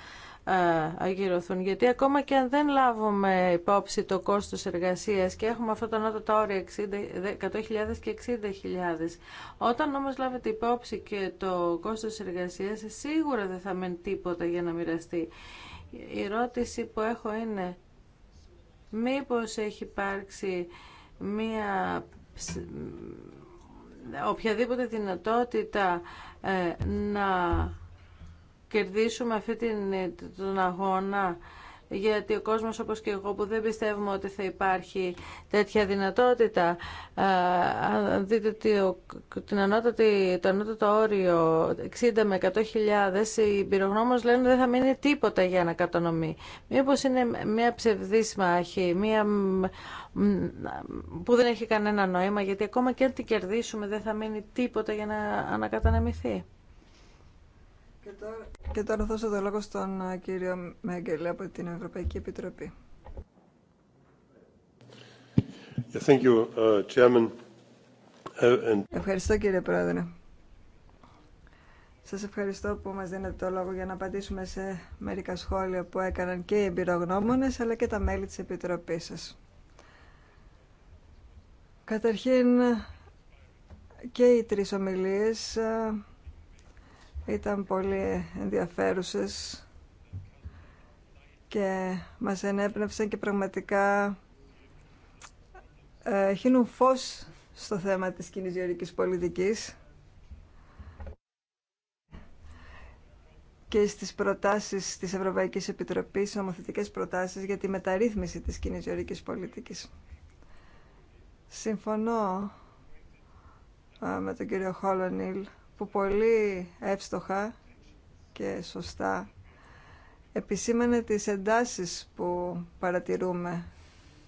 Speaker 3: αγυρωθούν. Γιατί ακόμα και αν δεν λάβουμε υπόψη το κόστος εργασίας και έχουμε αυτό το ανώτατο όριο 100.000 και 60.000, όταν όμως λάβετε υπόψη και το κόστος εργασίας, σίγουρα δεν θα μείνει τίποτα για να μοιραστεί. Η ερώτηση που έχω είναι Μήπως έχει υπάρξει μία οποιαδήποτε δυνατότητα ε, να κερδίσουμε αυτή την, τον αγώνα γιατί ο κόσμος όπως και εγώ που δεν πιστεύουμε ότι θα υπάρχει τέτοια δυνατότητα αν δείτε ότι την ανώτατη, το ανώτατο όριο 60 με 100 χιλιάδες οι πυρογνώμος λένε δεν θα μείνει τίποτα για ανακατονομή μήπως είναι μια ψευδής μάχη μια, που δεν έχει κανένα νόημα γιατί ακόμα και αν την κερδίσουμε
Speaker 1: δεν θα μείνει τίποτα για να ανακατανεμηθεί και τώρα, θα δώσω το λόγο στον ε, κύριο Μέγκελ από την Ευρωπαϊκή Επιτροπή.
Speaker 2: Thank you, uh, uh
Speaker 1: Ευχαριστώ κύριε Πρόεδρε. Σας ευχαριστώ που μας δίνετε το λόγο για να απαντήσουμε σε μερικά σχόλια που έκαναν και οι εμπειρογνώμονες αλλά και τα μέλη της Επιτροπής σας. Καταρχήν και οι τρεις ομιλίες ε, ήταν πολύ ενδιαφέρουσες και μας ενέπνευσαν και πραγματικά ε, χύνουν φως στο θέμα της κοινής πολιτικής και στις προτάσεις της Ευρωπαϊκής Επιτροπής, ομοθετικές προτάσεις για τη μεταρρύθμιση της κοινής πολιτικής. Συμφωνώ ε, με τον κύριο Χόλονιλ που πολύ εύστοχα και σωστά επισήμανε τις εντάσεις που παρατηρούμε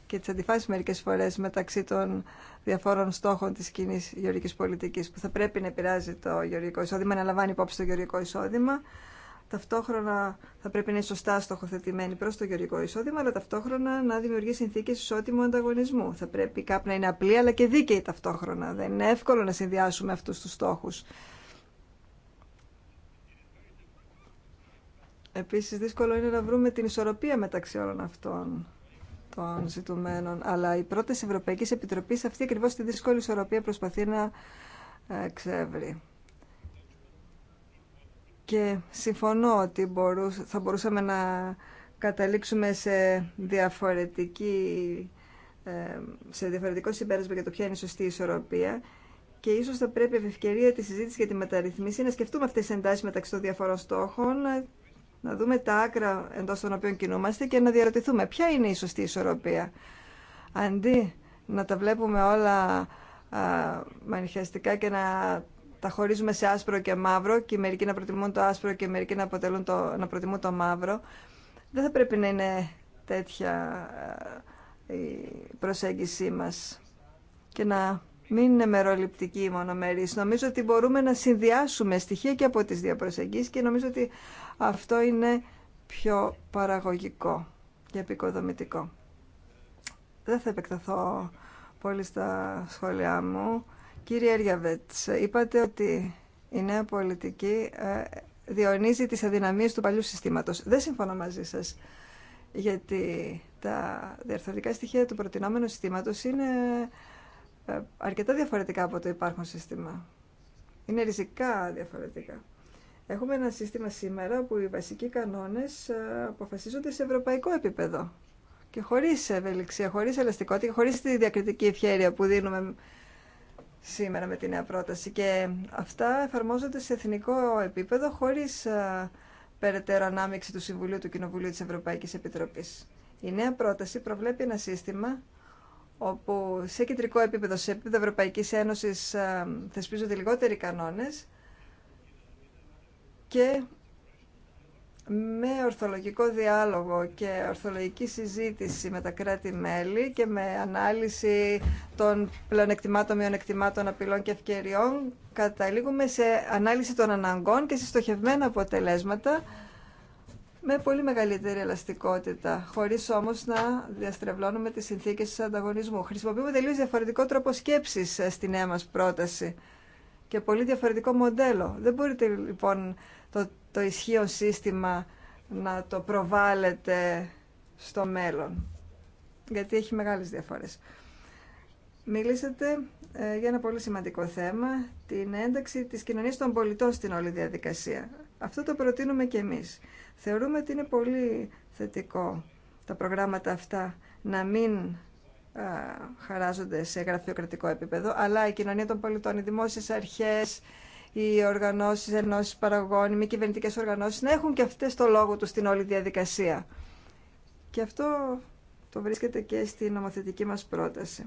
Speaker 1: και τις αντιφάσεις μερικές φορές μεταξύ των διαφόρων στόχων της κοινή γεωργικής πολιτικής που θα πρέπει να επηρεάζει το γεωργικό εισόδημα, να λαμβάνει υπόψη το γεωργικό εισόδημα. Ταυτόχρονα θα πρέπει να είναι σωστά στοχοθετημένη προς το γεωργικό εισόδημα, αλλά ταυτόχρονα να δημιουργεί συνθήκες ισότιμου ανταγωνισμού. Θα πρέπει κάπου να είναι απλή, αλλά και δίκαιη ταυτόχρονα. Δεν είναι εύκολο να συνδυάσουμε αυτούς τους στόχους. Επίσης δύσκολο είναι να βρούμε την ισορροπία μεταξύ όλων αυτών των ζητουμένων, αλλά η πρώτη Ευρωπαϊκή Επιτροπή αυτή ακριβώ τη δύσκολη ισορροπία προσπαθεί να εξεύρει. Και συμφωνώ ότι θα μπορούσαμε να καταλήξουμε σε, διαφορετική, ε, σε διαφορετικό συμπέρασμα για το ποια είναι η σωστή ισορροπία και ίσως θα πρέπει επ' ευκαιρία τη συζήτηση για τη μεταρρυθμίση να σκεφτούμε αυτές τις εντάσεις μεταξύ των διαφορών στόχων να δούμε τα άκρα εντός των οποίων κινούμαστε και να διαρωτηθούμε ποια είναι η σωστή ισορροπία. Αντί να τα βλέπουμε όλα α, και να τα χωρίζουμε σε άσπρο και μαύρο και μερικοί να προτιμούν το άσπρο και μερικοί να, το, να προτιμούν το μαύρο, δεν θα πρέπει να είναι τέτοια η προσέγγιση μας και να μην είναι μεροληπτική η μονομερής. Νομίζω ότι μπορούμε να συνδυάσουμε στοιχεία και από τις δύο προσεγγίσεις και νομίζω ότι αυτό είναι πιο παραγωγικό και επικοδομητικό. Δεν θα επεκταθώ πολύ στα σχόλιά μου. Κύριε Έργιαβετς, είπατε ότι η νέα πολιτική ε, διονύζει τις αδυναμίες του παλιού συστήματος. Δεν συμφωνώ μαζί σας, γιατί τα διαρθρωτικά στοιχεία του προτινόμενου συστήματος είναι ε, αρκετά διαφορετικά από το υπάρχον σύστημα. Είναι ριζικά διαφορετικά. Έχουμε ένα σύστημα σήμερα που οι βασικοί κανόνες ε, αποφασίζονται σε ευρωπαϊκό επίπεδο και χωρίς ευελιξία, χωρίς ελαστικότητα και χωρίς τη διακριτική ευχαίρεια που δίνουμε σήμερα με τη νέα πρόταση. Και αυτά εφαρμόζονται σε εθνικό επίπεδο χωρίς ε, περαιτέρω ανάμειξη του Συμβουλίου του Κοινοβουλίου της Ευρωπαϊκής Επιτροπής. Η νέα πρόταση προβλέπει ένα σύστημα όπου σε κεντρικό επίπεδο, σε επίπεδο Ευρωπαϊκής Ένωσης ε, θεσπίζονται λιγότεροι κανόνες και με ορθολογικό διάλογο και ορθολογική συζήτηση με τα κράτη-μέλη και με ανάλυση των πλεονεκτημάτων, μειονεκτημάτων, απειλών και ευκαιριών καταλήγουμε σε ανάλυση των αναγκών και σε στοχευμένα αποτελέσματα με πολύ μεγαλύτερη ελαστικότητα, χωρίς όμως να διαστρεβλώνουμε τις συνθήκες του ανταγωνισμού. Χρησιμοποιούμε τελείως διαφορετικό τρόπο σκέψης ε, στη νέα μας πρόταση και πολύ διαφορετικό μοντέλο. Δεν μπορείτε λοιπόν το, το ισχύον σύστημα να το προβάλλεται στο μέλλον. Γιατί έχει μεγάλες διαφορές. Μιλήσατε ε, για ένα πολύ σημαντικό θέμα, την ένταξη της κοινωνίας των πολιτών στην όλη διαδικασία. Αυτό το προτείνουμε και εμείς. Θεωρούμε ότι είναι πολύ θετικό τα προγράμματα αυτά να μην χαράζονται σε γραφειοκρατικό επίπεδο, αλλά η κοινωνία των πολιτών, οι δημόσιες αρχές, οι οργανώσεις, ενώσει παραγών, οι μη κυβερνητικέ οργανώσεις να έχουν και αυτές το λόγο τους στην όλη διαδικασία. Και αυτό το βρίσκεται και στην νομοθετική μας πρόταση.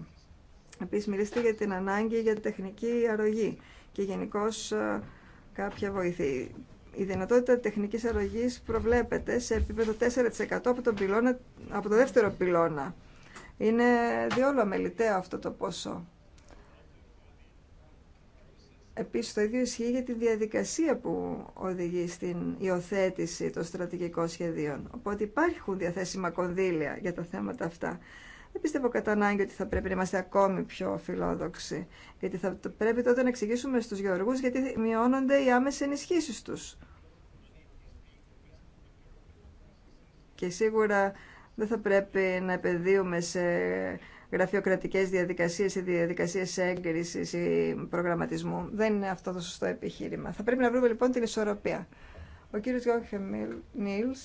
Speaker 1: Επίση μιλήσετε για την ανάγκη για τεχνική αρρωγή και γενικώ ε, κάποια βοηθή. Η δυνατότητα τεχνικής αρρωγής προβλέπεται σε επίπεδο 4% από, τον πυλώνα, από το δεύτερο πυλώνα. Είναι διόλου αμεληταίο αυτό το ποσό. Επίσης το ίδιο ισχύει για τη διαδικασία που οδηγεί στην υιοθέτηση των στρατηγικών σχεδίων. Οπότε υπάρχουν διαθέσιμα κονδύλια για τα θέματα αυτά. Δεν πιστεύω κατά ανάγκη ότι θα πρέπει να είμαστε ακόμη πιο φιλόδοξοι. Γιατί θα πρέπει τότε να εξηγήσουμε στους γεωργούς γιατί μειώνονται οι άμεσες ενισχύσεις τους. Και σίγουρα δεν θα πρέπει να επενδύουμε σε Γραφείοκρατικέ διαδικασίες ή διαδικασίε έγκριση ή προγραμματισμού. Δεν είναι αυτό το σωστό επιχείρημα. Θα πρέπει να βρούμε λοιπόν την ισορροπία. Ο κύριος Γιώργος Νίλ.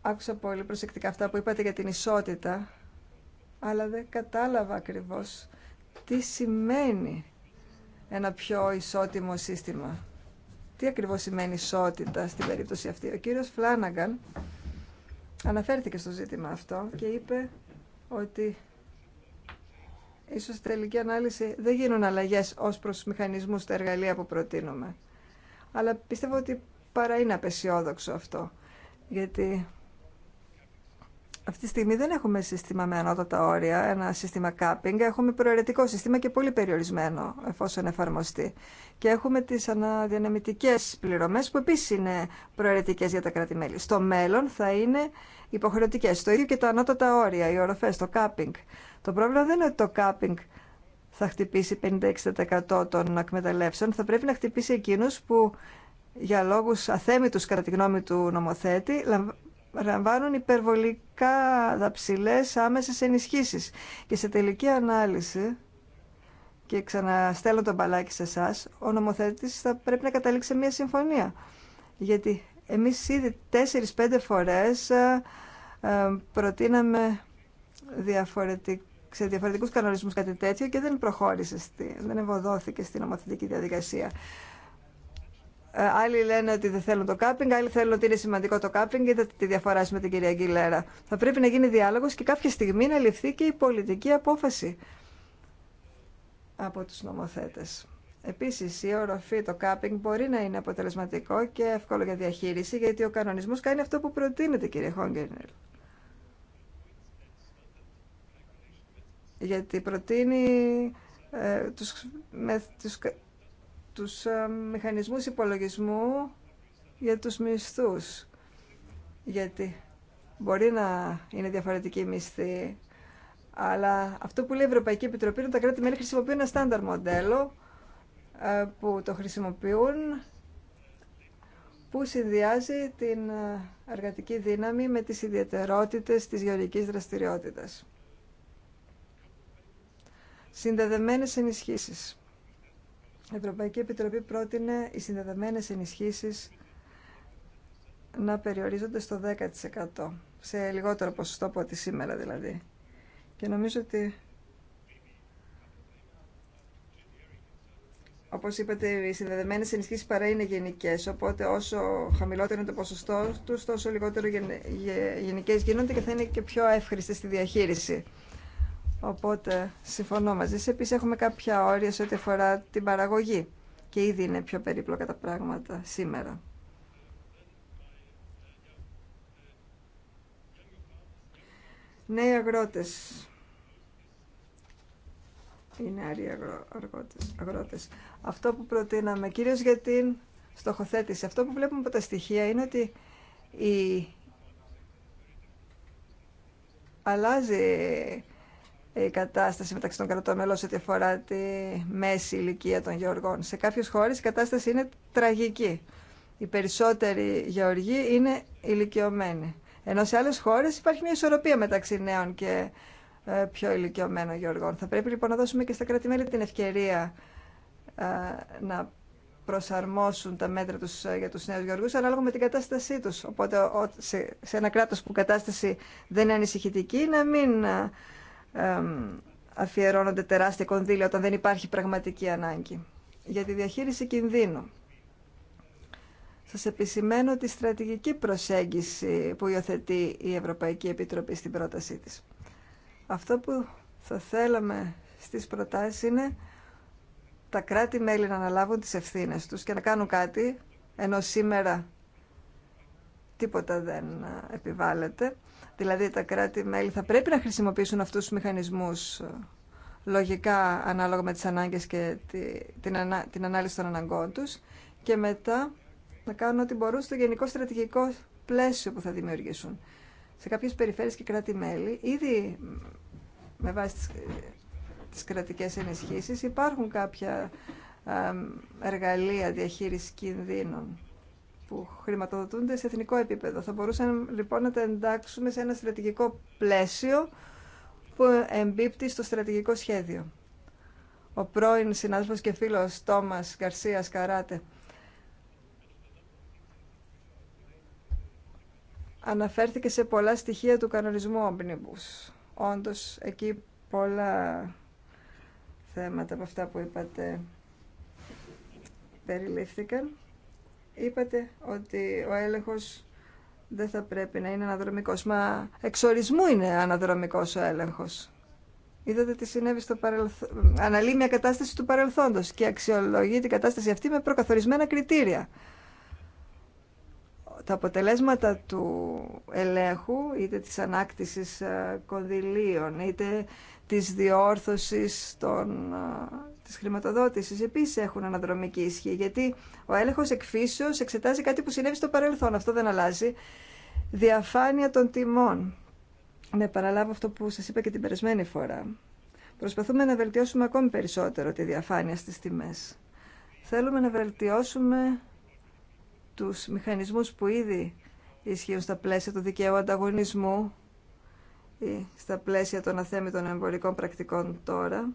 Speaker 1: άκουσα πολύ προσεκτικά αυτά που είπατε για την ισότητα, αλλά δεν κατάλαβα ακριβώς τι σημαίνει ένα πιο ισότιμο σύστημα. Τι ακριβώς σημαίνει ισότητα στην περίπτωση αυτή. Ο κύριος Φλάναγκαν αναφέρθηκε στο ζήτημα αυτό και είπε ότι ίσως στη τελική ανάλυση δεν γίνουν αλλαγές ως προς τους μηχανισμούς στα εργαλεία που προτείνουμε. Αλλά πιστεύω ότι παρά είναι απεσιόδοξο αυτό, γιατί αυτή τη στιγμή δεν έχουμε σύστημα με ανώτατα όρια, ένα σύστημα κάπινγκ. Έχουμε προαιρετικό σύστημα και πολύ περιορισμένο εφόσον εφαρμοστεί. Και έχουμε τι αναδιανεμητικές πληρωμές που επίση είναι προαιρετικέ για τα κράτη-μέλη. Στο μέλλον θα είναι υποχρεωτικέ, Το ίδιο και τα ανώτατα όρια, οι οροφέ, το κάπινγκ. Το πρόβλημα δεν είναι ότι το κάπινγκ θα χτυπησει 56% 50-60% των εκμεταλλεύσεων. Θα πρέπει να χτυπήσει εκείνου, που για λόγους αθέμητους κατά τη γνώμη του νομοθέτη λαμβάνουν υπερβολικά δαψιλές άμεσες ενισχύσεις. Και σε τελική ανάλυση, και ξαναστέλνω τον μπαλάκι σε εσά, ο νομοθέτης θα πρέπει να καταλήξει σε μια συμφωνία. Γιατί εμείς ήδη τέσσερις-πέντε φορές ε, ε, προτείναμε σε διαφορετικούς κανονισμούς κάτι τέτοιο και δεν προχώρησε, δεν ευωδόθηκε στην νομοθετική διαδικασία. Ε, άλλοι λένε ότι δεν θέλουν το κάπινγκ, άλλοι θέλουν ότι είναι σημαντικό το κάπινγκ. Είδατε τη διαφορά με την κυρία Γκιλέρα. Θα πρέπει να γίνει διάλογος και κάποια στιγμή να ληφθεί και η πολιτική απόφαση από τους νομοθέτες. Επίσης, η οροφή, το κάπινγκ μπορεί να είναι αποτελεσματικό και εύκολο για διαχείριση, γιατί ο κανονισμό κάνει αυτό που προτείνεται, κύριε Χόγκερνελ. Γιατί προτείνει ε, τους, με, τους τους ε, μηχανισμούς υπολογισμού για τους μισθούς. Γιατί μπορεί να είναι διαφορετική η μισθή, αλλά αυτό που λέει η Ευρωπαϊκή Επιτροπή είναι ότι τα κράτη-μέλη χρησιμοποιούν ένα στάνταρ μοντέλο ε, που το χρησιμοποιούν που συνδυάζει την ε, εργατική δύναμη με τις ιδιαιτερότητες της γεωργικής δραστηριότητας. Συνδεδεμένες ενισχύσεις η Ευρωπαϊκή Επιτροπή πρότεινε οι συνδεδεμένες ενισχύσεις να περιορίζονται στο 10%, σε λιγότερο ποσοστό από ό,τι σήμερα δηλαδή. Και νομίζω ότι, όπως είπατε, οι συνδεδεμένες ενισχύσεις παρά είναι γενικές, οπότε όσο χαμηλότερο είναι το ποσοστό τους, τόσο λιγότερο γενικές γίνονται και θα είναι και πιο εύχριστες στη διαχείριση. Οπότε συμφωνώ μαζί σε επίσης έχουμε κάποια όρια σε ό,τι αφορά την παραγωγή και ήδη είναι πιο περίπλοκα τα πράγματα σήμερα. Νέοι αγρότες. Είναι αγρότες. Αυτό που προτείναμε, κυρίως για την στοχοθέτηση, αυτό που βλέπουμε από τα στοιχεία είναι ότι η... αλλάζει ε, η κατάσταση μεταξύ των κρατών μελών ό,τι αφορά τη μέση ηλικία των γεωργών. Σε κάποιε χώρε η κατάσταση είναι τραγική. Οι περισσότεροι γεωργοί είναι ηλικιωμένοι. Ενώ σε άλλε χώρε υπάρχει μια ισορροπία μεταξύ νέων και ε, πιο ηλικιωμένων γεωργών. Θα πρέπει λοιπόν να δώσουμε και στα κράτη-μέλη την ευκαιρία ε, να προσαρμόσουν τα μέτρα τους για τους νέους γεωργούς ανάλογα με την κατάστασή τους. Οπότε σε ένα κράτος που κατάσταση δεν είναι ανησυχητική να μην αφιερώνονται τεράστια κονδύλια όταν δεν υπάρχει πραγματική ανάγκη. Για τη διαχείριση κινδύνου. Σας επισημαίνω τη στρατηγική προσέγγιση που υιοθετεί η Ευρωπαϊκή Επιτροπή στην πρότασή της. Αυτό που θα θέλαμε στις προτάσεις είναι τα κράτη-μέλη να αναλάβουν τις ευθύνες τους και να κάνουν κάτι, ενώ σήμερα τίποτα δεν ε, επιβάλλεται Δηλαδή τα κράτη-μέλη θα πρέπει να χρησιμοποιήσουν αυτούς τους μηχανισμούς ε, λογικά ανάλογα με τις ανάγκες και την, ανάλυση των αναγκών τους και μετά να κάνουν ό,τι μπορούν στο γενικό στρατηγικό πλαίσιο που θα δημιουργήσουν. Σε κάποιες περιφέρειες και κράτη-μέλη, ήδη με βάση τις, τις κρατικές ενισχύσεις, υπάρχουν κάποια ε, εργαλεία διαχείρισης κινδύνων που χρηματοδοτούνται σε εθνικό επίπεδο. Θα μπορούσαμε λοιπόν να τα εντάξουμε σε ένα στρατηγικό πλαίσιο που εμπίπτει στο στρατηγικό σχέδιο. Ο πρώην συνάδελφος και φίλος Τόμας Γκαρσία Καράτε αναφέρθηκε σε πολλά στοιχεία του κανονισμού Omnibus. Όντως, εκεί πολλά θέματα από αυτά που είπατε περιλήφθηκαν. Είπατε ότι ο έλεγχος δεν θα πρέπει να είναι αναδρομικός. Μα εξορισμού είναι αναδρομικός ο έλεγχος. Είδατε τι συνέβη στο παρελθόν. Αναλύει μια κατάσταση του παρελθόντος και αξιολογεί την κατάσταση αυτή με προκαθορισμένα κριτήρια. Τα αποτελέσματα του ελέγχου, είτε της ανάκτησης ε, κονδυλίων, είτε της διόρθωσης των ε, Τη χρηματοδότηση επίση έχουν αναδρομική ισχύ, γιατί ο έλεγχος εκφύσεω εξετάζει κάτι που συνέβη στο παρελθόν, αυτό δεν αλλάζει. Διαφάνεια των τιμών. Ναι, παραλάβω αυτό που σας είπα και την περασμένη φορά. Προσπαθούμε να βελτιώσουμε ακόμη περισσότερο τη διαφάνεια στις τιμές. Θέλουμε να βελτιώσουμε του μηχανισμού που ήδη ισχύουν στα πλαίσια του δικαίου ανταγωνισμού ή στα πλαίσια των αθέμητων εμπορικών πρακτικών τώρα,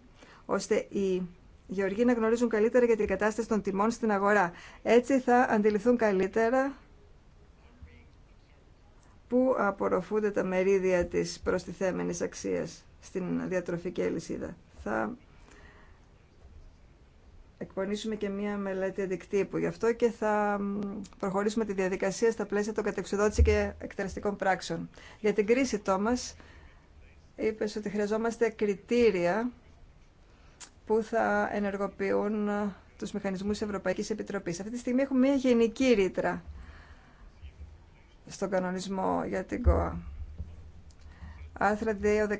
Speaker 1: ώστε οι γεωργοί να γνωρίζουν καλύτερα για την κατάσταση των τιμών στην αγορά. Έτσι θα αντιληφθούν καλύτερα πού απορροφούνται τα μερίδια της προστιθέμενης αξίας στην διατροφική αλυσίδα. Θα εκπονήσουμε και μία μελέτη αντικτύπου. Γι' αυτό και θα προχωρήσουμε τη διαδικασία στα πλαίσια των κατεξοδότηση και εκτελεστικών πράξεων. Για την κρίση, Τόμας, είπες ότι χρειαζόμαστε κριτήρια που θα ενεργοποιούν ε, τους μηχανισμούς της Ευρωπαϊκής Επιτροπής. Αυτή τη στιγμή έχουμε μια γενική ρήτρα στον κανονισμό για την ΚΟΑ. Άρθρα 2.19, 2.21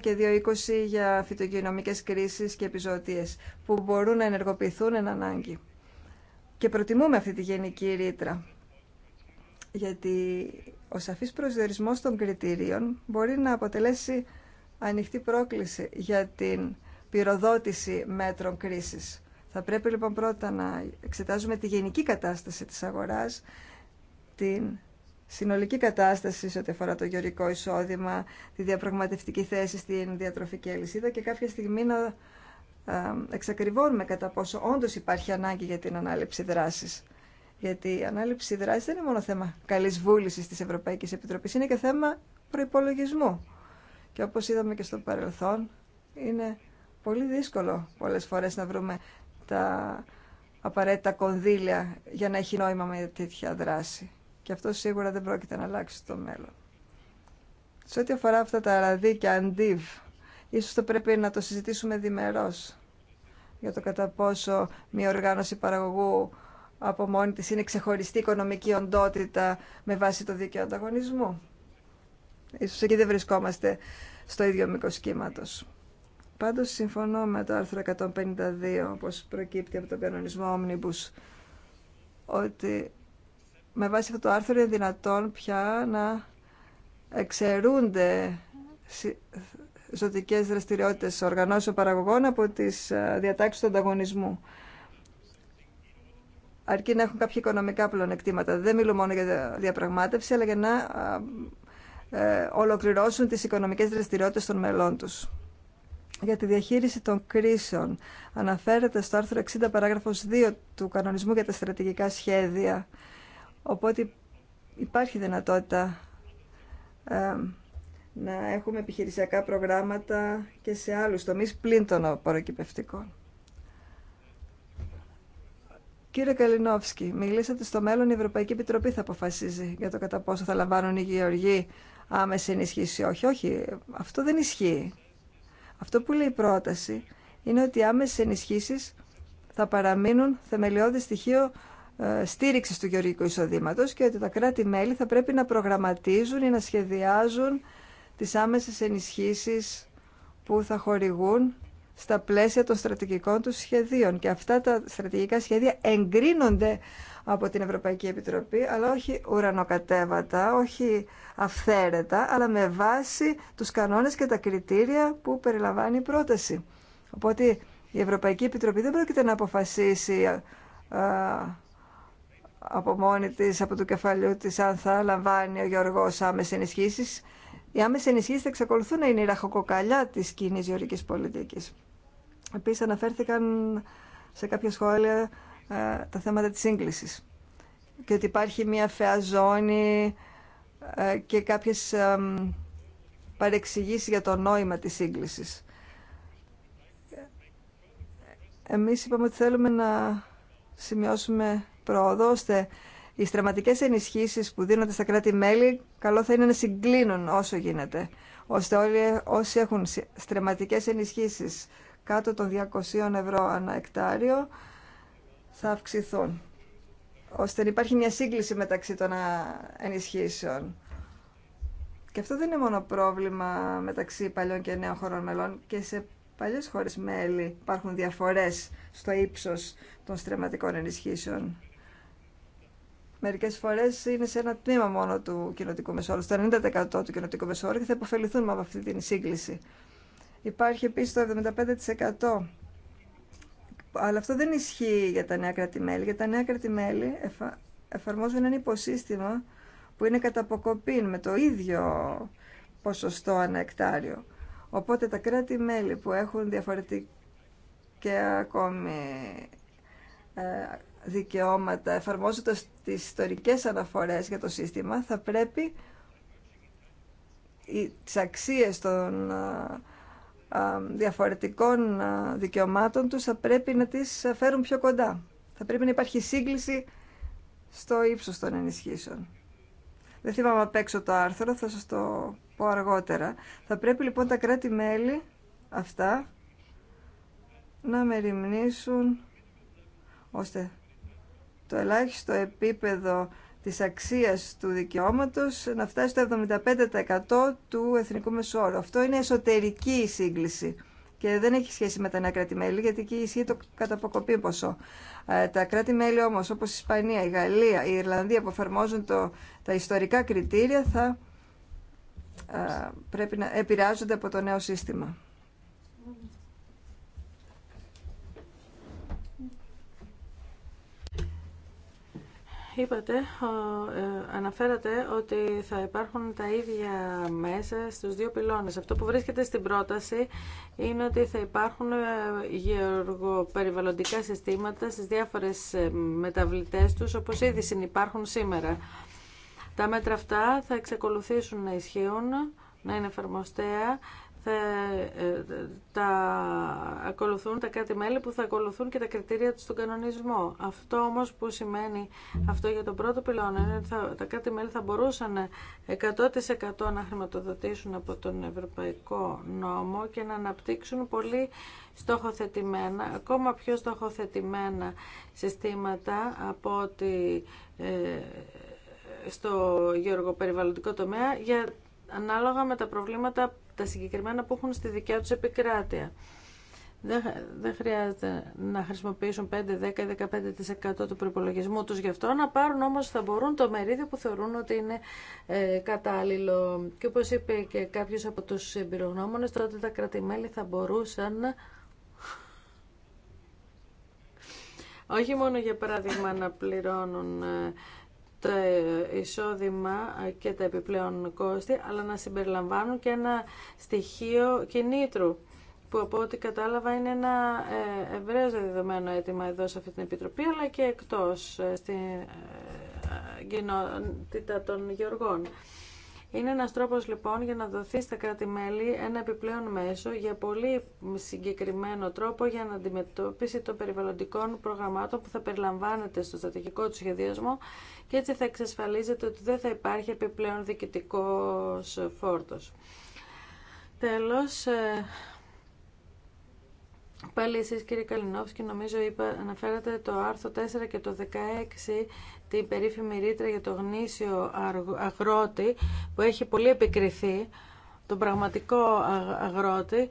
Speaker 1: και 2.20 για φυτογενομικές κρίσεις και επιζωτίες που μπορούν να ενεργοποιηθούν εν ανάγκη. Και προτιμούμε αυτή τη γενική ρήτρα, γιατί ο σαφής προσδιορισμός των κριτήριων μπορεί να αποτελέσει ανοιχτή πρόκληση για την πυροδότηση μέτρων κρίσης. Θα πρέπει λοιπόν πρώτα να εξετάζουμε τη γενική κατάσταση της αγοράς, την συνολική κατάσταση σε ό,τι αφορά το γεωρικό εισόδημα, τη διαπραγματευτική θέση στην διατροφική αλυσίδα και κάποια στιγμή να ε, εξακριβώνουμε κατά πόσο όντως υπάρχει ανάγκη για την ανάληψη δράσης. Γιατί η ανάληψη δράση δεν είναι μόνο θέμα καλής βούλησης της Ευρωπαϊκής Επιτροπής, είναι και θέμα προϋπολογισμού. Και όπως είδαμε και στο παρελθόν, είναι πολύ δύσκολο πολλές φορές να βρούμε τα απαραίτητα κονδύλια για να έχει νόημα με τέτοια δράση. Και αυτό σίγουρα δεν πρόκειται να αλλάξει το μέλλον. Σε ό,τι αφορά αυτά τα ραδίκια αντίβ, ίσως το πρέπει να το συζητήσουμε διμερώς για το κατά πόσο μια οργάνωση παραγωγού από μόνη της είναι ξεχωριστή οικονομική οντότητα με βάση το δίκαιο ανταγωνισμού. Ίσως εκεί δεν βρισκόμαστε στο ίδιο μήκο κύματο. Πάντως συμφωνώ με το άρθρο 152, όπω προκύπτει από τον κανονισμό Omnibus, ότι με βάση αυτό το άρθρο είναι δυνατόν πια να εξαιρούνται ζωτικέ δραστηριότητε οργανώσεων παραγωγών από τις ε, διατάξεις του ανταγωνισμού. Αρκεί να έχουν κάποια οικονομικά πλεονεκτήματα. Δεν μιλούμε μόνο για διαπραγμάτευση, αλλά για να ε, ολοκληρώσουν τις οικονομικές δραστηριότητες των μελών τους. Για τη διαχείριση των κρίσεων αναφέρεται στο άρθρο 60 παράγραφος 2 του κανονισμού για τα στρατηγικά σχέδια. Οπότε υπάρχει δυνατότητα ε, να έχουμε επιχειρησιακά προγράμματα και σε άλλους τομείς πλην των απορροκυπευτικών. Κύριε Καλινόφσκι, μιλήσατε στο μέλλον η Ευρωπαϊκή Επιτροπή θα αποφασίζει για το κατά πόσο θα λαμβάνουν οι γεωργοί άμεση ενίσχυση όχι. Όχι, αυτό δεν ισχύει. Αυτό που λέει η πρόταση είναι ότι οι άμεσες ενισχύσεις θα παραμείνουν θεμελιώδη στοιχείο ε, στήριξη του γεωργικού εισοδήματο και ότι τα κράτη-μέλη θα πρέπει να προγραμματίζουν ή να σχεδιάζουν τις άμεσες ενισχύσεις που θα χορηγούν στα πλαίσια των στρατηγικών του σχεδίων. Και αυτά τα στρατηγικά σχέδια εγκρίνονται από την Ευρωπαϊκή Επιτροπή, αλλά όχι ουρανοκατέβατα, όχι αυθαίρετα, αλλά με βάση τους κανόνες και τα κριτήρια που περιλαμβάνει η πρόταση. Οπότε η Ευρωπαϊκή Επιτροπή δεν πρόκειται να αποφασίσει από μόνη της, από το κεφαλιού της αν θα λαμβάνει ο Γιώργος άμεσες ενισχύσει. Οι άμεσες ενισχύσει θα εξακολουθούν να είναι η ραχοκοκαλιά της κοινή γεωργική πολιτική. Επίσης αναφέρθηκαν σε κάποια σχόλια ε, τα θέματα της σύγκλησης και ότι υπάρχει μια φαιά ε, και κάποιες ε, παρεξηγήσεις για το νόημα της σύγκλησης. Εμείς είπαμε ότι θέλουμε να σημειώσουμε πρόοδο, ώστε οι στραματικές ενισχύσεις που δίνονται στα κράτη-μέλη, καλό θα είναι να συγκλίνουν όσο γίνεται, ώστε όλοι όσοι έχουν στραματικές ενισχύσεις κάτω των 200 ευρώ ανά εκτάριο, θα αυξηθούν, ώστε να υπάρχει μια σύγκληση μεταξύ των ενισχύσεων. Και αυτό δεν είναι μόνο πρόβλημα μεταξύ παλιών και νέων χωρών μελών και σε παλιέ χώρε μέλη υπάρχουν διαφορές στο ύψο των στρεματικών ενισχύσεων. Μερικές φορές είναι σε ένα τμήμα μόνο του κοινοτικού μεσόρου, στο 90% του κοινοτικού μεσόρου και θα υποφεληθούν από αυτή την σύγκληση. Υπάρχει επίση το 75% αλλά αυτό δεν ισχύει για τα νέα κράτη-μέλη. Για τα νέα κράτη-μέλη εφαρμόζουν ένα υποσύστημα που είναι κατά με το ίδιο ποσοστό ανά εκτάριο. Οπότε τα κράτη-μέλη που έχουν διαφορετικά ακόμη ε, δικαιώματα εφαρμόζοντας τις ιστορικές αναφορές για το σύστημα θα πρέπει τις αξίες των ε, διαφορετικών δικαιωμάτων τους θα πρέπει να τις φέρουν πιο κοντά. Θα πρέπει να υπάρχει σύγκληση στο ύψος των ενισχύσεων. Δεν θυμάμαι απ' έξω το άρθρο, θα σας το πω αργότερα. Θα πρέπει λοιπόν τα κράτη-μέλη αυτά να μεριμνήσουν ώστε το ελάχιστο επίπεδο της αξίας του δικαιώματος να φτάσει στο 75% του εθνικού μεσόρου. Αυτό είναι εσωτερική σύγκληση και δεν έχει σχέση με τα νέα κράτη-μέλη, γιατί εκεί ισχύει το καταποκοπή ποσό. Ε, τα κράτη-μέλη όμως, όπως η Ισπανία, η Γαλλία, η Ιρλανδία που εφαρμόζουν το, τα ιστορικά κριτήρια, θα ε, πρέπει να επηρεάζονται από το νέο σύστημα.
Speaker 3: είπατε, ε, αναφέρατε ότι θα υπάρχουν τα ίδια μέσα στους δύο πυλώνες. Αυτό που βρίσκεται στην πρόταση είναι ότι θα υπάρχουν ε, γεωργοπεριβαλλοντικά συστήματα στις διάφορες ε, μεταβλητές τους, όπως ήδη συνυπάρχουν σήμερα. Τα μέτρα αυτά θα εξακολουθήσουν να ισχύουν, να είναι εφαρμοστέα θα, ε, τα ακολουθούν τα κάτι μελη που θα ακολουθούν και τα κριτήρια του στον κανονισμό. Αυτό όμως που σημαίνει αυτό για τον πρώτο πυλώνα είναι ότι τα κάτι μελη θα μπορούσαν 100% να χρηματοδοτήσουν από τον Ευρωπαϊκό Νόμο και να αναπτύξουν πολύ στοχοθετημένα, ακόμα πιο στοχοθετημένα συστήματα από ότι ε, στο γεωργοπεριβαλλοντικό τομέα για ανάλογα με τα προβλήματα τα συγκεκριμένα που έχουν στη δικιά τους επικράτεια. Δεν, χρειάζεται να χρησιμοποιήσουν 5, 10, 15% του προπολογισμού τους γι' αυτό, να πάρουν όμως θα μπορούν το μερίδιο που θεωρούν ότι είναι ε, κατάλληλο. Και όπως είπε και κάποιος από τους εμπειρογνώμονες, τότε τα κρατημέλη θα μπορούσαν όχι μόνο για παράδειγμα να πληρώνουν ε, τα εισόδημα και τα επιπλέον κόστη, αλλά να συμπεριλαμβάνουν και ένα στοιχείο κινήτρου που από ό,τι κατάλαβα είναι ένα ε, ευρέως δεδομένο αίτημα εδώ σε αυτή την Επιτροπή, αλλά και εκτός ε, στην ε, κοινότητα των Γεωργών. Είναι ένας τρόπος λοιπόν για να δοθεί στα κράτη-μέλη ένα επιπλέον μέσο για πολύ συγκεκριμένο τρόπο για να αντιμετώπιση των περιβαλλοντικών προγραμμάτων που θα περιλαμβάνεται στο στρατηγικό του σχεδιασμό και έτσι θα εξασφαλίζεται ότι δεν θα υπάρχει επιπλέον διοικητικός φόρτος. Τέλος, ε, Πάλι εσείς κύριε Καλινόφσκι νομίζω είπα, αναφέρατε το άρθρο 4 και το 16 αυτή η περίφημη ρήτρα για το γνήσιο αγρότη που έχει πολύ επικριθεί, τον πραγματικό αγρότη,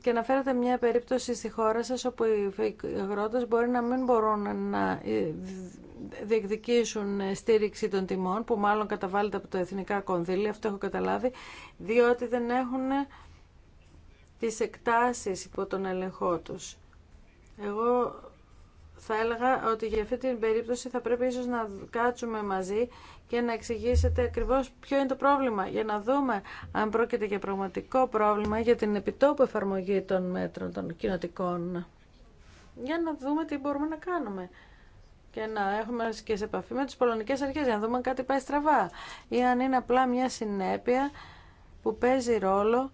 Speaker 3: και να αναφέρατε μια περίπτωση στη χώρα σας όπου οι αγρότες μπορεί να μην μπορούν να ε, διεκδικήσουν ε, στήριξη των τιμών που μάλλον καταβάλλεται από το εθνικά κονδύλια, αυτό έχω καταλάβει, διότι δεν έχουν ε, τις εκτάσεις υπό τον έλεγχό τους. Εγώ θα έλεγα ότι για αυτή την περίπτωση θα πρέπει ίσως να κάτσουμε μαζί και να εξηγήσετε ακριβώς ποιο είναι το πρόβλημα για να δούμε αν πρόκειται για πραγματικό πρόβλημα για την επιτόπου εφαρμογή των μέτρων των κοινοτικών. Για να δούμε τι μπορούμε να κάνουμε και να έχουμε και σε επαφή με τις πολωνικές αρχές για να δούμε αν κάτι πάει στραβά ή αν είναι απλά μια συνέπεια που παίζει ρόλο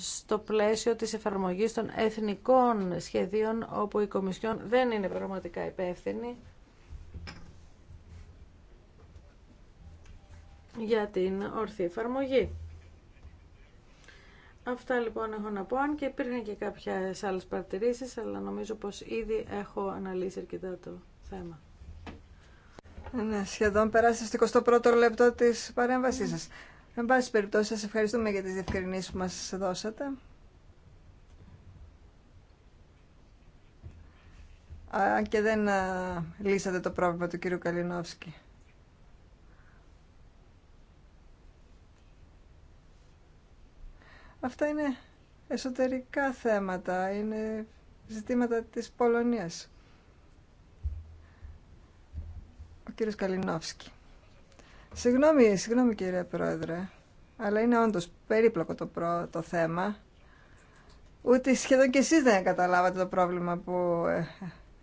Speaker 3: στο πλαίσιο της εφαρμογής των εθνικών σχεδίων όπου η Κομισιόν δεν είναι πραγματικά υπεύθυνη για την ορθή εφαρμογή. Αυτά λοιπόν έχω να πω, και υπήρχαν και κάποιες άλλες παρατηρήσεις, αλλά νομίζω πως ήδη έχω αναλύσει αρκετά το
Speaker 1: θέμα. Ναι, σχεδόν πέρασε στο 21ο λεπτό της παρέμβασής ναι. σας. Εν πάση περιπτώσει, σας ευχαριστούμε για τις διευκρινήσεις που μας δώσατε. Αν και δεν λύσατε το πρόβλημα του κύριου Καλινόφσκι. Αυτά είναι εσωτερικά θέματα, είναι ζητήματα της Πολωνίας. Ο κύριος Καλινόφσκι. Συγγνώμη, συγγνώμη κύριε Πρόεδρε, αλλά είναι όντως περίπλοκο το, προ, το θέμα. Ούτε σχεδόν και εσείς δεν καταλάβατε το πρόβλημα που ε,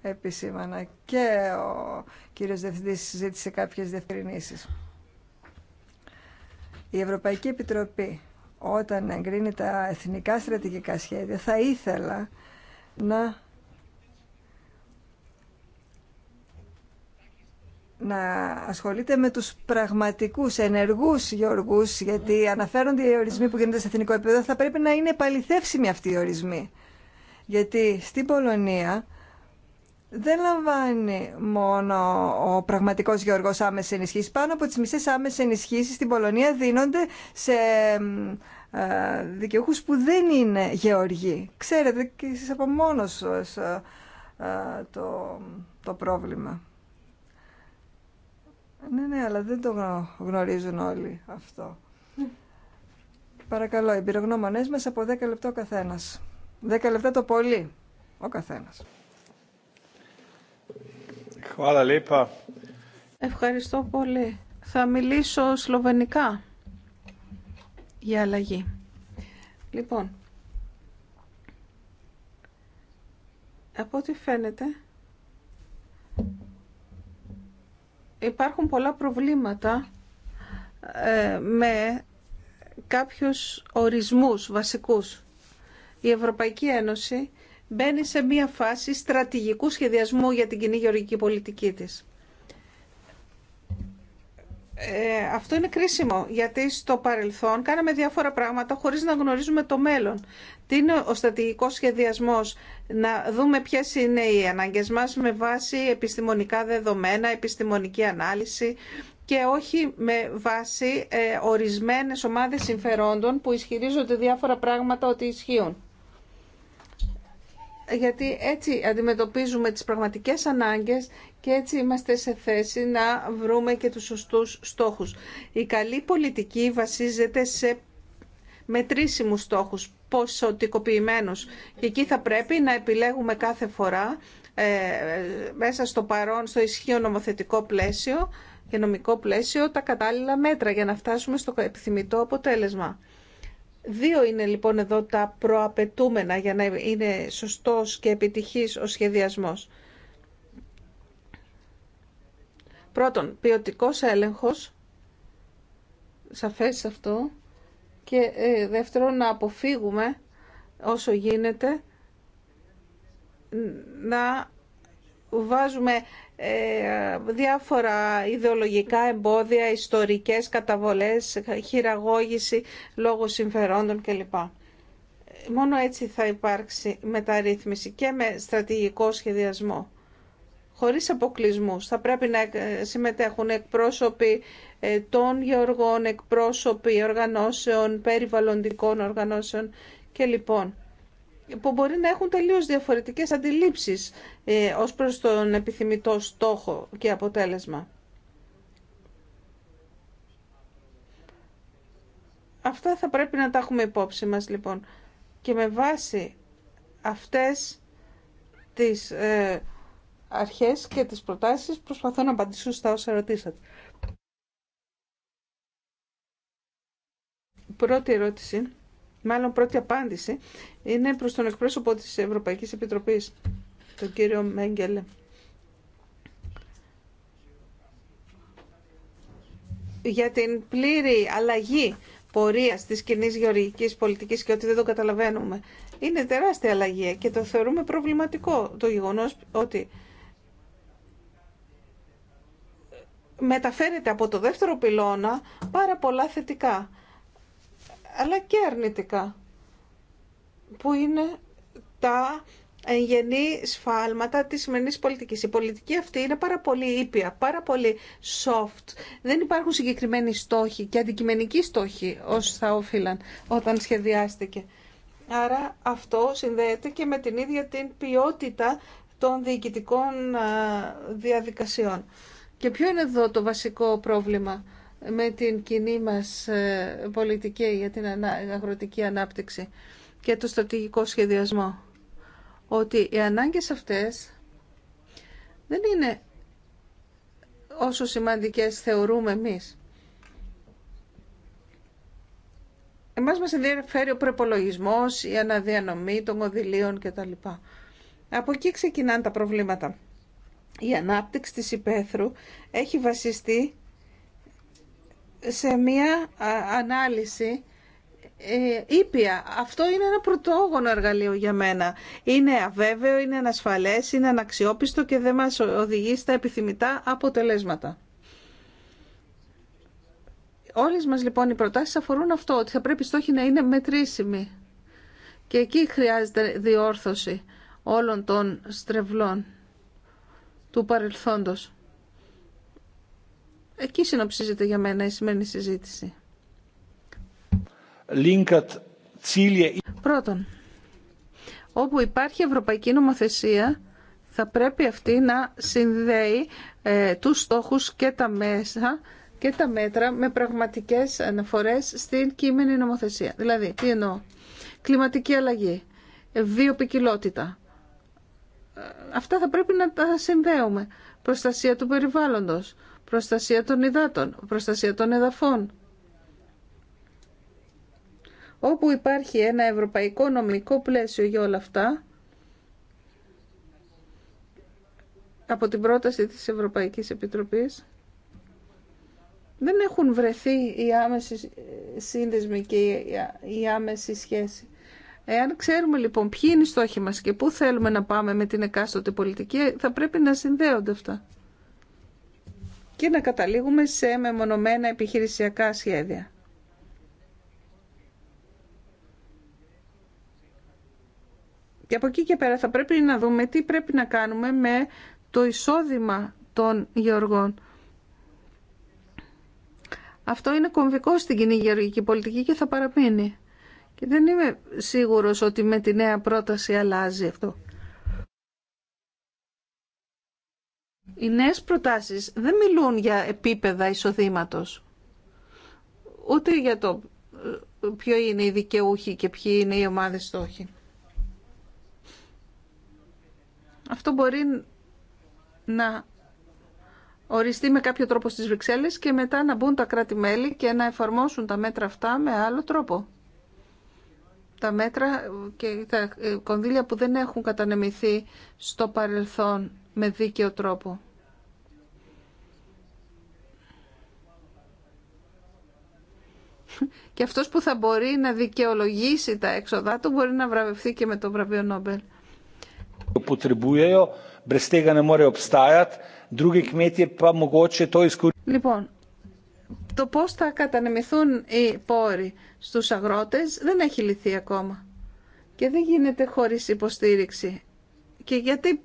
Speaker 1: επισήμανα και ο κύριος Διευθυντής ζήτησε κάποιες διευκρινήσεις. Η Ευρωπαϊκή Επιτροπή όταν εγκρίνει τα εθνικά στρατηγικά σχέδια θα ήθελα να να ασχολείται με τους πραγματικούς ενεργούς γεωργούς γιατί αναφέρονται οι ορισμοί που γίνονται σε εθνικό επίπεδο θα πρέπει να είναι επαληθεύσιμοι αυτοί οι ορισμοί γιατί στην Πολωνία δεν λαμβάνει μόνο ο πραγματικός γεωργός άμεσης ενισχύσης πάνω από τις μισές άμεσης ενισχύσεις στην Πολωνία δίνονται σε ε, δικαιούχους που δεν είναι γεωργοί ξέρετε και εσείς από μόνος σας ε, ε, το, το πρόβλημα ναι, ναι, αλλά δεν το γνωρίζουν όλοι αυτό. Παρακαλώ, οι πυρογνώμονές από 10 λεπτά ο καθένας. 10 λεπτά το πολύ ο καθένας.
Speaker 2: Ευχαριστώ πολύ. Θα μιλήσω σλοβενικά για αλλαγή. Λοιπόν, από ό,τι φαίνεται, υπάρχουν πολλά προβλήματα ε, με κάποιους ορισμούς βασικούς. Η Ευρωπαϊκή Ένωση μπαίνει σε μία φάση στρατηγικού σχεδιασμού για την κοινή γεωργική πολιτική της. Ε, αυτό είναι κρίσιμο, γιατί στο παρελθόν κάναμε διάφορα πράγματα χωρίς να γνωρίζουμε το μέλλον. Τι είναι ο στατηγικός σχεδιασμός, να δούμε ποιες είναι οι ανάγκες μας με βάση επιστημονικά δεδομένα, επιστημονική ανάλυση και όχι με βάση ε, ορισμένες ομάδες συμφερόντων που ισχυρίζονται διάφορα πράγματα ότι ισχύουν γιατί έτσι αντιμετωπίζουμε τις πραγματικές ανάγκες και έτσι είμαστε σε θέση να βρούμε και τους σωστούς στόχους. Η καλή πολιτική βασίζεται σε μετρήσιμους στόχους, ποσοτικοποιημένους. Και εκεί θα πρέπει να επιλέγουμε κάθε φορά ε, μέσα στο παρόν, στο ισχύο νομοθετικό πλαίσιο και νομικό πλαίσιο τα κατάλληλα μέτρα για να φτάσουμε στο επιθυμητό αποτέλεσμα. Δύο είναι λοιπόν εδώ τα προαπαιτούμενα για να είναι σωστός και επιτυχής ο σχεδιασμός. Πρώτον, ποιοτικός έλεγχος, σαφές αυτό, και ε, δεύτερον να αποφύγουμε όσο γίνεται να βάζουμε ε, διάφορα ιδεολογικά εμπόδια, ιστορικές καταβολές, χειραγώγηση λόγω συμφερόντων κλπ. Μόνο έτσι θα υπάρξει μεταρρύθμιση και με στρατηγικό σχεδιασμό. Χωρίς αποκλεισμούς. Θα πρέπει να ε, συμμετέχουν εκπρόσωποι ε, των γεωργών, εκπρόσωποι οργανώσεων, περιβαλλοντικών οργανώσεων και λοιπόν που μπορεί να έχουν τελείως διαφορετικές αντιλήψεις ε, ως προς τον επιθυμητό στόχο και αποτέλεσμα. Αυτά θα πρέπει να τα έχουμε υπόψη μας λοιπόν. Και με βάση αυτές τις ε, αρχές και τις προτάσεις προσπαθώ να απαντήσω στα όσα ρωτήσατε. Πρώτη ερώτηση μάλλον πρώτη απάντηση, είναι προς τον εκπρόσωπο της Ευρωπαϊκής Επιτροπής, τον κύριο Μέγκελε. Για την πλήρη αλλαγή πορείας της κοινή γεωργικής πολιτικής και ότι δεν το καταλαβαίνουμε. Είναι τεράστια αλλαγή και το θεωρούμε προβληματικό το γεγονός ότι μεταφέρεται από το δεύτερο πυλώνα πάρα πολλά θετικά αλλά και αρνητικά, που είναι τα γενή σφάλματα της σημερινής πολιτικής. Η πολιτική αυτή είναι πάρα πολύ ήπια, πάρα πολύ soft. Δεν υπάρχουν συγκεκριμένοι στόχοι και αντικειμενικοί στόχοι όσοι θα όφυλαν όταν σχεδιάστηκε. Άρα αυτό συνδέεται και με την ίδια την ποιότητα των διοικητικών ε, διαδικασιών. Και ποιο είναι εδώ το βασικό πρόβλημα με την κοινή μας ε, πολιτική για την αγροτική ανάπτυξη και το στρατηγικό σχεδιασμό. Ότι οι ανάγκες αυτές δεν είναι όσο σημαντικές θεωρούμε εμείς. Εμάς μας ενδιαφέρει ο προπολογισμός η αναδιανομή των κονδυλίων κτλ. Από εκεί ξεκινάνε τα προβλήματα. Η ανάπτυξη της υπαίθρου έχει βασιστεί σε μία ανάλυση ε, ήπια. Αυτό είναι ένα πρωτόγωνο εργαλείο για μένα. Είναι αβέβαιο, είναι ανασφαλές, είναι αναξιόπιστο και δεν μας οδηγεί στα επιθυμητά αποτελέσματα. Όλες μας λοιπόν οι προτάσεις αφορούν αυτό, ότι θα πρέπει οι στόχοι να είναι μετρήσιμη Και εκεί χρειάζεται διόρθωση όλων των στρεβλών του παρελθόντος. Εκεί συνοψίζεται για μένα η σημερινή συζήτηση. Πρώτον, όπου υπάρχει ευρωπαϊκή νομοθεσία, θα πρέπει αυτή να συνδέει ε, τους στόχους και τα μέσα και τα μέτρα με πραγματικές αναφορές στην κείμενη νομοθεσία. Δηλαδή, τι εννοώ. Κλιματική αλλαγή, βιοποικιλότητα, ε, Αυτά θα πρέπει να τα συνδέουμε. Προστασία του περιβάλλοντος, προστασία των υδάτων, προστασία των εδαφών. Όπου υπάρχει ένα ευρωπαϊκό νομικό πλαίσιο για όλα αυτά, από την πρόταση της Ευρωπαϊκής Επιτροπής, δεν έχουν βρεθεί οι άμεση σύνδεσμοι και οι άμεση σχέση. Εάν ξέρουμε λοιπόν ποιοι είναι οι στόχοι μας και πού θέλουμε να πάμε με την εκάστοτε πολιτική, θα πρέπει να συνδέονται αυτά και να καταλήγουμε σε μεμονωμένα επιχειρησιακά σχέδια. Και από εκεί και πέρα θα πρέπει να δούμε τι πρέπει να κάνουμε με το εισόδημα των γεωργών. Αυτό είναι κομβικό στην κοινή γεωργική πολιτική και θα παραμείνει. Και δεν είμαι σίγουρος ότι με τη νέα πρόταση αλλάζει αυτό. Οι νέε προτάσεις δεν μιλούν για επίπεδα εισοδήματος, ούτε για το ε, ποιο είναι οι δικαιούχοι και ποιοι είναι οι ομάδες στόχοι. Αυτό μπορεί να οριστεί με κάποιο τρόπο στις Βρυξέλλες και μετά να μπουν τα κράτη-μέλη και να εφαρμόσουν τα μέτρα αυτά με άλλο τρόπο. Τα μέτρα και τα ε, κονδύλια που δεν έχουν κατανεμηθεί στο παρελθόν με δίκαιο τρόπο. και αυτός που θα μπορεί να δικαιολογήσει τα έξοδά του μπορεί να βραβευτεί και με το βραβείο Νόμπελ. Λοιπόν, το πώς θα κατανεμηθούν οι πόροι στους αγρότες δεν έχει λυθεί ακόμα και δεν γίνεται χωρίς υποστήριξη. Και γιατί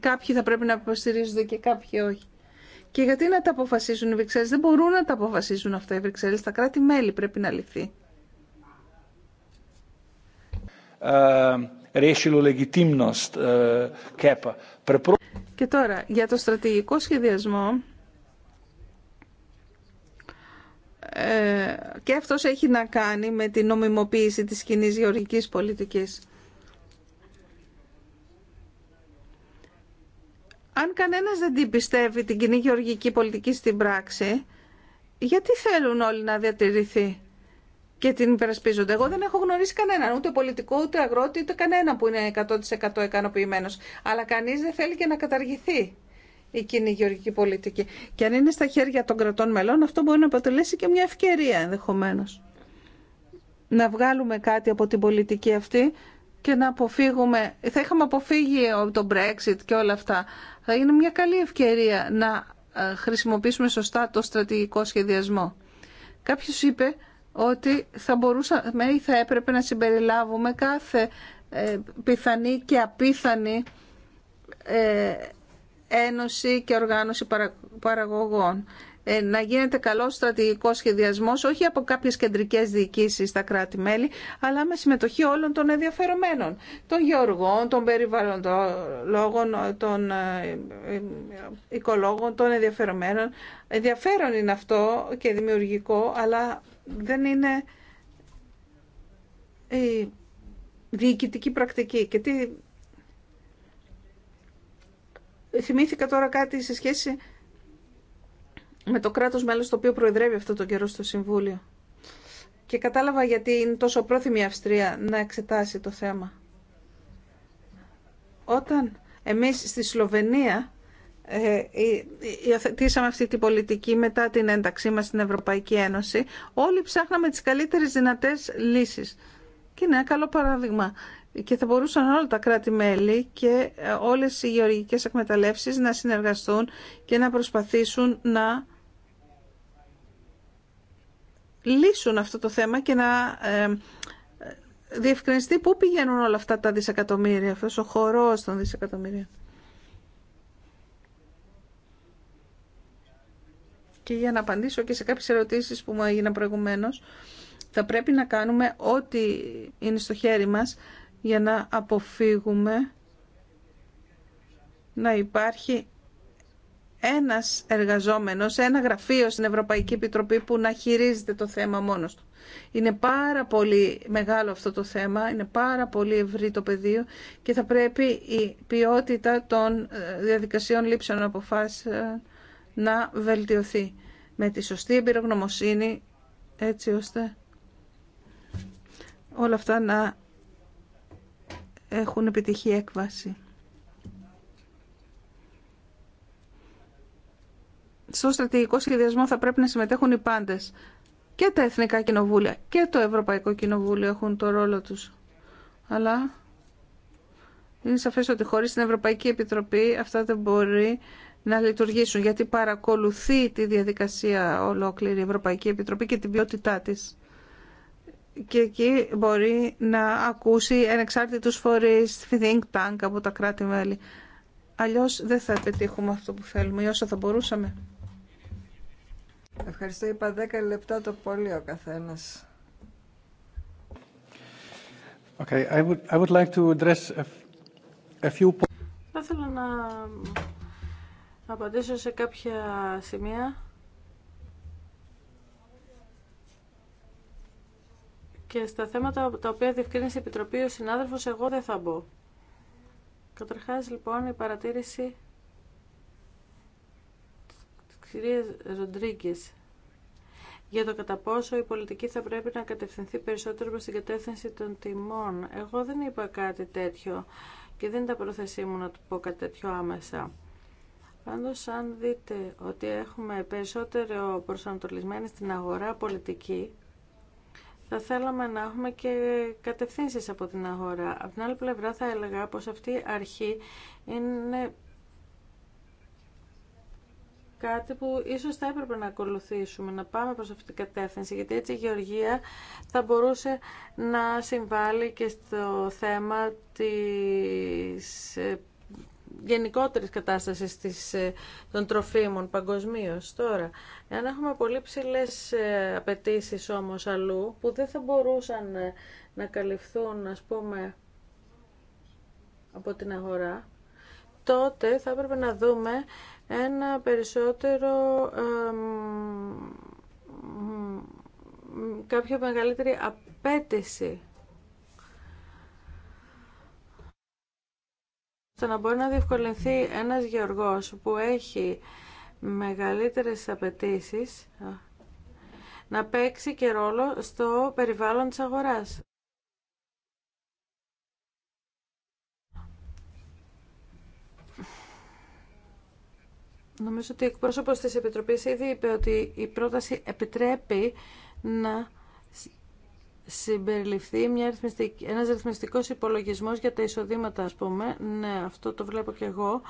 Speaker 2: κάποιοι θα πρέπει να υποστηρίζονται και κάποιοι όχι. Και γιατί να τα αποφασίσουν οι Βρυξέλλες. Δεν μπορούν να τα αποφασίσουν αυτά οι Βρυξέλλες. Τα κράτη-μέλη πρέπει να λυθεί.
Speaker 3: Ε, ε,
Speaker 2: και τώρα, για το στρατηγικό σχεδιασμό, ε, και αυτός έχει να κάνει με την νομιμοποίηση της κοινή γεωργικής πολιτικής. Αν κανένας δεν την πιστεύει την κοινή γεωργική πολιτική στην πράξη, γιατί θέλουν όλοι να διατηρηθεί και την υπερασπίζονται. Εγώ δεν έχω γνωρίσει κανέναν, ούτε πολιτικό, ούτε αγρότη, ούτε κανένα που είναι 100% ικανοποιημένο. Αλλά κανεί δεν θέλει και να καταργηθεί η κοινή γεωργική πολιτική. Και αν είναι στα χέρια των κρατών μελών, αυτό μπορεί να αποτελέσει και μια ευκαιρία ενδεχομένω. Να βγάλουμε κάτι από την πολιτική αυτή και να αποφύγουμε, θα είχαμε αποφύγει το Brexit και όλα αυτά. Θα είναι μια καλή ευκαιρία να ε, χρησιμοποιήσουμε σωστά το στρατηγικό σχεδιασμό. Κάποιος είπε ότι θα μπορούσαμε ή θα έπρεπε να συμπεριλάβουμε κάθε ε, πιθανή και απίθανη ε, ένωση και οργάνωση παραγωγών. Ε, να γίνεται καλός στρατηγικό σχεδιασμός όχι από κάποιες κεντρικές διοικησει στα κράτη-μέλη αλλά με συμμετοχή όλων των ενδιαφερομένων των γεωργών, των περιβαλλοντολόγων, των ε, ε, οικολόγων, των ενδιαφερομένων. Ενδιαφέρον είναι αυτό και δημιουργικό αλλά δεν είναι η διοικητική πρακτική. Και τι... Θυμήθηκα τώρα κάτι σε σχέση με το κράτος μέλος το οποίο προεδρεύει αυτό το καιρό στο Συμβούλιο. Και κατάλαβα γιατί είναι τόσο πρόθυμη η Αυστρία να εξετάσει το θέμα. Όταν εμείς στη Σλοβενία ε, υιοθετήσαμε αυτή την πολιτική μετά την ένταξή μας στην Ευρωπαϊκή Ένωση, όλοι ψάχναμε τις καλύτερες δυνατές λύσεις. Και είναι ένα καλό παράδειγμα. Και θα μπορούσαν όλα τα κράτη-μέλη και ε, όλες οι γεωργικές εκμεταλλεύσεις να συνεργαστούν και να προσπαθήσουν να λύσουν αυτό το θέμα και να ε, διευκρινιστεί πού πηγαίνουν όλα αυτά τα δισεκατομμύρια, αυτός ο χορός των δισεκατομμυρίων. Και για να απαντήσω και σε κάποιες ερωτήσεις που μου έγιναν προηγουμένως, θα πρέπει να κάνουμε ό,τι είναι στο χέρι μας για να αποφύγουμε να υπάρχει ένας εργαζόμενος, ένα γραφείο στην Ευρωπαϊκή Επιτροπή που να χειρίζεται το θέμα μόνος του. Είναι πάρα πολύ μεγάλο αυτό το θέμα, είναι πάρα πολύ ευρύ το πεδίο και θα πρέπει η ποιότητα των ε, διαδικασιών λήψεων αποφάσεων να βελτιωθεί με τη σωστή εμπειρογνωμοσύνη έτσι ώστε όλα αυτά να έχουν επιτυχή έκβαση. στο στρατηγικό σχεδιασμό θα πρέπει να συμμετέχουν οι πάντες. Και τα Εθνικά Κοινοβούλια και το Ευρωπαϊκό Κοινοβούλιο έχουν το ρόλο τους. Αλλά είναι σαφές ότι χωρίς την Ευρωπαϊκή Επιτροπή αυτά δεν μπορεί να λειτουργήσουν, γιατί παρακολουθεί τη διαδικασία ολόκληρη η Ευρωπαϊκή Επιτροπή και την ποιότητά της. Και εκεί μπορεί να ακούσει ενεξάρτητους φορείς, think tank από τα κράτη-μέλη. Αλλιώς δεν θα πετύχουμε αυτό που θέλουμε ή
Speaker 1: όσο θα μπορούσαμε. Ευχαριστώ. Είπα 10 λεπτά το πολύ ο καθένα.
Speaker 2: Okay, I would, I would like to address a, few
Speaker 3: Θα ήθελα να... απαντήσω σε κάποια σημεία και στα θέματα τα οποία διευκρίνησε η Επιτροπή ο συνάδελφος εγώ δεν θα μπω. Καταρχάς λοιπόν η παρατήρηση κυρία Ροντρίγκε για το κατά πόσο η πολιτική θα πρέπει να κατευθυνθεί περισσότερο προς την κατεύθυνση των τιμών. Εγώ δεν είπα κάτι τέτοιο και δεν ήταν πρόθεσή μου να του πω κάτι τέτοιο άμεσα. Πάντως, αν δείτε ότι έχουμε περισσότερο προσανατολισμένη στην αγορά πολιτική, θα θέλαμε να έχουμε και κατευθύνσεις από την αγορά. Από την άλλη πλευρά θα έλεγα πως αυτή η αρχή είναι κάτι που ίσως θα έπρεπε να ακολουθήσουμε, να πάμε προς αυτήν την κατεύθυνση, γιατί έτσι η Γεωργία θα μπορούσε να συμβάλλει και στο θέμα της ε, γενικότερης κατάστασης της, ε, των τροφίμων παγκοσμίω. Τώρα, αν έχουμε πολύ ψηλέ ε, απαιτήσει όμως αλλού, που δεν θα μπορούσαν να καλυφθούν, ας πούμε, από την αγορά, τότε θα έπρεπε να δούμε ένα περισσότερο κάποια μεγαλύτερη απέτηση ώστε να μπορεί να διευκολυνθεί ένας γεωργός που έχει μεγαλύτερες απαιτήσει να παίξει και ρόλο στο περιβάλλον της αγοράς. Νομίζω ότι ο εκπρόσωπο τη Επιτροπή ήδη είπε ότι η πρόταση επιτρέπει να συμπεριληφθεί μια ρυθμιστική, ένας ρυθμιστικός υπολογισμός για τα εισοδήματα, ας πούμε. Ναι, αυτό το βλέπω και εγώ.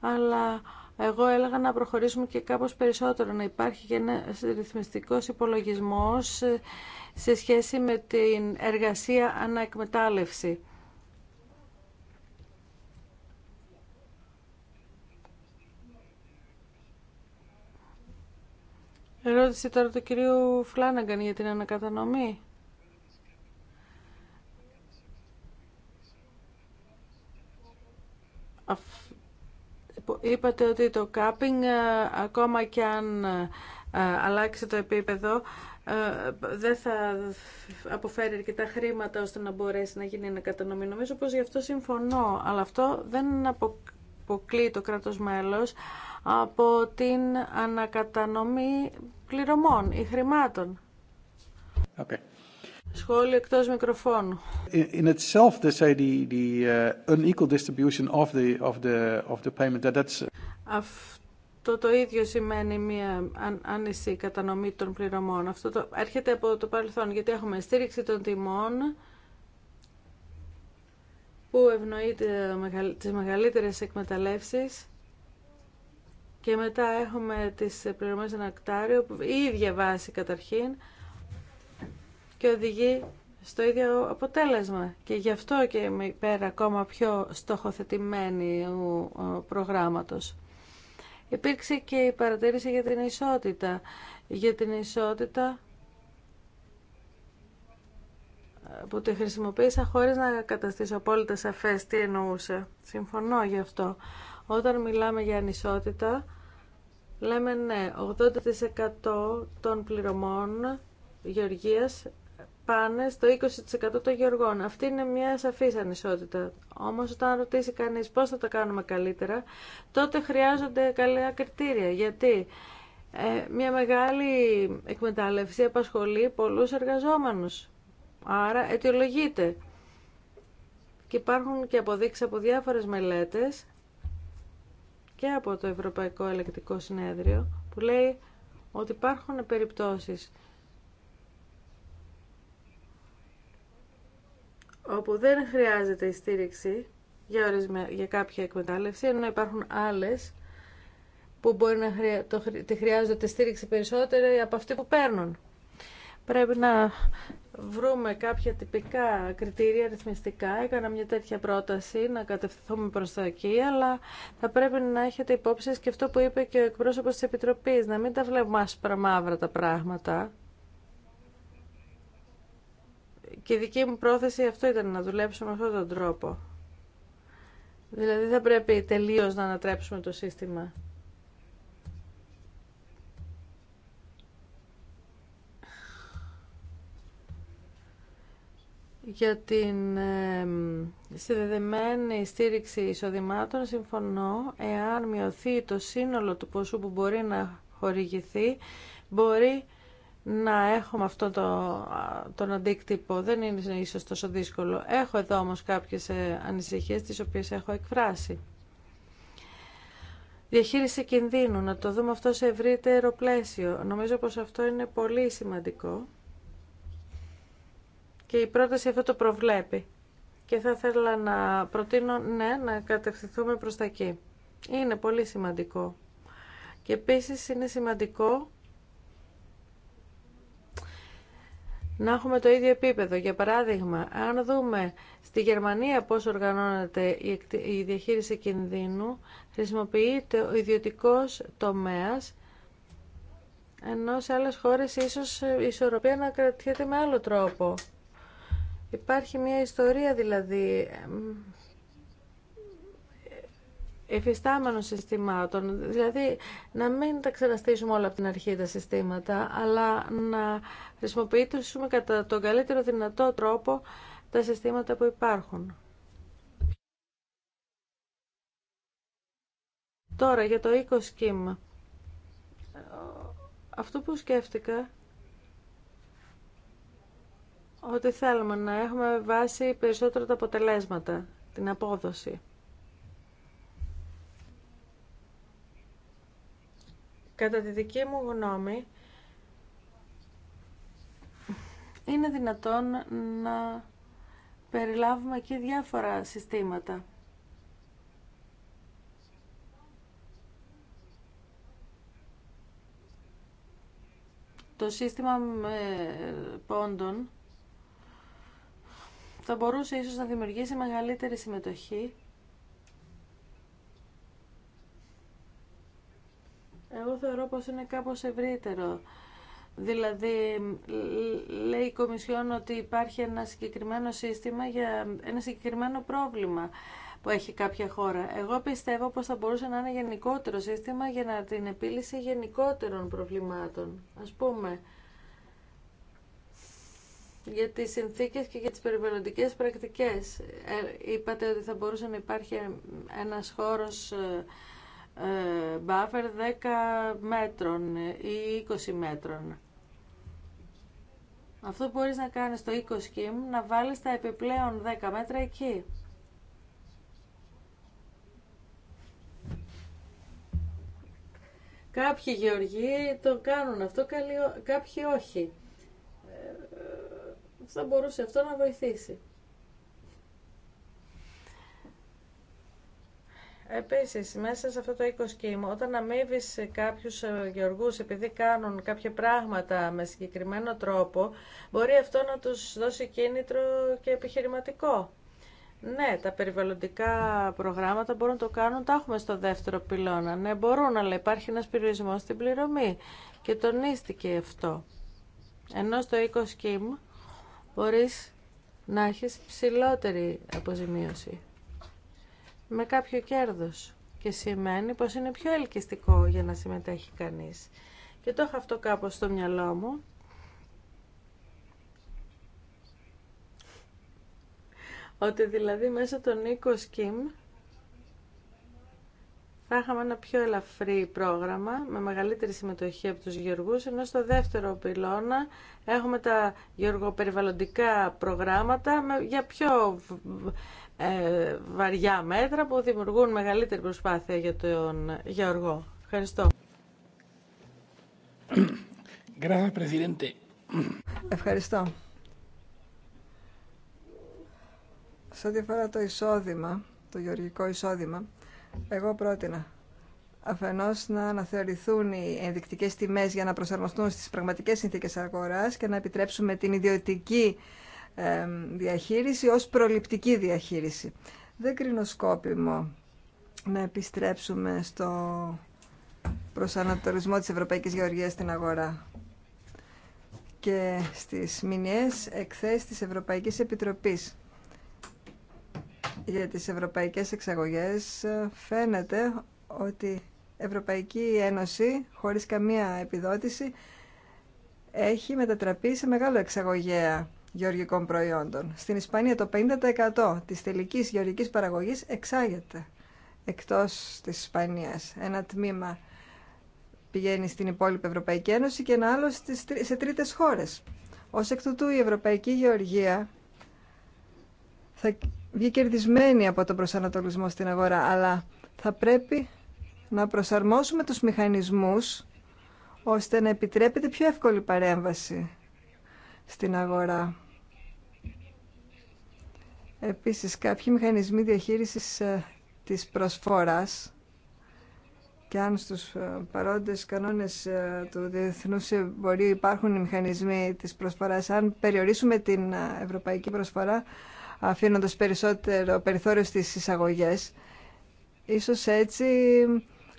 Speaker 3: Αλλά εγώ έλεγα να προχωρήσουμε και κάπως περισσότερο, να υπάρχει και ένας ρυθμιστικός υπολογισμός ε, σε σχέση με την εργασία αναεκμετάλλευση. ερώτηση τώρα του κυρίου Φλάναγκαν για την ανακατανομή. Είπατε ότι το κάπινγκ ε, ακόμα και αν ε, αλλάξει το επίπεδο ε, δεν θα αποφέρει τα χρήματα ώστε να μπορέσει να γίνει ανακατανομή. Νομίζω πως γι' αυτό συμφωνώ, αλλά αυτό δεν αποκλείει το κράτος μέλος από την ανακατανομή πληρωμών ή χρημάτων. Okay. Σχόλιο εκτός μικροφώνου.
Speaker 2: In itself, they say the, the uh, unequal distribution of the, of the, of the payment, that's... Uh,
Speaker 3: Αυτό το ίδιο σημαίνει μια άνηση κατανομή των πληρωμών. Αυτό το, έρχεται από το παρελθόν, γιατί έχουμε στήριξη των τιμών, που ευνοεί τις μεγαλύτερες εκμεταλλεύσεις και μετά έχουμε τις πληρωμές ανακτάριο που η ίδια βάση καταρχήν και οδηγεί στο ίδιο αποτέλεσμα. Και γι' αυτό και πέρα ακόμα πιο στοχοθετημένη του προγράμματος. Υπήρξε και η παρατήρηση για την ισότητα. Για την ισότητα που τη χρησιμοποίησα χωρίς να καταστήσω απόλυτα σαφές τι εννοούσα. Συμφωνώ γι' αυτό. Όταν μιλάμε για ανισότητα, λέμε ναι, 80% των πληρωμών γεωργίας πάνε στο 20% των γεωργών. Αυτή είναι μια σαφής ανισότητα. Όμως όταν ρωτήσει κανείς πώς θα τα κάνουμε καλύτερα, τότε χρειάζονται καλά κριτήρια. Γιατί ε, μια μεγάλη εκμετάλλευση απασχολεί πολλούς εργαζόμενους. Άρα αιτιολογείται. Και υπάρχουν και αποδείξεις από διάφορες μελέτες και από το Ευρωπαϊκό Ελεκτικό Συνέδριο που λέει ότι υπάρχουν περιπτώσεις όπου δεν χρειάζεται η στήριξη για, ορισμέ, για κάποια εκμετάλλευση, ενώ υπάρχουν άλλες που μπορεί να χρεια... το... τη χρειάζονται στήριξη περισσότερο από αυτή που παίρνουν. Πρέπει να βρούμε κάποια τυπικά κριτήρια αριθμιστικά. Έκανα μια τέτοια πρόταση να κατευθυνθούμε προς τα εκεί, αλλά θα πρέπει να έχετε υπόψη και αυτό που είπε και ο εκπρόσωπος της Επιτροπής, να μην τα βλέπουμε άσπρα μαύρα τα πράγματα. Και η δική μου πρόθεση αυτό ήταν να δουλέψουμε με αυτόν τον τρόπο. Δηλαδή θα πρέπει τελείως να ανατρέψουμε το σύστημα. Για την συνδεδεμένη στήριξη εισοδημάτων συμφωνώ εάν μειωθεί το σύνολο του ποσού που μπορεί να χορηγηθεί μπορεί να έχουμε αυτό το, τον αντίκτυπο. Δεν είναι ίσως τόσο δύσκολο. Έχω εδώ όμως κάποιες ε, ανησυχίες τις οποίες έχω εκφράσει. Διαχείριση κινδύνου, να το δούμε αυτό σε ευρύτερο πλαίσιο. Νομίζω πως αυτό είναι πολύ σημαντικό και η πρόταση αυτό το προβλέπει. Και θα ήθελα να προτείνω, ναι, να κατευθυνθούμε προς τα εκεί. Είναι πολύ σημαντικό. Και επίσης είναι σημαντικό να έχουμε το ίδιο επίπεδο. Για παράδειγμα, αν δούμε στη Γερμανία πώς οργανώνεται η διαχείριση κινδύνου, χρησιμοποιείται ο ιδιωτικός τομέας, ενώ σε άλλες χώρες ίσως η ισορροπία να κρατιέται με άλλο τρόπο. Υπάρχει μια ιστορία δηλαδή εφιστάμενων συστημάτων. Δηλαδή να μην τα ξαναστήσουμε όλα από την αρχή τα συστήματα, αλλά να χρησιμοποιήσουμε κατά τον καλύτερο δυνατό τρόπο τα συστήματα που υπάρχουν. Τώρα για το οίκο σχήμα. Αυτό που σκέφτηκα ότι θέλουμε να έχουμε βάση περισσότερο τα αποτελέσματα, την απόδοση. Κατά τη δική μου γνώμη, είναι δυνατόν να περιλάβουμε και διάφορα συστήματα. Το σύστημα ε, πόντων θα μπορούσε ίσως να δημιουργήσει μεγαλύτερη συμμετοχή. Εγώ θεωρώ πως είναι κάπως ευρύτερο. Δηλαδή, λέει η Κομισιόν ότι υπάρχει ένα συγκεκριμένο σύστημα για ένα συγκεκριμένο πρόβλημα που έχει κάποια χώρα. Εγώ πιστεύω πως θα μπορούσε να είναι γενικότερο σύστημα για να την επίλυση γενικότερων προβλημάτων. Ας πούμε, για τις συνθήκες και για τις περιβαλλοντικές πρακτικές. Ε, είπατε ότι θα μπορούσε να υπάρχει ένας χώρος ε, ε, buffer 10 μέτρων ή 20 μέτρων. Αυτό μπορείς να κάνεις στο 20 σκιμ, να βάλεις τα επιπλέον 10 μέτρα εκεί. Κάποιοι γεωργοί το κάνουν αυτό, κάποιοι όχι θα μπορούσε αυτό να βοηθήσει. Επίση, μέσα σε αυτό το οικοσκήμο, όταν αμείβει κάποιου ε, γεωργού επειδή κάνουν κάποια πράγματα με συγκεκριμένο τρόπο, μπορεί αυτό να τους δώσει κίνητρο και επιχειρηματικό. Ναι, τα περιβαλλοντικά προγράμματα μπορούν να το κάνουν, τα έχουμε στο δεύτερο πυλώνα. Ναι, μπορούν, αλλά υπάρχει ένα περιορισμό στην πληρωμή και τονίστηκε αυτό. Ενώ στο οικοσκήμ μπορείς να έχεις ψηλότερη αποζημίωση με κάποιο κέρδος και σημαίνει πως είναι πιο ελκυστικό για να συμμετέχει κανείς. Και το έχω αυτό κάπως στο μυαλό μου. Ότι δηλαδή μέσα των 20 θα είχαμε ένα πιο ελαφρύ πρόγραμμα με μεγαλύτερη συμμετοχή από τους γεωργούς, ενώ στο δεύτερο πυλώνα έχουμε τα γεωργοπεριβαλλοντικά προγράμματα για πιο ε, βαριά μέτρα που δημιουργούν μεγαλύτερη προσπάθεια για τον γεωργό. Ευχαριστώ.
Speaker 1: Ευχαριστώ. Σε ό,τι αφορά το εισόδημα, το γεωργικό εισόδημα, εγώ πρότεινα αφενός να αναθεωρηθούν οι ενδεικτικές τιμέ για να προσαρμοστούν στις πραγματικές συνθήκες αγοράς και να επιτρέψουμε την ιδιωτική διαχείριση ως προληπτική διαχείριση. Δεν κρίνω σκόπιμο να επιστρέψουμε στο προσανατολισμό της Ευρωπαϊκής Γεωργίας στην αγορά και στις μηνιαίες εκθέσεις της Ευρωπαϊκής Επιτροπής για τις ευρωπαϊκές εξαγωγές φαίνεται ότι η Ευρωπαϊκή Ένωση χωρίς καμία επιδότηση έχει μετατραπεί σε μεγάλο εξαγωγέα γεωργικών προϊόντων. Στην Ισπανία το 50% της τελικής γεωργικής παραγωγής εξάγεται εκτός της Ισπανίας. Ένα τμήμα πηγαίνει στην υπόλοιπη Ευρωπαϊκή Ένωση και ένα άλλο σε τρίτες χώρες. Ως εκ τούτου η Ευρωπαϊκή Γεωργία θα βγει κερδισμένη από τον προσανατολισμό στην αγορά, αλλά θα πρέπει να προσαρμόσουμε τους μηχανισμούς ώστε να επιτρέπεται πιο εύκολη παρέμβαση στην αγορά. Επίσης, κάποιοι μηχανισμοί διαχείρισης ε, της προσφόρας και αν στους ε, παρόντες κανόνες ε, του Διεθνού εμπορίου υπάρχουν οι μηχανισμοί της προσφοράς, αν περιορίσουμε την ευρωπαϊκή προσφορά, αφήνοντας περισσότερο περιθώριο στις εισαγωγές. Ίσως έτσι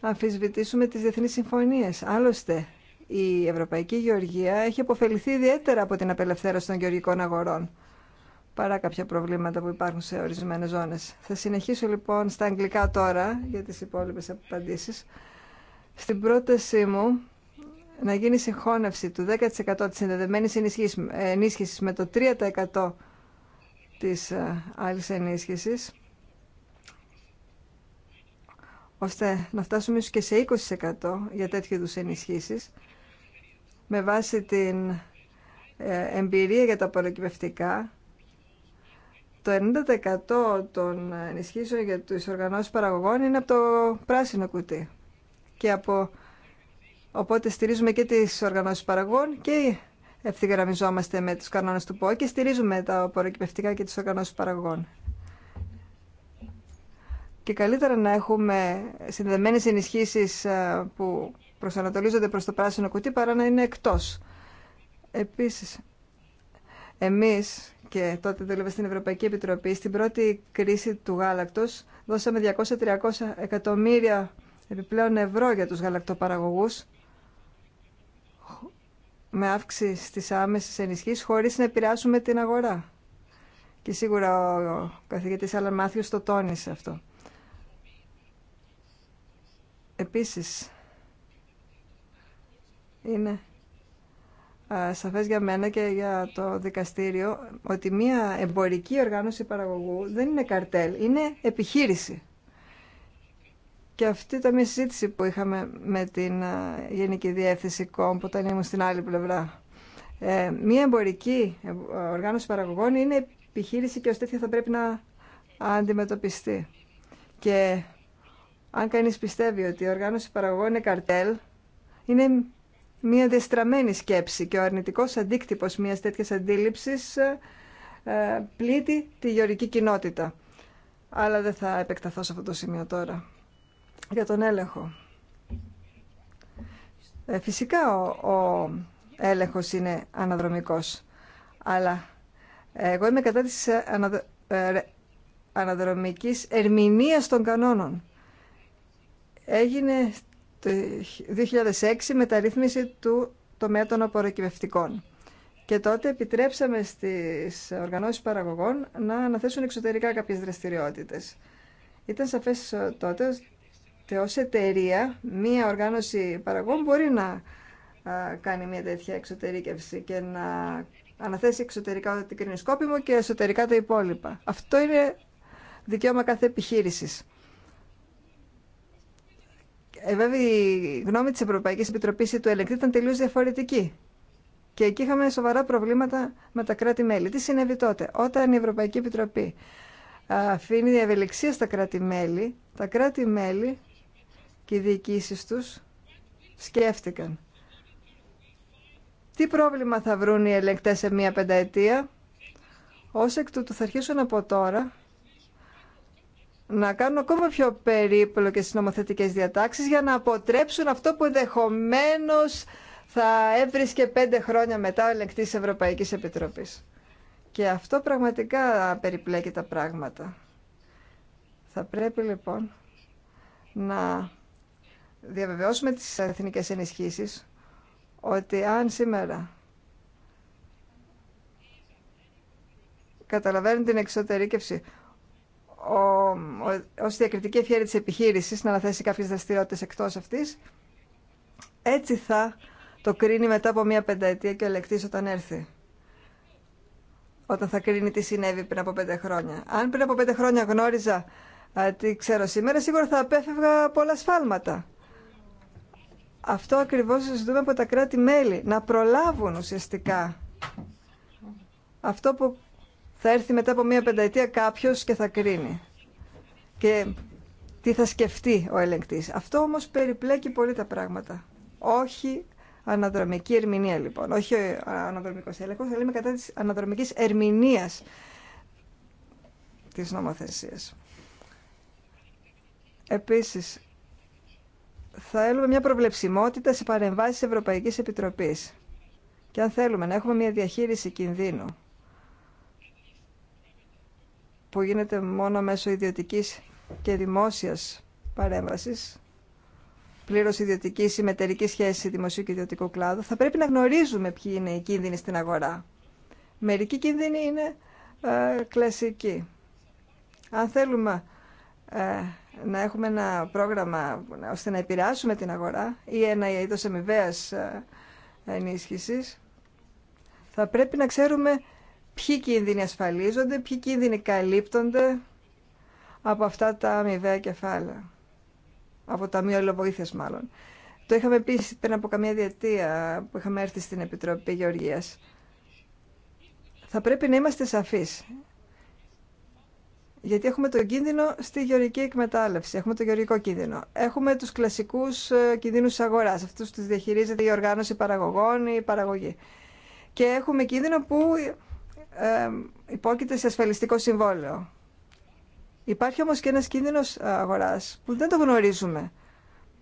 Speaker 1: αμφισβητήσουμε τις διεθνείς συμφωνίες. Άλλωστε, η Ευρωπαϊκή Γεωργία έχει αποφεληθεί ιδιαίτερα από την απελευθέρωση των γεωργικών αγορών παρά κάποια προβλήματα που υπάρχουν σε ορισμένες ζώνες. Θα συνεχίσω λοιπόν στα αγγλικά τώρα για τις υπόλοιπες απαντήσεις. Στην πρότασή μου να γίνει συγχώνευση του 10% της ενδεδεμένης ε, ενίσχυσης με το 3% της ε, άλλης ενίσχυση, ώστε να φτάσουμε ίσως και σε 20% για τέτοιου είδους ενισχύσεις με βάση την ε, εμπειρία για τα προκυπευτικά το 90% των ενισχύσεων για τους οργανώσεις παραγωγών είναι από το πράσινο κουτί και από Οπότε στηρίζουμε και τις οργανώσεις παραγωγών και ευθυγραμμιζόμαστε με τους κανόνες του ΠΟΕ και στηρίζουμε τα ποροκυπευτικά και τους οργανώσεις παραγωγών. Και καλύτερα να έχουμε συνδεμένες ενισχύσεις ε, που προσανατολίζονται προς το πράσινο κουτί παρά να είναι εκτός. Επίσης, εμείς και τότε δούλευα στην Ευρωπαϊκή Επιτροπή, στην πρώτη κρίση του γάλακτος δώσαμε 200-300 εκατομμύρια επιπλέον ευρώ για τους γαλακτοπαραγωγούς με αύξηση της άμεσης ενισχύσης χωρίς να επηρεάσουμε την αγορά. Και σίγουρα ο καθηγητής Άλαν το τόνισε αυτό. Επίσης, είναι σαφές για μένα και για το δικαστήριο ότι μια εμπορική οργάνωση παραγωγού δεν είναι καρτέλ, είναι επιχείρηση. Και αυτή ήταν μια συζήτηση που είχαμε με την ε, Γενική Διεύθυνση ΚΟΜ που ήταν ήμουν στην άλλη πλευρά. Ε, μια εμπορική ε, οργάνωση παραγωγών είναι επιχείρηση και ως τέτοια θα πρέπει να αντιμετωπιστεί. Και αν κανείς πιστεύει ότι η οργάνωση παραγωγών είναι καρτέλ, είναι μια δεστραμμένη σκέψη και ο αρνητικός αντίκτυπος μιας τέτοιας αντίληψης ε, πλήττει τη γεωρική κοινότητα. Αλλά δεν θα επεκταθώ σε αυτό το σημείο τώρα για τον έλεγχο. Ε, φυσικά ο, ο έλεγχος είναι αναδρομικός, αλλά εγώ είμαι κατά της ε, ε, αναδρομικής ερμηνείας των κανόνων. Έγινε το 2006 μεταρρύθμιση του τομέα των απορροκυβευτικών. Και τότε επιτρέψαμε στις οργανώσεις παραγωγών να αναθέσουν εξωτερικά κάποιες δραστηριότητες. Ήταν σαφές τότε και ως εταιρεία μία οργάνωση παραγών μπορεί να κάνει μια οργανωση παραγωγών μπορει να εξωτερήκευση και να αναθέσει εξωτερικά το σκόπιμο και εσωτερικά τα υπόλοιπα. Αυτό είναι δικαίωμα κάθε επιχείρησης. Ε, βέβαια, η γνώμη της Ευρωπαϊκής Επιτροπής του ελεγκτή ήταν τελείως διαφορετική. Και εκεί είχαμε σοβαρά προβλήματα με τα κράτη-μέλη. Τι συνέβη τότε, όταν η Ευρωπαϊκή Επιτροπή αφήνει ευελιξία στα κράτη-μέλη, τα κράτη-μέλη και οι διοικήσεις τους σκέφτηκαν. Τι πρόβλημα θα βρουν οι ελεγκτές σε μία πενταετία. Ως εκ τούτου θα αρχίσουν από τώρα να κάνουν ακόμα πιο περίπλοκες νομοθετικές διατάξεις για να αποτρέψουν αυτό που ενδεχομένω θα έβρισκε πέντε χρόνια μετά ο ελεγκτής Ευρωπαϊκής Επιτροπής. Και αυτό πραγματικά περιπλέκει τα πράγματα. Θα πρέπει λοιπόν να διαβεβαιώσουμε τις εθνικές ενισχύσεις ότι αν σήμερα καταλαβαίνουν την εξωτερήκευση ω διακριτική ευχαίρεια της επιχείρησης να αναθέσει κάποιες δραστηριότητε εκτός αυτής, Έτσι θα το κρίνει μετά από μία πενταετία και ο ελεκτή όταν έρθει. Όταν θα κρίνει τι συνέβη πριν από πέντε χρόνια. Αν πριν από πέντε χρόνια γνώριζα τι ξέρω σήμερα, σίγουρα θα απέφευγα πολλά σφάλματα. Αυτό ακριβώς ζητούμε από τα κράτη-μέλη, να προλάβουν ουσιαστικά. Αυτό που θα έρθει μετά από μία πενταετία κάποιος και θα κρίνει. Και τι θα σκεφτεί ο ελεγκτής. Αυτό όμως περιπλέκει πολύ τα πράγματα. Όχι αναδρομική ερμηνεία λοιπόν, όχι αναδρομικός έλεγχος, αλλά είμαι κατά της αναδρομικής ερμηνείας της νομοθεσίας. Επίσης, θα έλουμε μια προβλεψιμότητα σε παρεμβάσεις Ευρωπαϊκής Επιτροπής. Και αν θέλουμε να έχουμε μια διαχείριση κινδύνου που γίνεται μόνο μέσω ιδιωτικής και δημόσιας παρέμβασης, πλήρω ιδιωτική ή μετερική σχέση δημοσίου και ιδιωτικού κλάδου, θα πρέπει να γνωρίζουμε ποιοι είναι οι κίνδυνοι στην αγορά. Μερικοί κίνδυνοι είναι ε, κλασικοί. Αν θέλουμε ε, να έχουμε ένα πρόγραμμα ώστε να επηρεάσουμε την αγορά ή ένα είδος αμοιβαίας ε, ενίσχυσης, θα πρέπει να ξέρουμε ποιοι κίνδυνοι ασφαλίζονται, ποιοι κίνδυνοι καλύπτονται από αυτά τα αμοιβαία κεφάλαια, από τα μειολοβοήθειας μάλλον. Το είχαμε πει πριν από καμία διετία που είχαμε έρθει στην Επιτροπή Γεωργίας. Θα πρέπει να είμαστε σαφείς. Γιατί έχουμε τον κίνδυνο στη γεωργική εκμετάλλευση, έχουμε το γεωργικό κίνδυνο. Έχουμε του κλασικού ε, κίνδυνου τη αγοράς, αυτούς τους διαχειρίζεται η οργάνωση παραγωγών ή η παραγωγή. Και έχουμε κίνδυνο που ε, υπόκειται σε ασφαλιστικό συμβόλαιο. Υπάρχει όμω και ένα κίνδυνο ε, αγορά που δεν το γνωρίζουμε.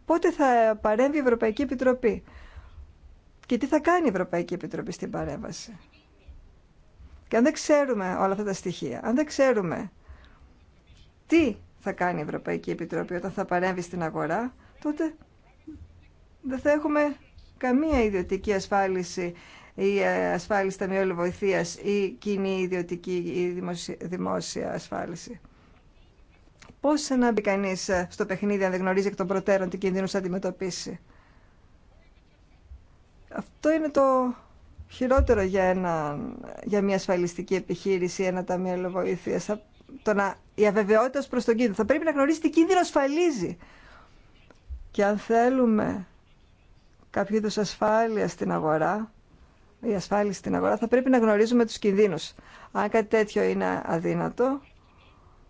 Speaker 1: Πότε θα παρέμβει η Ευρωπαϊκή Επιτροπή και τι θα κάνει η Ευρωπαϊκή Επιτροπή στην παρέμβαση. Και αν δεν ξέρουμε όλα αυτά τα στοιχεία, αν δεν ξέρουμε τι θα κάνει η Ευρωπαϊκή Επιτροπή όταν θα παρέμβει στην αγορά, τότε δεν θα έχουμε καμία ιδιωτική ασφάλιση ή ε, ασφάλιση ταμιόλου βοηθείας ή κοινή ιδιωτική ή δημόσια ασφάλιση. Πώς να μπει κανεί ε, στο παιχνίδι αν δεν γνωρίζει εκ των προτέρων τι κινδύνους θα αντιμετωπίσει. Αυτό είναι το χειρότερο για, ένα, για μια ασφαλιστική επιχείρηση, ένα ταμείο βοηθείας το να, η αβεβαιότητα ως προς τον κίνδυνο. Θα πρέπει να γνωρίζει τι κίνδυνο ασφαλίζει. Και αν θέλουμε κάποιο είδο ασφάλεια στην αγορά, η ασφάλεια στην αγορά, θα πρέπει να γνωρίζουμε τους κινδύνους. Αν κάτι τέτοιο είναι αδύνατο,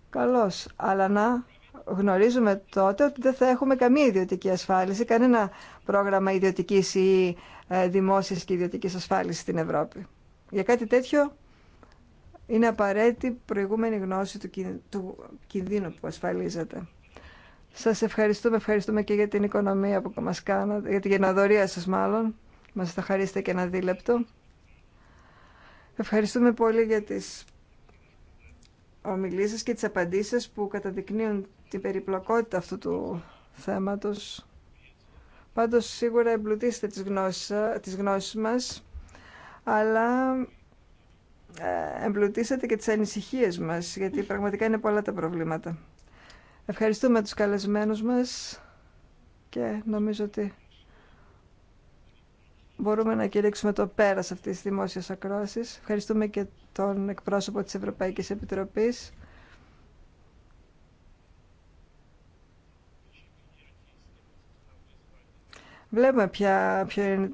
Speaker 1: καλώς. Αλλά να γνωρίζουμε τότε ότι δεν θα έχουμε καμία ιδιωτική ασφάλιση, κανένα πρόγραμμα ιδιωτικής ή ε, δημόσιας και ιδιωτικής ασφάλισης στην Ευρώπη. Για κάτι τέτοιο είναι απαραίτητη προηγούμενη γνώση του, του κινδύνου που ασφαλίζεται. Σας ευχαριστούμε, ευχαριστούμε και για την οικονομία που μας κάνατε, για την γενναδορία σας μάλλον. Μας θα χαρίσετε και ένα δίλεπτο. Ευχαριστούμε πολύ για τις ομιλίες και τις απαντήσεις που καταδεικνύουν την περιπλοκότητα αυτού του θέματος. Πάντως σίγουρα εμπλουτίσετε τις γνώσεις, τις γνώσεις μας, αλλά ε, εμπλουτίσατε και τις ανησυχίες μας, γιατί πραγματικά είναι πολλά τα προβλήματα. Ευχαριστούμε τους καλεσμένους μας και νομίζω ότι μπορούμε να κηρύξουμε το πέρας αυτής της δημόσιας ακρόασης. Ευχαριστούμε και τον εκπρόσωπο της Ευρωπαϊκής Επιτροπής. Βλέπουμε ποια, ποιο είναι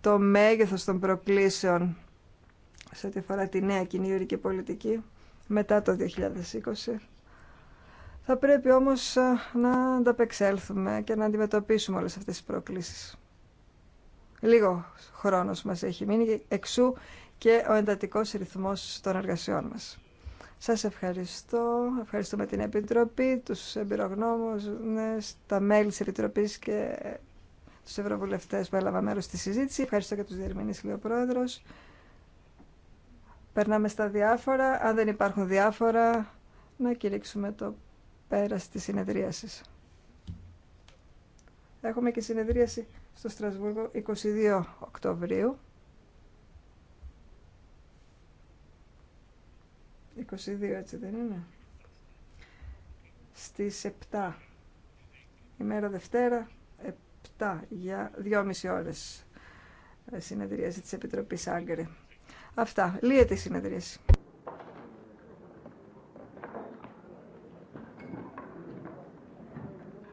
Speaker 1: το μέγεθος των προκλήσεων σε ό,τι αφορά τη νέα κοινή ορική πολιτική μετά το 2020. Θα πρέπει όμως να ανταπεξέλθουμε και να αντιμετωπίσουμε όλες αυτές τις προκλήσεις. Λίγο χρόνος μας έχει μείνει, εξού και ο εντατικός ρυθμός των εργασιών μας. Σας ευχαριστώ. Ευχαριστούμε την Επιτροπή, τους εμπειρογνώμους, τα μέλη της Επιτροπής και τους ευρωβουλευτές που έλαβα μέρος στη συζήτηση. Ευχαριστώ και τους διερμηνείς, Περνάμε στα διάφορα. Αν δεν υπάρχουν διάφορα, να κηρύξουμε το πέρας της συνεδρίασης. Έχουμε και συνεδρίαση στο Στρασβούργο 22 Οκτωβρίου. 22 έτσι δεν είναι. Στις 7. Ημέρα Δευτέρα, 7 για 2,5 ώρες ε, συνεδρίαση της Επιτροπής Άγκρη. Αυτά. Λύεται η συνεδρίαση.